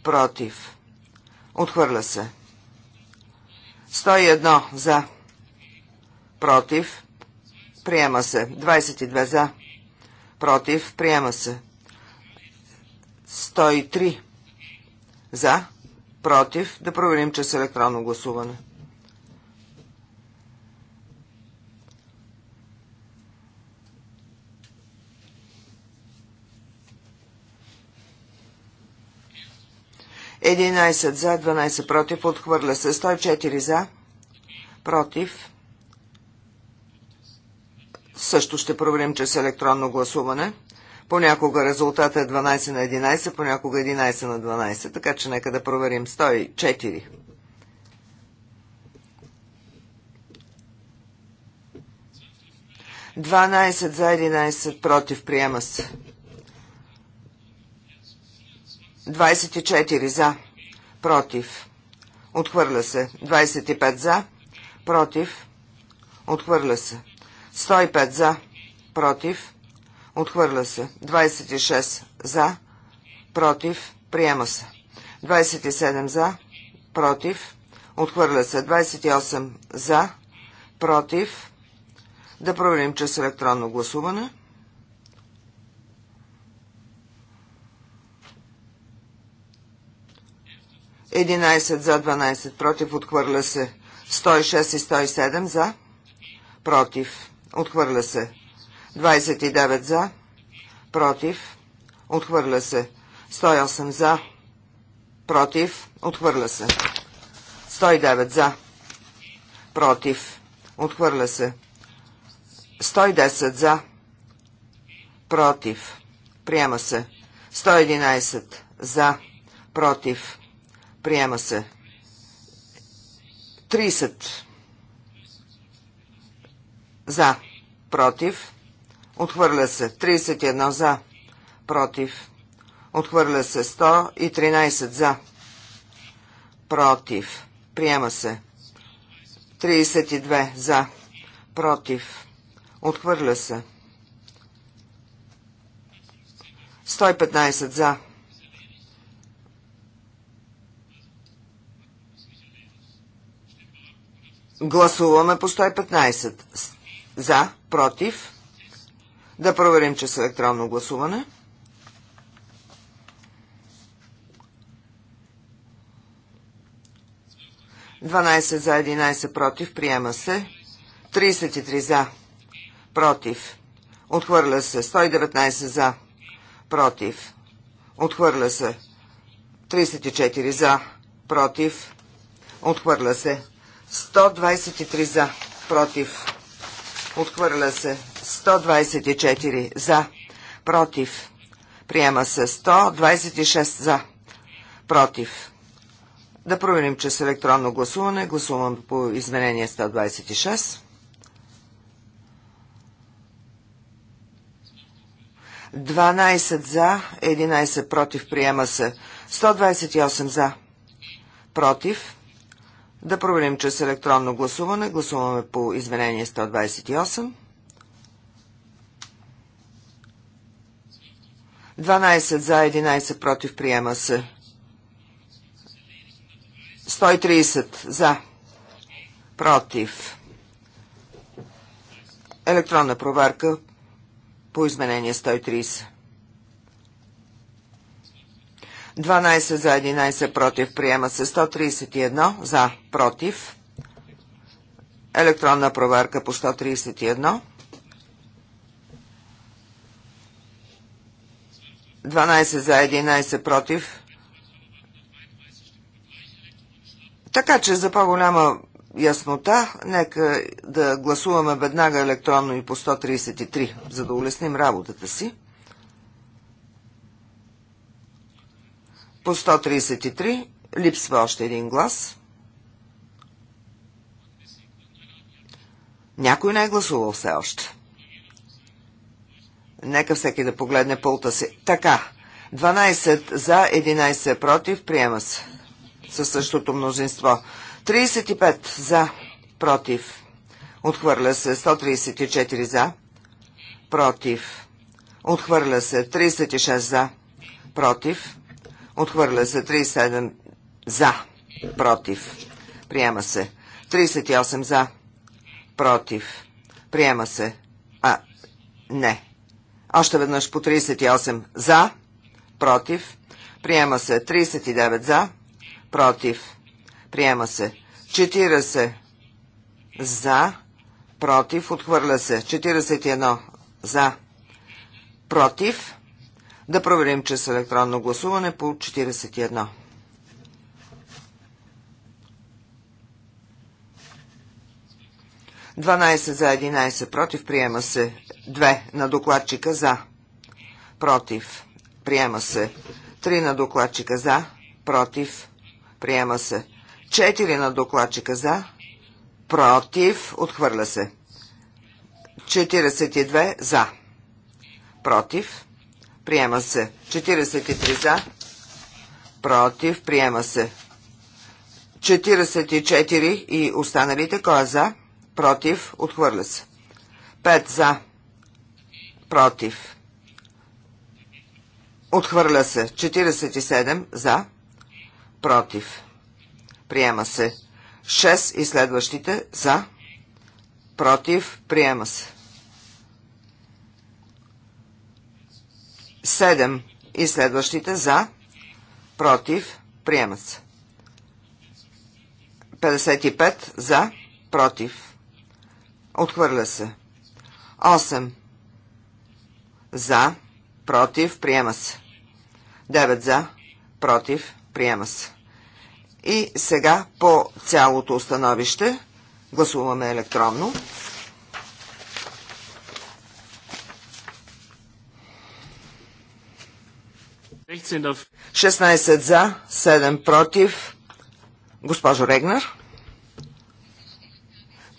Против. Отхвърля се. 101 за. Против. Приема се. 22 за. Против. Приема се. 103 за. Против. Да проверим, че с електронно гласуване. 11 за, 12 против, отхвърля се. 104 за, против. Също ще проверим, че с електронно гласуване. Понякога резултата е 12 на 11, понякога 11 на 12, така че нека да проверим. 104. 12 за 11 против приема се. 24 за, против, отхвърля се. 25 за, против, отхвърля се. 105 за, против, отхвърля се. 26 за, против, приема се. 27 за, против, отхвърля се. 28 за, против. Да проверим чрез електронно гласуване. 11 за 12 против, отхвърля се. 106 и 107 за, против, отхвърля се. 29 за, против, отхвърля се. 108 за, против, отхвърля се. 109 за, против, отхвърля се. 110 за, против, приема се. 111 за, против, Приема се. 30. За. Против. Отхвърля се. 31 за. Против. Отхвърля се. 113 за. Против. Приема се. 32 за. Против. Отхвърля се. 115 за. Гласуваме по 115. За, против. Да проверим, че с електронно гласуване. Дванайсет за, 11 против. Приема се. 33 за, против. Отхвърля се. 119 за, против. Отхвърля се. 34 за, против. Отхвърля се. 123 за, против, отхвърля се. 124 за, против, приема се. 126 за, против. Да проверим, че с електронно гласуване гласувам по изменение 126. Дванайсет за, 11 против, приема се. 128 за, против. Да проверим, чрез електронно гласуване гласуваме по изменение 128. 12 за, 11 против, приема се. 130 за, против. Електронна проверка по изменение 130. 12 за 11 против. Приема се 131 за против. Електронна проверка по 131. 12 за 11 против. Така че за по-голяма яснота, нека да гласуваме веднага електронно и по 133, за да улесним работата си. По 133 липсва още един глас. Някой не е гласувал все още. Нека всеки да погледне пулта си. Така, 12 за, 11 против, приема се. Със същото мнозинство. 35 за, против, отхвърля се. 134 за, против, отхвърля се. 36 за, против, Отхвърля се 37 за. Против. Приема се. 38 за. Против. Приема се. А, не. Още веднъж по 38 за. Против. Приема се. 39 за. Против. Приема се. 40 за. Против. Отхвърля се. 41 за. Против. Да проверим, че с електронно гласуване по 41. Дванайсет за 11 против. Приема се 2 на докладчика за. Против. Приема се 3 на докладчика за. Против. Приема се 4 на докладчика за. Против. Отхвърля се. 42 за. Против приема се. 43 за, против, приема се. 44 и останалите, кой е за, против, отхвърля се. 5 за, против, отхвърля се. 47 за, против, приема се. 6 и следващите за, против, приема се. 7 и следващите за, против, приемат се. 55 за, против, отхвърля се. 8 за, против, приема се. 9 за, против, приема се. И сега по цялото установище гласуваме електронно. 16 за, 7 против. Госпожо Регнар.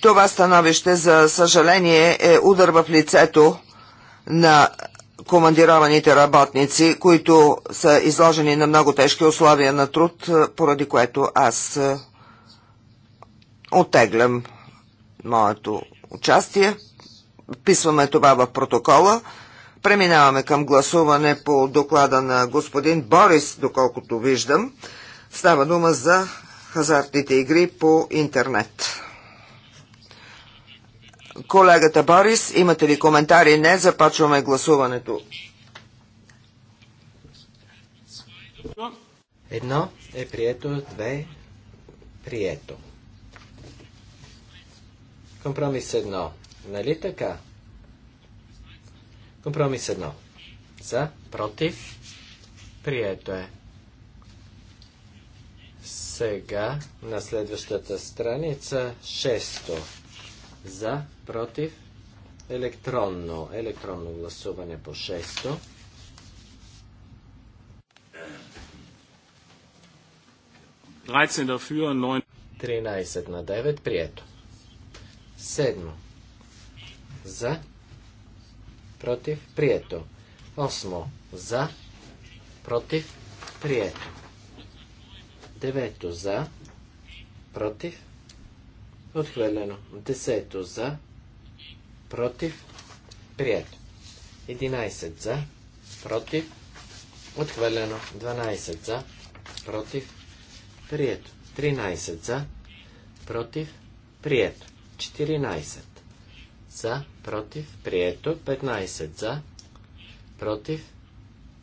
Това становище, за съжаление, е удар в лицето на командированите работници, които са изложени на много тежки условия на труд, поради което аз е, оттеглям моето участие. Вписваме това в протокола. Преминаваме към гласуване по доклада на господин Борис, доколкото виждам. Става дума за хазартните игри по интернет. Колегата Борис, имате ли коментари? Не, започваме гласуването. Едно е прието, две прието. Компромис едно. Нали така? Компромис 1. За, против, прието е. Сега на следващата страница 6. За, против, електронно, електронно гласуване по 6. Тринайсет 9... 13 на 9, прието. Седмо. За, против, прието. Осмо, за, против, прието. Девето, за, против, отхвърлено. Десето, за, против, прието. Единайсет, за, против, отхвърлено. Дванайсет, за, против, прието. Тринайсет, за, против, прието. Четиринайсет, за, против, прието, 15 за, против,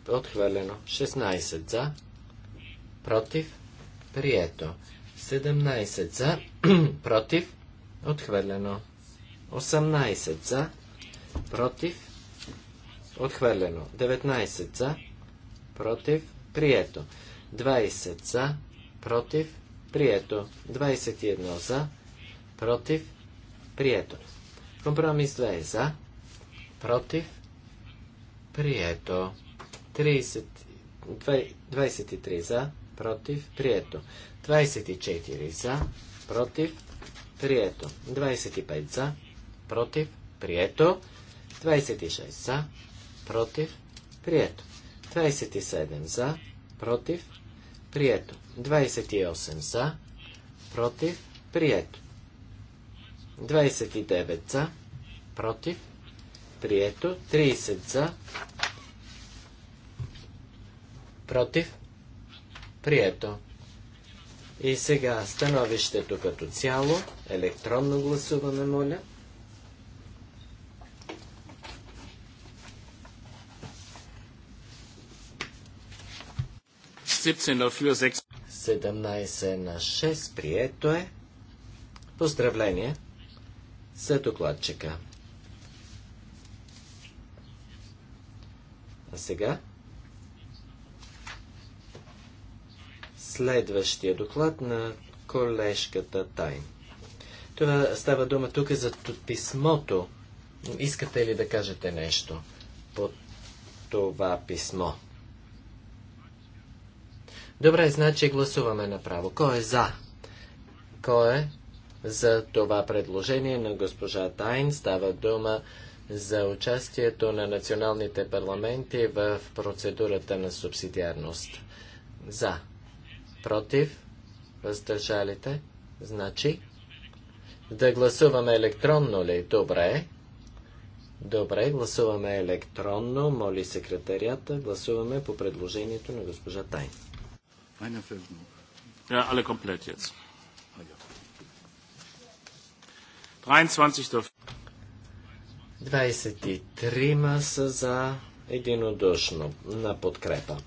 отхвърлено, 16 за, против, прието, 17 за, против, отхвърлено, 18 за, против, отхвърлено, 19 за, против, прието, 20 за, против, прието, 21 за, против, прието. Компромис 2 е за, против, прието. 30, 23 за, против, прието. 24 за, против, прието. 25 за, против, прието. 26 за, против, прието. 27 за, против, прието. 28 за, против, прието. 29 за, против, прието. 30 за, против, прието. И сега становището като цяло, електронно гласуване, моля. Dafür, 17 на 6 прието е. Поздравление! за докладчика. А сега следващия доклад на колежката Тайн. Това става дума тук за писмото. Искате ли да кажете нещо по това писмо? Добре, значи гласуваме направо. Кой е за? Кой е за това предложение на госпожа Тайн. Става дума за участието на националните парламенти в процедурата на субсидиарност. За. Против. Въздържалите. Значи. Да гласуваме електронно ли? Добре. Добре, гласуваме електронно. Моли секретарията. Гласуваме по предложението на госпожа Тайн. Ja, alle komplett jetzt. 23 са за единодушно на подкрепа.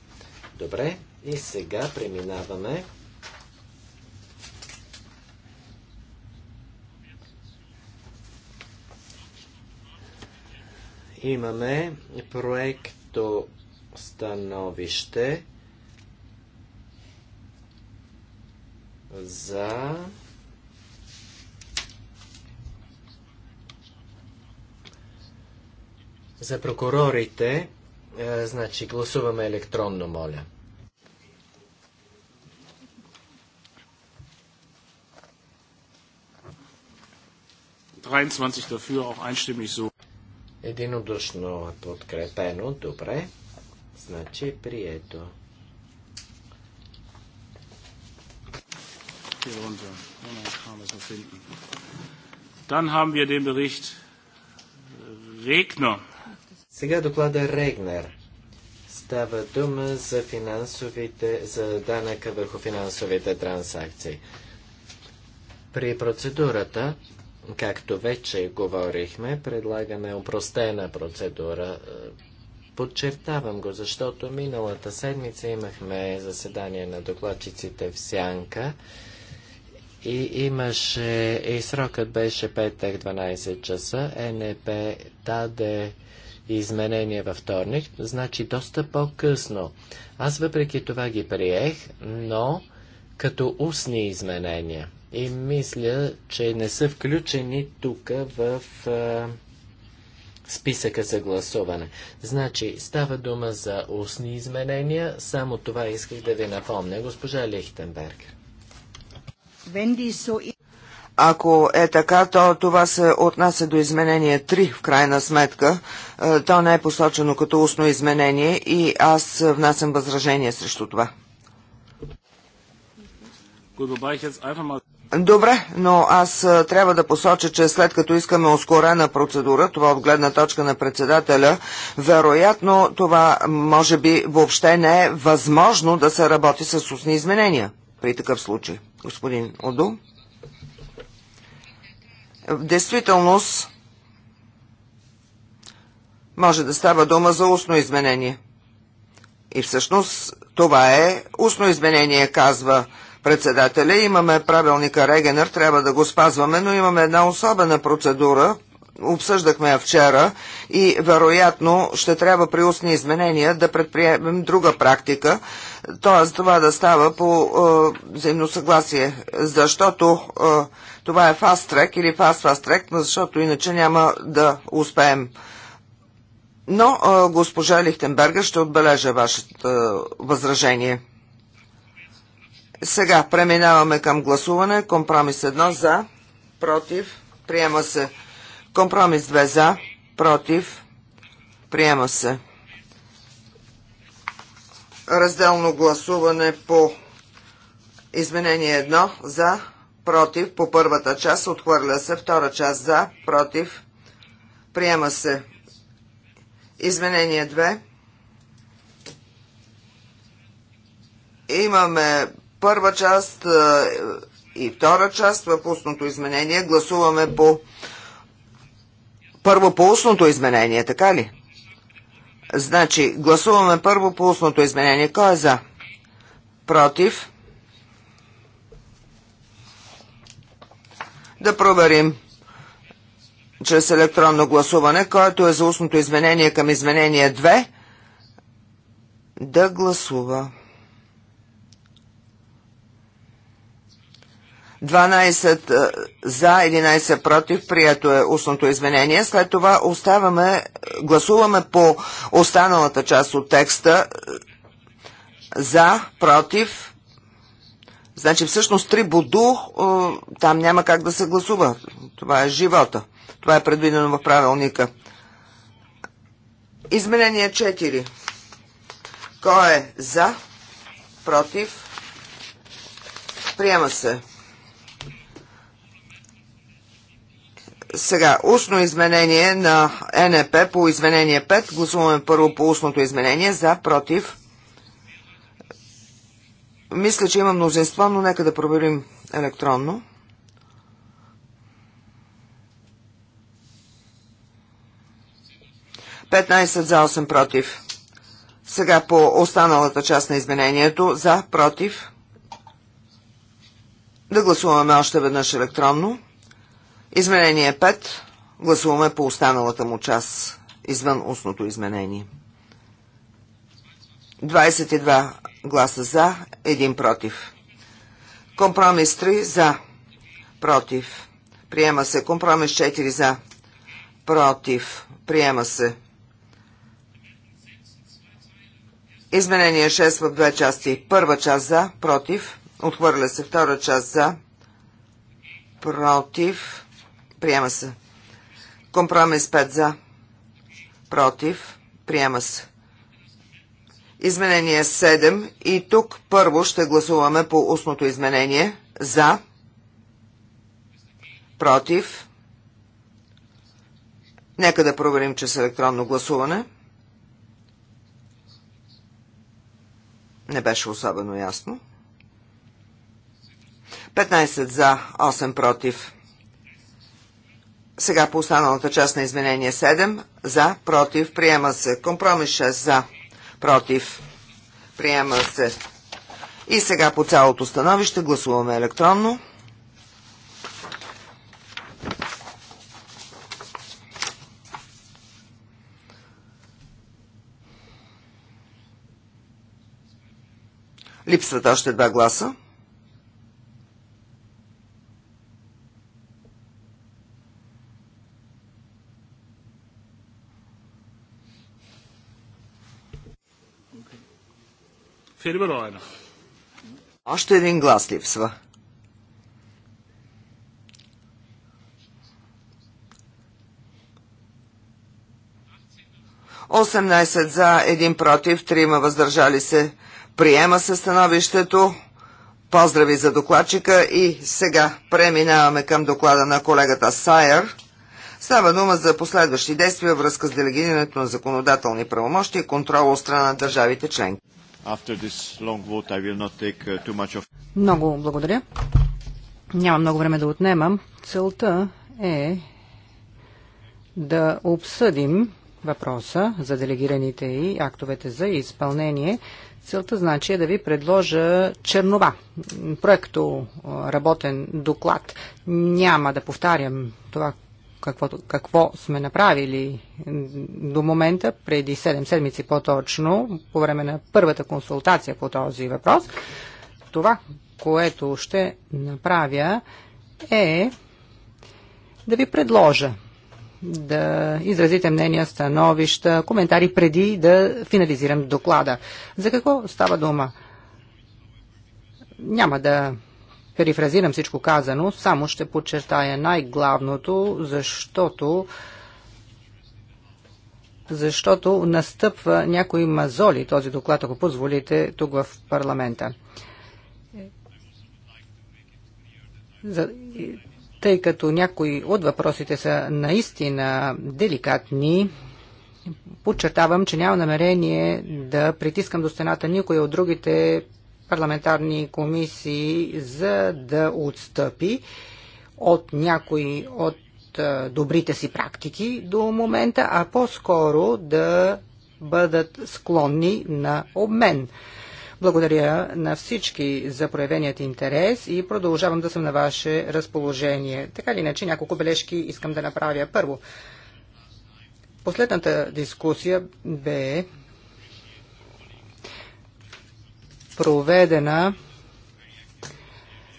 Добре, и сега преминаваме имаме проекто становище за За прокурорите, е, значи гласуваме електронно, моля. Единодушно е подкрепено, добре. Значи прието. Hier runter. Ohne kam es noch finden. Dann haben wir den Bericht äh, Regner. Сега доклада Регнер. Става дума за финансовите, за данъка върху финансовите трансакции. При процедурата, както вече говорихме, предлагаме упростена процедура. Подчертавам го, защото миналата седмица имахме заседание на докладчиците в Сянка и имаше, и срокът беше петък 12 часа. Е НП даде изменения във вторник, значи доста по-късно. Аз въпреки това ги приех, но като устни изменения. И мисля, че не са включени тук в а, списъка за гласуване. Значи, става дума за устни изменения, само това исках да ви напомня, госпожа Лихтенберг. Ако е така, то това се отнася до изменение 3 в крайна сметка. Е, то не е посочено като устно изменение и аз внасям възражение срещу това. Добре, но аз е, трябва да посоча, че след като искаме ускорена процедура, това от гледна точка на председателя, вероятно това може би въобще не е възможно да се работи с устни изменения при такъв случай. Господин Одул. В действителност може да става дума за устно изменение. И всъщност това е устно изменение, казва председателя. Имаме правилника Регенър, трябва да го спазваме, но имаме една особена процедура – обсъждахме я вчера и вероятно ще трябва при устни изменения да предприемем друга практика, т.е. това да става по е, взаимно съгласие, защото е, това е фаст трек или фаст фаст трек, защото иначе няма да успеем. Но е, госпожа Лихтенберга ще отбележа вашето е, възражение. Сега преминаваме към гласуване. Компромис едно за, против, приема се Компромис 2 за, против, приема се. Разделно гласуване по изменение 1 за, против, по първата част, отхвърля се, втора част за, против, приема се. Изменение 2. Имаме първа част и втора част в изменение. Гласуваме по първо по устното изменение, така ли? Значи, гласуваме първо по устното изменение. Кой е за? Против? Да проверим чрез електронно гласуване, който е за устното изменение към изменение 2, да гласува. 12 е, за, 11 против, прието е устното изменение. След това оставаме, е, гласуваме по останалата част от текста е, за, против. Значи всъщност три буду, там няма как да се гласува. Това е живота. Това е предвидено в правилника. Изменение 4. Кой е за? Против? Приема се. Сега, устно изменение на НП по изменение 5. Гласуваме първо по устното изменение. За, против. Мисля, че има мнозинство, но нека да проверим електронно. Петнайсет за 8 против. Сега по останалата част на изменението. За, против. Да гласуваме още веднъж електронно. Изменение 5. Гласуваме по останалата му част, извън устното изменение. 22 гласа за, 1 против. Компромис 3 за, против. Приема се. Компромис 4 за, против. Приема се. Изменение 6 в две части. Първа част за, против. Отхвърля се втора част за, против. Приема се. Компромис 5 за. Против. Приема се. Изменение 7. И тук първо ще гласуваме по устното изменение. За. Против. Нека да проверим, че с електронно гласуване. Не беше особено ясно. 15 за, 8 против. Сега по останалата част на изменение 7. За, против, приема се. Компромис 6. За, против, приема се. И сега по цялото становище гласуваме електронно. Липсват още два гласа. Още един глас липсва. Осемнайсет за, един против, трима въздържали се. Приема се становището. Поздрави за докладчика и сега преминаваме към доклада на колегата Сайер. Става дума за последващи действия връзка с делегирането на законодателни правомощи и контрол от страна на държавите членки. Vote, много благодаря. Няма много време да отнемам. Целта е да обсъдим въпроса за делегираните и актовете за изпълнение. Целта значи е да ви предложа чернова, проекто работен доклад. Няма да повтарям това, какво, какво сме направили до момента, преди 7 седмици по-точно, по време на първата консултация по този въпрос. Това, което ще направя е да ви предложа да изразите мнения, становища, коментари преди да финализирам доклада. За какво става дума? Няма да перифразирам всичко казано, само ще подчертая най-главното, защото защото настъпва някои мазоли този доклад, ако позволите, тук в парламента. За, тъй като някои от въпросите са наистина деликатни, подчертавам, че няма намерение да притискам до стената никой от другите парламентарни комисии, за да отстъпи от някои от добрите си практики до момента, а по-скоро да бъдат склонни на обмен. Благодаря на всички за проявеният интерес и продължавам да съм на ваше разположение. Така или иначе, няколко бележки искам да направя. Първо, последната дискусия бе проведена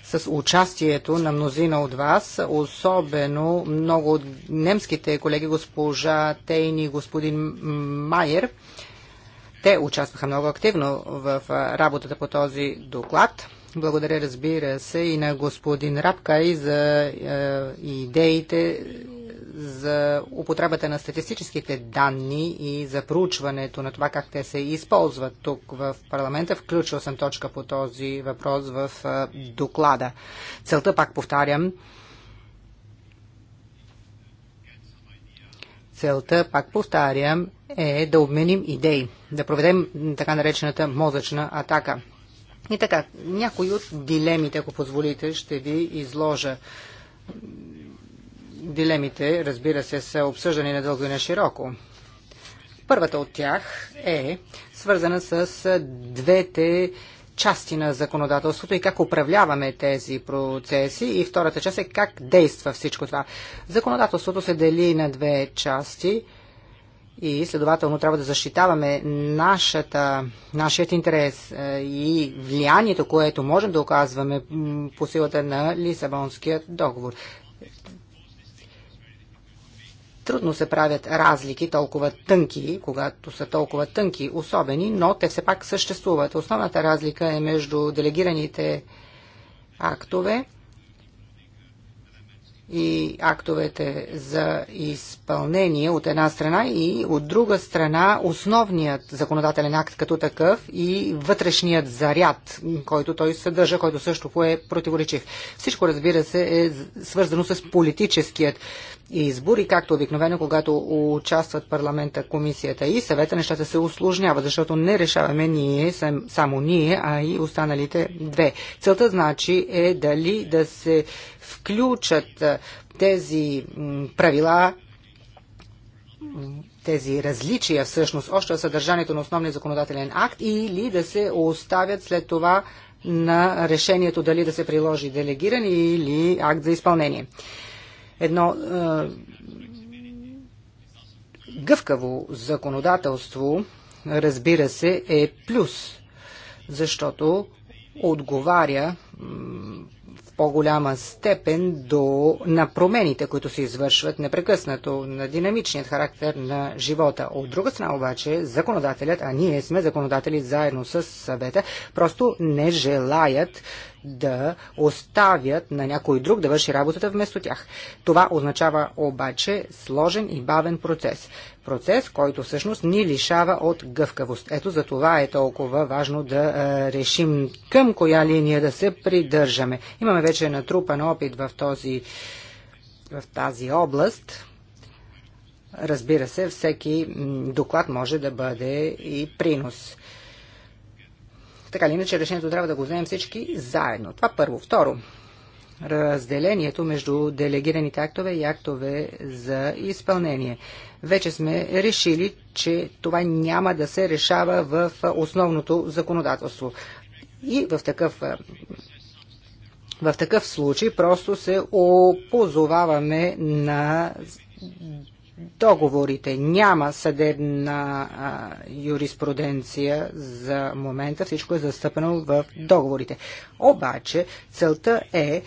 с участието на мнозина от вас, особено много от немските колеги, госпожа Тейни и господин Майер. Те участваха много активно в работата по този доклад. Благодаря, разбира се, и на господин Рапкай за е, идеите за употребата на статистическите данни и за проучването на това как те се използват тук в парламента. Включил съм точка по този въпрос в доклада. Целта, пак повтарям, целта, пак повтарям, е да обменим идеи, да проведем така наречената мозъчна атака. И така, някои от дилемите, ако позволите, ще ви изложа дилемите, разбира се, са обсъждани надълго и на широко. Първата от тях е свързана с двете части на законодателството и как управляваме тези процеси. И втората част е как действа всичко това. Законодателството се дели на две части и следователно трябва да защитаваме нашата, нашият интерес е, и влиянието, което можем да оказваме по силата на Лисабонският договор трудно се правят разлики толкова тънки, когато са толкова тънки, особени, но те все пак съществуват. Основната разлика е между делегираните актове и актовете за изпълнение от една страна и от друга страна основният законодателен акт като такъв и вътрешният заряд, който той съдържа, който също е противоречив. Всичко, разбира се, е свързано с политическият избор и както обикновено, когато участват парламента, комисията и съвета, нещата се усложняват, защото не решаваме ние, само ние, а и останалите две. Целта значи е дали да се включат тези правила тези различия всъщност още в съдържанието на основния законодателен акт или да се оставят след това на решението дали да се приложи делегиран или акт за изпълнение едно е, гъвкаво законодателство, разбира се, е плюс, защото отговаря по-голяма степен до, на промените, които се извършват непрекъснато, на динамичният характер на живота. От друга страна обаче, законодателят, а ние сме законодатели заедно с съвета, просто не желаят да оставят на някой друг да върши работата вместо тях. Това означава обаче сложен и бавен процес процес, който всъщност ни лишава от гъвкавост. Ето за това е толкова важно да е, решим към коя линия да се придържаме. Имаме вече натрупан опит в, този, в тази област. Разбира се, всеки доклад може да бъде и принос. Така или иначе, решението трябва да го вземем всички заедно. Това първо. Второ, разделението между делегираните актове и актове за изпълнение. Вече сме решили, че това няма да се решава в основното законодателство. И в такъв в такъв случай просто се опозоваваме на договорите. Няма съдебна а, юриспруденция за момента, всичко е застъпено в договорите. Обаче целта е,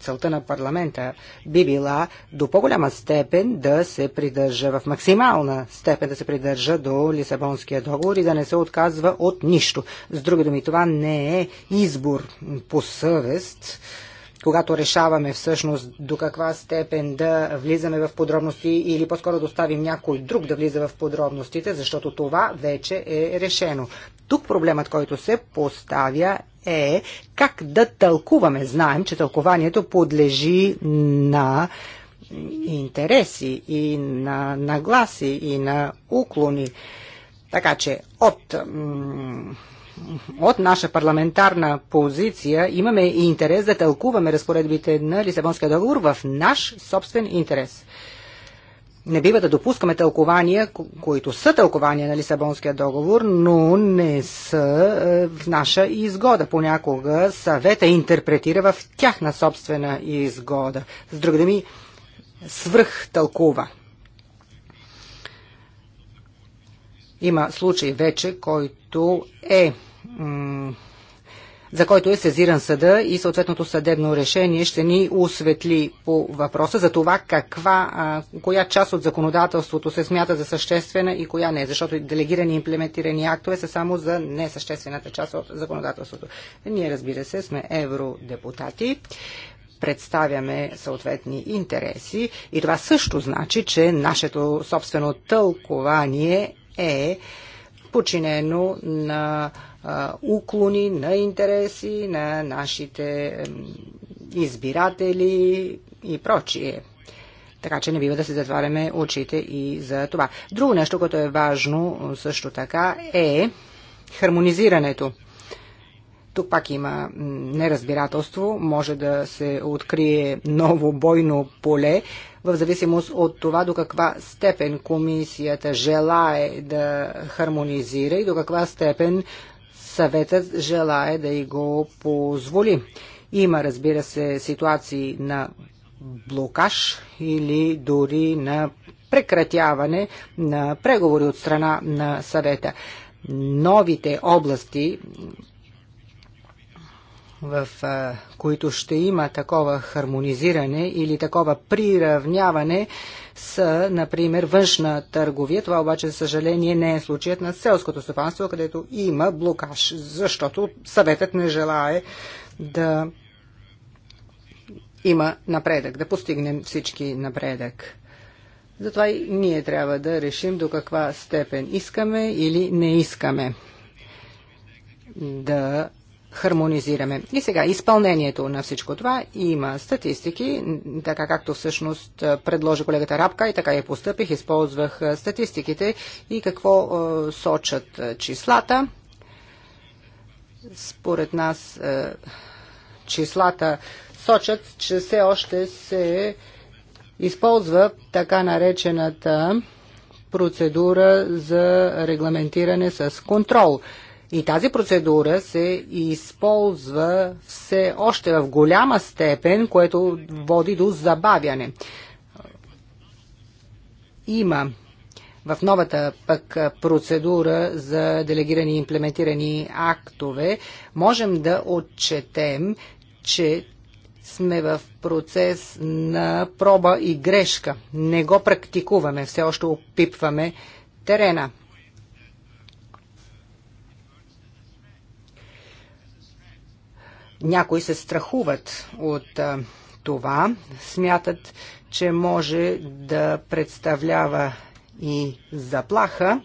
целта на парламента би била до по-голяма степен да се придържа, в максимална степен да се придържа до Лисабонския договор и да не се отказва от нищо. С други думи, това не е избор по съвест, когато решаваме всъщност до каква степен да влизаме в подробности или по-скоро да оставим някой друг да влиза в подробностите, защото това вече е решено. Тук проблемът, който се поставя е как да тълкуваме. Знаем, че тълкованието подлежи на интереси и на нагласи и на уклони. Така че от от наша парламентарна позиция имаме и интерес да тълкуваме разпоредбите на Лисабонския договор в наш собствен интерес. Не бива да допускаме тълкования, които са тълкования на Лисабонския договор, но не са е, в наша изгода. Понякога съвета интерпретира в тяхна собствена изгода. С други думи, свръх тълкува. Има случай вече, който е за който е сезиран съда и съответното съдебно решение ще ни осветли по въпроса за това каква, а, коя част от законодателството се смята за съществена и коя не, защото делегирани и имплементирани актове са само за несъществената част от законодателството. Ние, разбира се, сме евродепутати представяме съответни интереси и това също значи, че нашето собствено тълкование е починено на уклони на интереси на нашите избиратели и прочие. Така че не бива да се затваряме очите и за това. Друго нещо, което е важно е, също така е хармонизирането. Тук пак има неразбирателство, може да се открие ново бойно поле, в зависимост от това до каква степен комисията желае да хармонизира и до каква степен съветът желая да и го позволи. Има, разбира се, ситуации на блокаж или дори на прекратяване на преговори от страна на съвета. Новите области, в които ще има такова хармонизиране или такова приравняване, са, например, външна търговия. Това обаче, за съжаление, не е случаят на селското стопанство, където има блокаж, защото съветът не желае да има напредък, да постигнем всички напредък. Затова и ние трябва да решим до каква степен искаме или не искаме да хармонизираме. И сега, изпълнението на всичко това има статистики, така както всъщност предложи колегата Рапка и така я постъпих, използвах статистиките и какво сочат числата. Според нас числата сочат, че все още се използва така наречената процедура за регламентиране с контрол – и тази процедура се използва все още в голяма степен, което води до забавяне. Има в новата пък процедура за делегирани и имплементирани актове можем да отчетем, че сме в процес на проба и грешка. Не го практикуваме, все още опипваме терена. някои се страхуват от а, това, смятат, че може да представлява и заплаха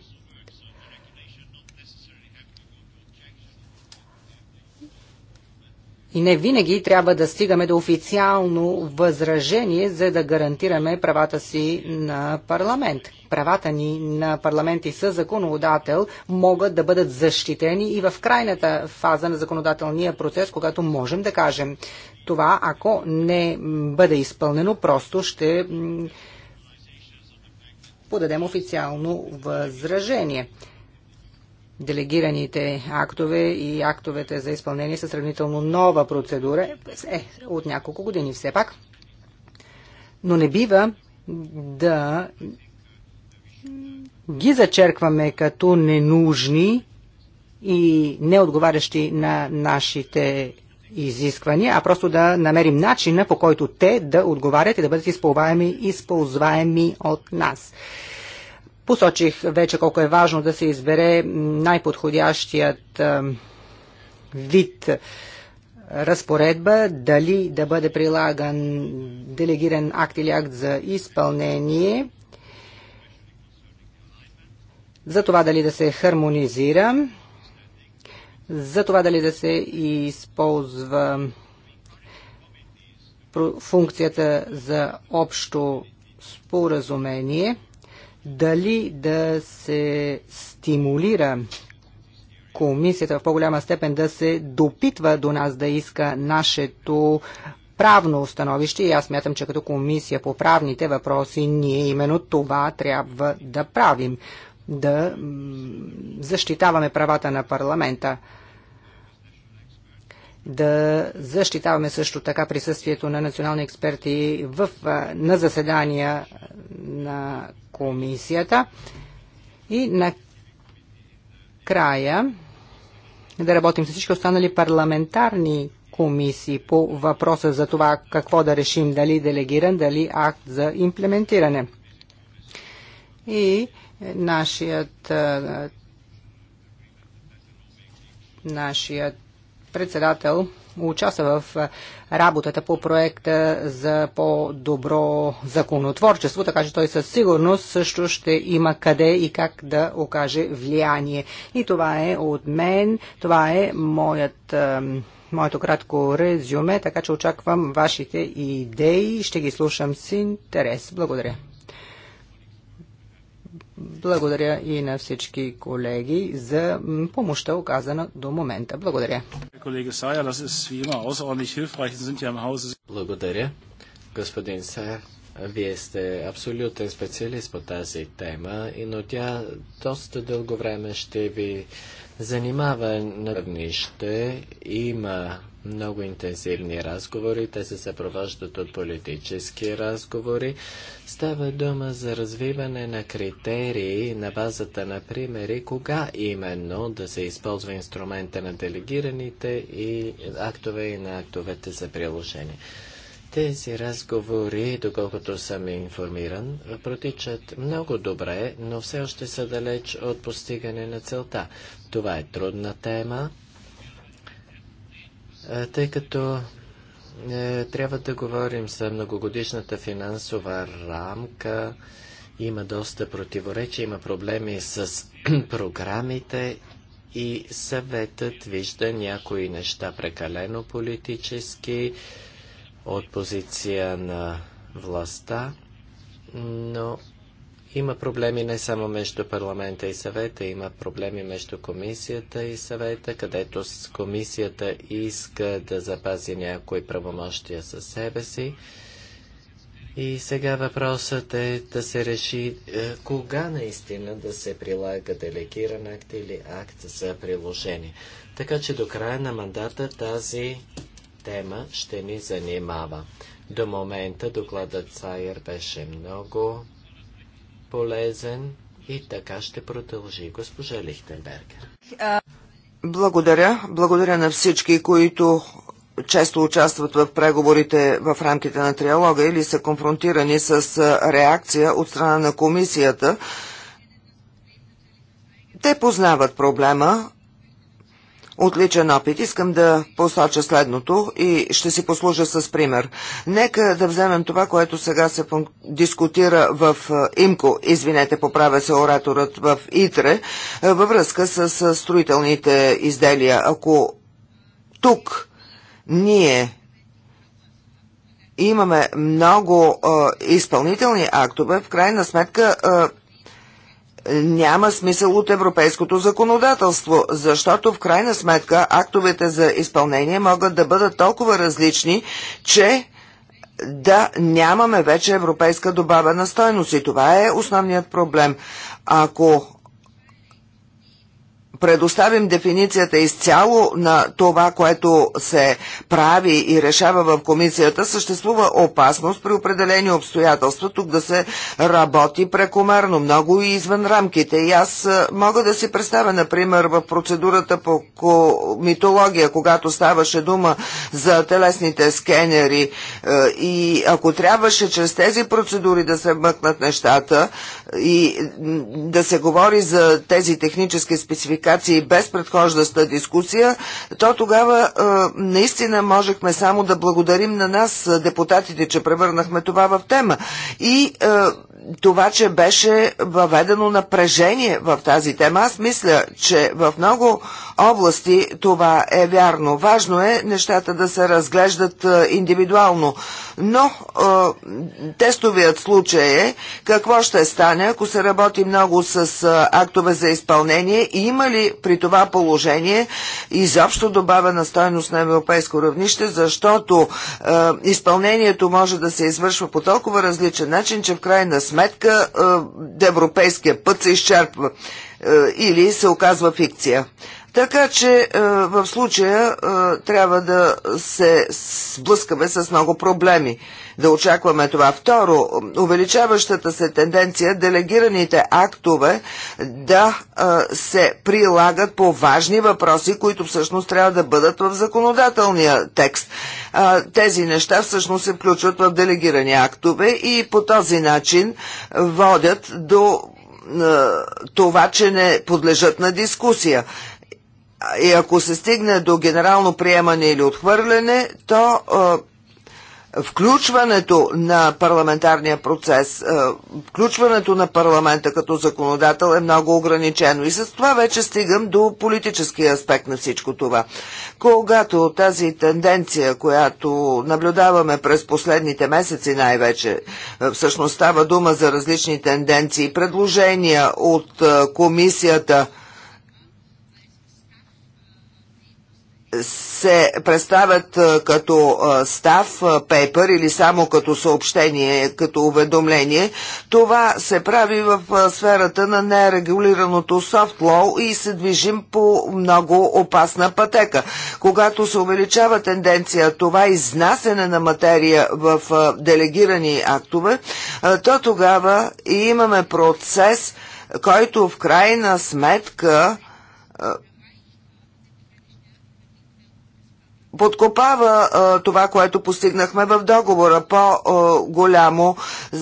И не винаги трябва да стигаме до официално възражение, за да гарантираме правата си на парламент. Правата ни на парламент и със законодател могат да бъдат защитени и в крайната фаза на законодателния процес, когато можем да кажем това, ако не бъде изпълнено, просто ще подадем официално възражение делегираните актове и актовете за изпълнение са сравнително нова процедура, е, от няколко години все пак. Но не бива да ги зачеркваме като ненужни и неотговарящи на нашите изисквания, а просто да намерим начина по който те да отговарят и да бъдат използваеми и използваеми от нас. Посочих вече колко е важно да се избере най-подходящият вид разпоредба, дали да бъде прилаган делегиран акт или акт за изпълнение, за това дали да се хармонизира, за това дали да се използва функцията за общо споразумение – дали да се стимулира комисията в по-голяма степен да се допитва до нас, да иска нашето правно установище и аз мятам, че като комисия по правните въпроси ние именно това трябва да правим. Да защитаваме правата на парламента. Да защитаваме също така присъствието на национални експерти в, на заседания на комисията и края да работим с всички останали парламентарни комисии по въпроса за това какво да решим, дали делегиран, дали акт за имплементиране. И нашият, нашият председател участва в работата по проекта за по-добро законотворчество, така че той със сигурност също ще има къде и как да окаже влияние. И това е от мен, това е моят моето кратко резюме, така че очаквам вашите идеи. Ще ги слушам с интерес. Благодаря. Благодаря и на всички колеги за помощта оказана до момента. Благодаря. Благодаря. Господин Сая, вие сте абсолютен специалист по тази тема, и но тя доста дълго време ще ви занимава на равнище. Има много интензивни разговори. Те се съпровождат от политически разговори. Става дума за развиване на критерии на базата на примери, кога именно да се използва инструмента на делегираните и актове и на актовете за приложение. Тези разговори, доколкото съм информиран, протичат много добре, но все още са далеч от постигане на целта. Това е трудна тема е, тъй като е, трябва да говорим за многогодишната финансова рамка, има доста противоречия, има проблеми с програмите и съветът вижда някои неща прекалено политически от позиция на властта, но има проблеми не само между парламента и съвета, има проблеми между комисията и съвета, където комисията иска да запази някои правомощия със себе си. И сега въпросът е да се реши е, кога наистина да се прилага делегиран акт или акт за приложение. Така че до края на мандата тази тема ще ни занимава. До момента докладът Сайер беше много полезен и така ще продължи госпожа Лихтенбергер. Благодаря. Благодаря на всички, които често участват в преговорите в рамките на триалога или са конфронтирани с реакция от страна на комисията. Те познават проблема, отличен опит. Искам да посоча следното и ще си послужа с пример. Нека да вземем това, което сега се дискутира в ИМКО, извинете, поправя се ораторът в ИТРЕ, във връзка с строителните изделия. Ако тук ние имаме много а, изпълнителни актове, в крайна сметка а, няма смисъл от европейското законодателство, защото в крайна сметка актовете за изпълнение могат да бъдат толкова различни, че да нямаме вече европейска добавена стойност. И това е основният проблем. Ако предоставим дефиницията изцяло на това, което се прави и решава в комисията, съществува опасност при определени обстоятелства тук да се работи прекомерно, много и извън рамките. И аз мога да си представя, например, в процедурата по митология, когато ставаше дума за телесните скенери и ако трябваше чрез тези процедури да се вмъкнат нещата и да се говори за тези технически спецификации, квалификации без предхождаща дискусия, то тогава наистина можехме само да благодарим на нас, депутатите, че превърнахме това в тема. И това, че беше въведено напрежение в тази тема. Аз мисля, че в много области това е вярно. Важно е нещата да се разглеждат е, индивидуално. Но е, тестовият случай е какво ще стане, ако се работи много с е, актове за изпълнение и има ли при това положение изобщо добавена стойност на европейско равнище, защото е, изпълнението може да се извършва по толкова различен начин, че в крайна сметка сметка е, европейския път се изчерпва е, или се оказва фикция. Така че е, в случая е, трябва да се сблъскаме с много проблеми. Да очакваме това. Второ, увеличаващата се тенденция делегираните актове да е, се прилагат по важни въпроси, които всъщност трябва да бъдат в законодателния текст. Тези неща всъщност се включват в делегирани актове и по този начин водят до това, че не подлежат на дискусия и ако се стигне до генерално приемане или отхвърляне, то включването на парламентарния процес, включването на парламента като законодател е много ограничено. И с това вече стигам до политическия аспект на всичко това. Когато тази тенденция, която наблюдаваме през последните месеци най-вече, всъщност става дума за различни тенденции, предложения от комисията – се представят като став, пейпер или само като съобщение, като уведомление. Това се прави в сферата на нерегулираното софтлоу и се движим по много опасна пътека. Когато се увеличава тенденция това изнасене на материя в делегирани актове, то тогава имаме процес, който в крайна сметка подкопава а, това, което постигнахме в договора по-голямо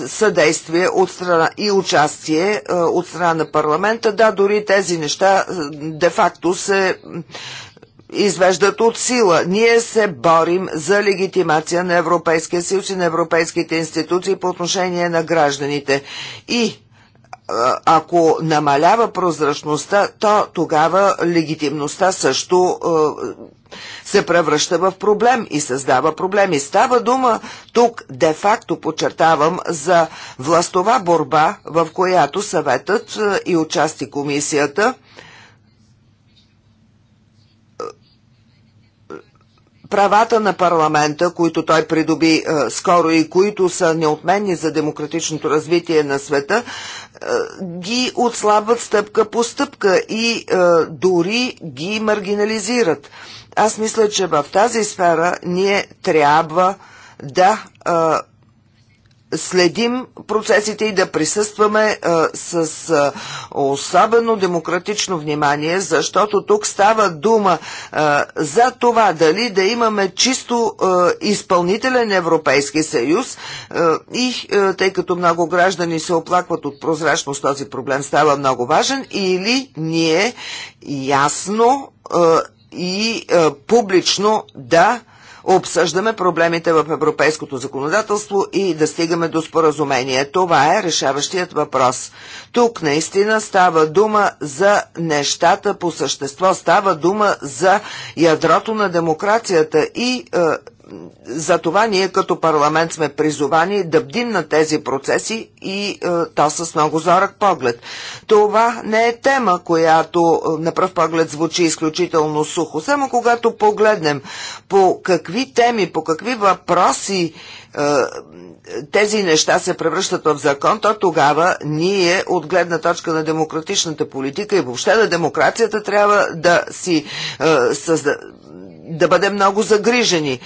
съдействие от страна и участие а, от страна на парламента. Да, дори тези неща де-факто се извеждат от сила. Ние се борим за легитимация на Европейския съюз и на европейските институции по отношение на гражданите. И ако намалява прозрачността, то тогава легитимността също се превръща в проблем и създава проблеми. Става дума тук, де-факто подчертавам, за властова борба, в която съветът е, и участи комисията е, правата на парламента, които той придоби е, скоро и които са неотменни за демократичното развитие на света, е, ги отслабват стъпка по стъпка и е, дори ги маргинализират. Аз мисля, че в тази сфера ние трябва да а, следим процесите и да присъстваме а, с а, особено демократично внимание, защото тук става дума а, за това дали да имаме чисто а, изпълнителен Европейски съюз а, и а, тъй като много граждани се оплакват от прозрачност, този проблем става много важен или ние ясно а, и е, публично да обсъждаме проблемите в европейското законодателство и да стигаме до споразумение. Това е решаващият въпрос. Тук наистина става дума за нещата по същество, става дума за ядрото на демокрацията и е, за това ние като парламент сме призовани да бдим на тези процеси и е, то с много зорък поглед. Това не е тема, която е, на пръв поглед звучи изключително сухо. Само когато погледнем по какви теми, по какви въпроси е, тези неща се превръщат в закон, то тогава ние от гледна точка на демократичната политика и въобще на демокрацията трябва да си е, създадем да бъдем много загрижени.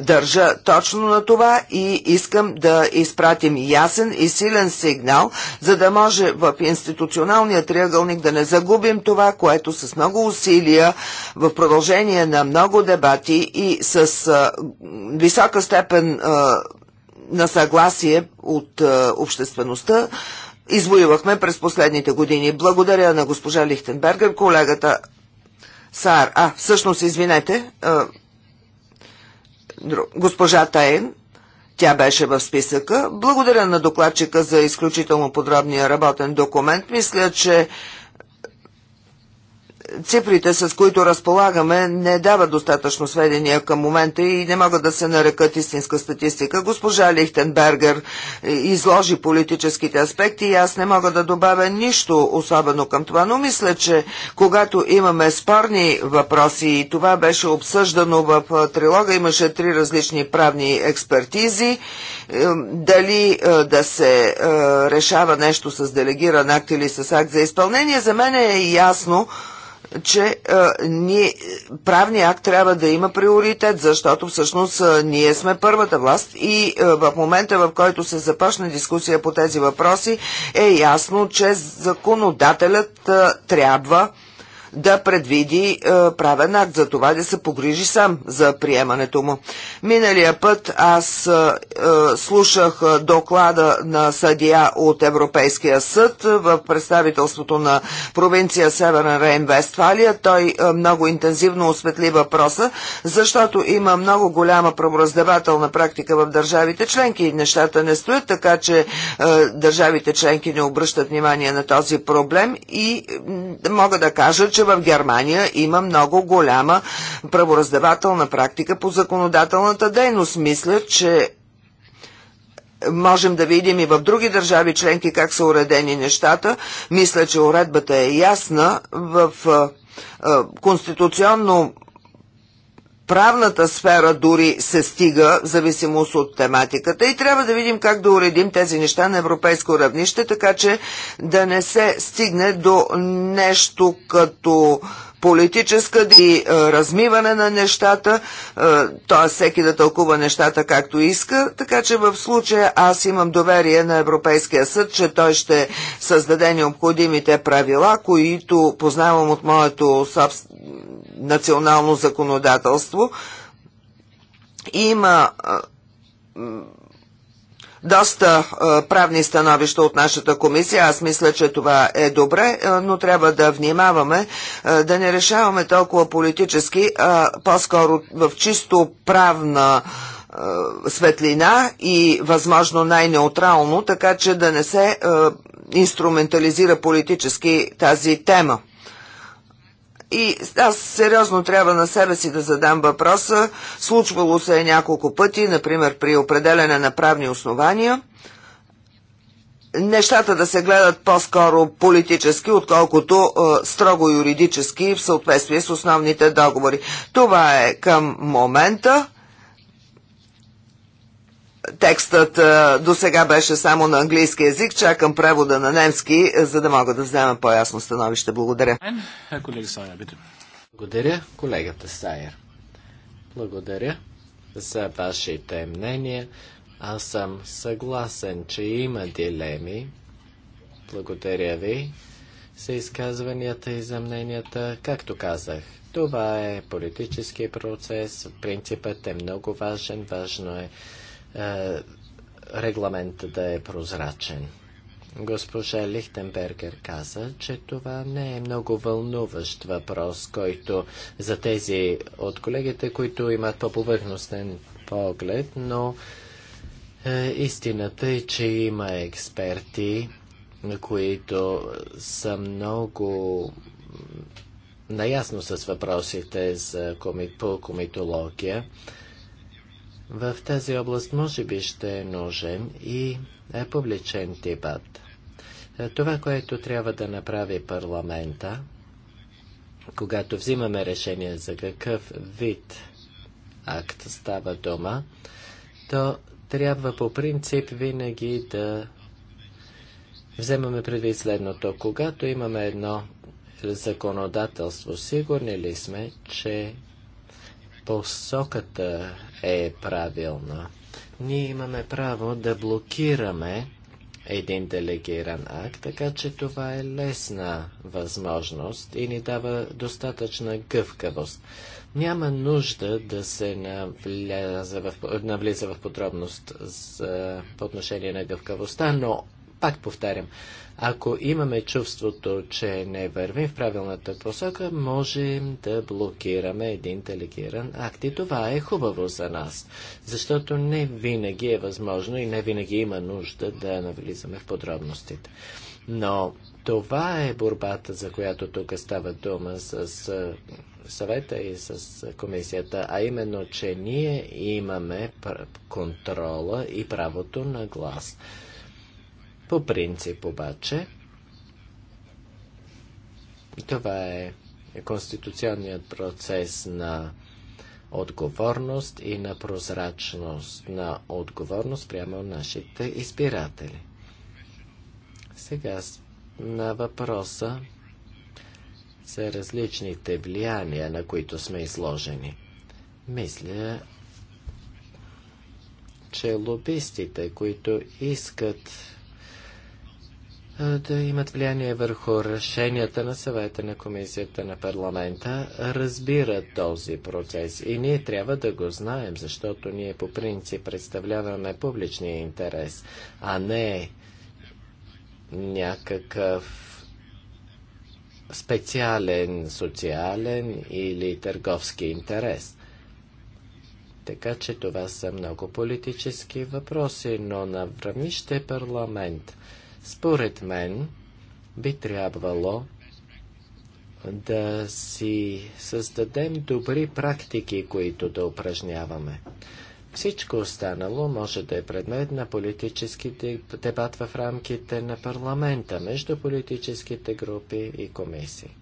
Държа точно на това и искам да изпратим ясен и силен сигнал, за да може в институционалния триъгълник да не загубим това, което с много усилия в продължение на много дебати и с висока степен на съгласие от обществеността извоювахме през последните години. Благодаря на госпожа Лихтенбергер, колегата Саар. А, всъщност, извинете, госпожа Тайн, тя беше в списъка. Благодаря на докладчика за изключително подробния работен документ. Мисля, че цифрите, с които разполагаме, не дават достатъчно сведения към момента и не могат да се нарекат истинска статистика. Госпожа Лихтенбергер е, изложи политическите аспекти и аз не мога да добавя нищо особено към това, но мисля, че когато имаме спорни въпроси и това беше обсъждано в е, трилога, имаше три различни правни експертизи, е, дали да се решава нещо с делегиран акт или с акт за изпълнение, за мен е ясно, че а, е, ние, правния акт трябва да има приоритет, защото всъщност а, е, ние сме първата власт и а, е, в момента, в който се започне дискусия по тези въпроси, е ясно, че законодателят а, трябва а, да предвиди е, правен акт за това да се погрижи сам за приемането му. Миналия път аз е, е, слушах доклада на съдия от Европейския съд в представителството на провинция Северен Рейн-Вестфалия. Той много интензивно осветли въпроса, защото има много голяма правораздавателна практика в държавите членки и нещата не стоят, така че държавите членки не обръщат внимание на този проблем и мога да кажа, че че в Германия има много голяма правораздавателна практика по законодателната дейност. Мисля, че можем да видим и в други държави членки как са уредени нещата. Мисля, че уредбата е ясна в конституционно правната сфера дори се стига, в зависимост от тематиката и трябва да видим как да уредим тези неща на европейско равнище, така че да не се стигне до нещо като политическа и е, размиване на нещата, е, т.е. всеки да тълкува нещата както иска, така че в случая аз имам доверие на Европейския съд, че той ще създаде необходимите правила, които познавам от моето собствено национално законодателство. Има доста правни становища от нашата комисия. Аз мисля, че това е добре, но трябва да внимаваме да не решаваме толкова политически, а по-скоро в чисто правна светлина и възможно най-неутрално, така че да не се инструментализира политически тази тема. И аз сериозно трябва на себе си да задам въпроса. Случвало се е няколко пъти, например при определене на правни основания, нещата да се гледат по-скоро политически, отколкото е, строго юридически в съответствие с основните договори. Това е към момента. Текстът до сега беше само на английски язик. Чакам превода на немски, е, за да мога да взема по-ясно становище. Благодаря. Благодаря, колегата Сайер. Благодаря за вашите мнения. Аз съм съгласен, че има дилеми. Благодаря ви за изказванията и за мненията. Както казах, това е политически процес. Принципът е много важен. Важно е е, регламент да е прозрачен. Госпожа Лихтенбергер каза, че това не е много вълнуващ въпрос, който за тези от колегите, които имат по-повърхностен поглед, но е, истината е, че има експерти, които са много наясно с въпросите за комит, по комитология. В тази област може би ще е нужен и е публичен дебат. Е, това, което трябва да направи парламента, когато взимаме решение за какъв вид акт става дума, то трябва по принцип винаги да вземаме предвид следното. Когато имаме едно законодателство, сигурни ли сме, че посоката е правилна. Ние имаме право да блокираме един делегиран акт, така че това е лесна възможност и ни дава достатъчна гъвкавост. Няма нужда да се в, навлиза в подробност за, по отношение на гъвкавостта, но пак повтарям, ако имаме чувството, че не вървим в правилната посока, можем да блокираме един делегиран акт. И това е хубаво за нас, защото не винаги е възможно и не винаги има нужда да навлизаме в подробностите. Но това е борбата, за която тук става дума с съвета и с комисията, а именно, че ние имаме контрола и правото на глас. По принцип обаче, това е конституционният процес на отговорност и на прозрачност на отговорност прямо нашите избиратели. Сега на въпроса за различните влияния, на които сме изложени. Мисля, че лобистите, които искат да имат влияние върху решенията на съвета на комисията на парламента, разбират този процес. И ние трябва да го знаем, защото ние по принцип представляваме публичния интерес, а не някакъв специален социален или търговски интерес. Така че това са много политически въпроси, но на равнище парламент – според мен би трябвало да си създадем добри практики, които да упражняваме. Всичко останало може да е предмет на политически дебат в рамките на парламента между политическите групи и комисии.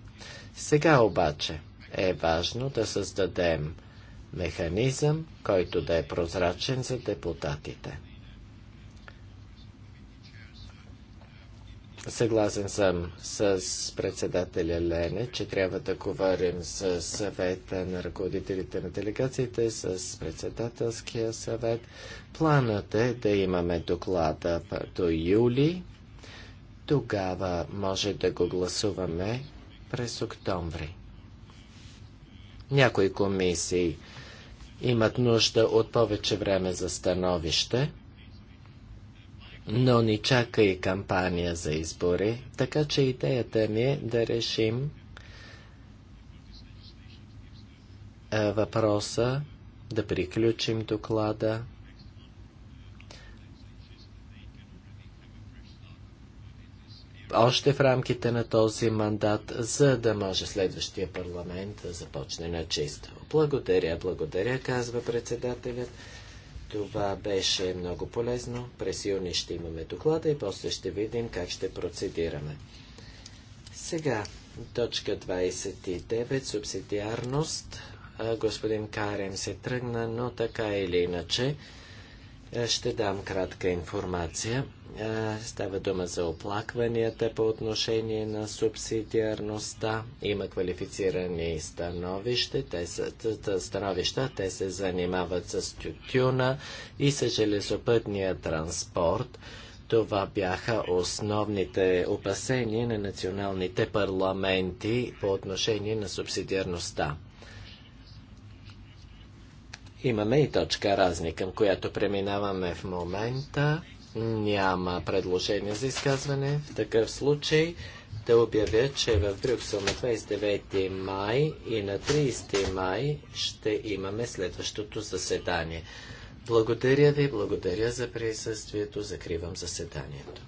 Сега обаче е важно да създадем механизъм, който да е прозрачен за депутатите. Съгласен съм с председателя Лене, че трябва да говорим с съвета на ръководителите на делегациите, с председателския съвет. Планът е да имаме доклада до юли. Тогава може да го гласуваме през октомври. Някои комисии имат нужда от повече време за становище но ни чака и кампания за избори, така че идеята ми е да решим въпроса, да приключим доклада. Още в рамките на този мандат, за да може следващия парламент да започне на чисто. Благодаря, благодаря, казва председателят. Това беше много полезно. През юни ще имаме доклада и после ще видим как ще процедираме. Сега, точка 29, субсидиарност. Господин Карем се тръгна, но така или иначе е, ще дам кратка информация. Е, става дума за оплакванията по отношение на субсидиарността. Има квалифицирани становища. Те, са, становища. Те се занимават с тютюна и с железопътния транспорт. Това бяха основните опасения на националните парламенти по отношение на субсидиарността. Имаме и точка разни, към която преминаваме в момента. Няма предложение за изказване. В такъв случай да обявя, че в Брюксел на 29 май и на 30 май ще имаме следващото заседание. Благодаря ви, благодаря за присъствието. Закривам заседанието.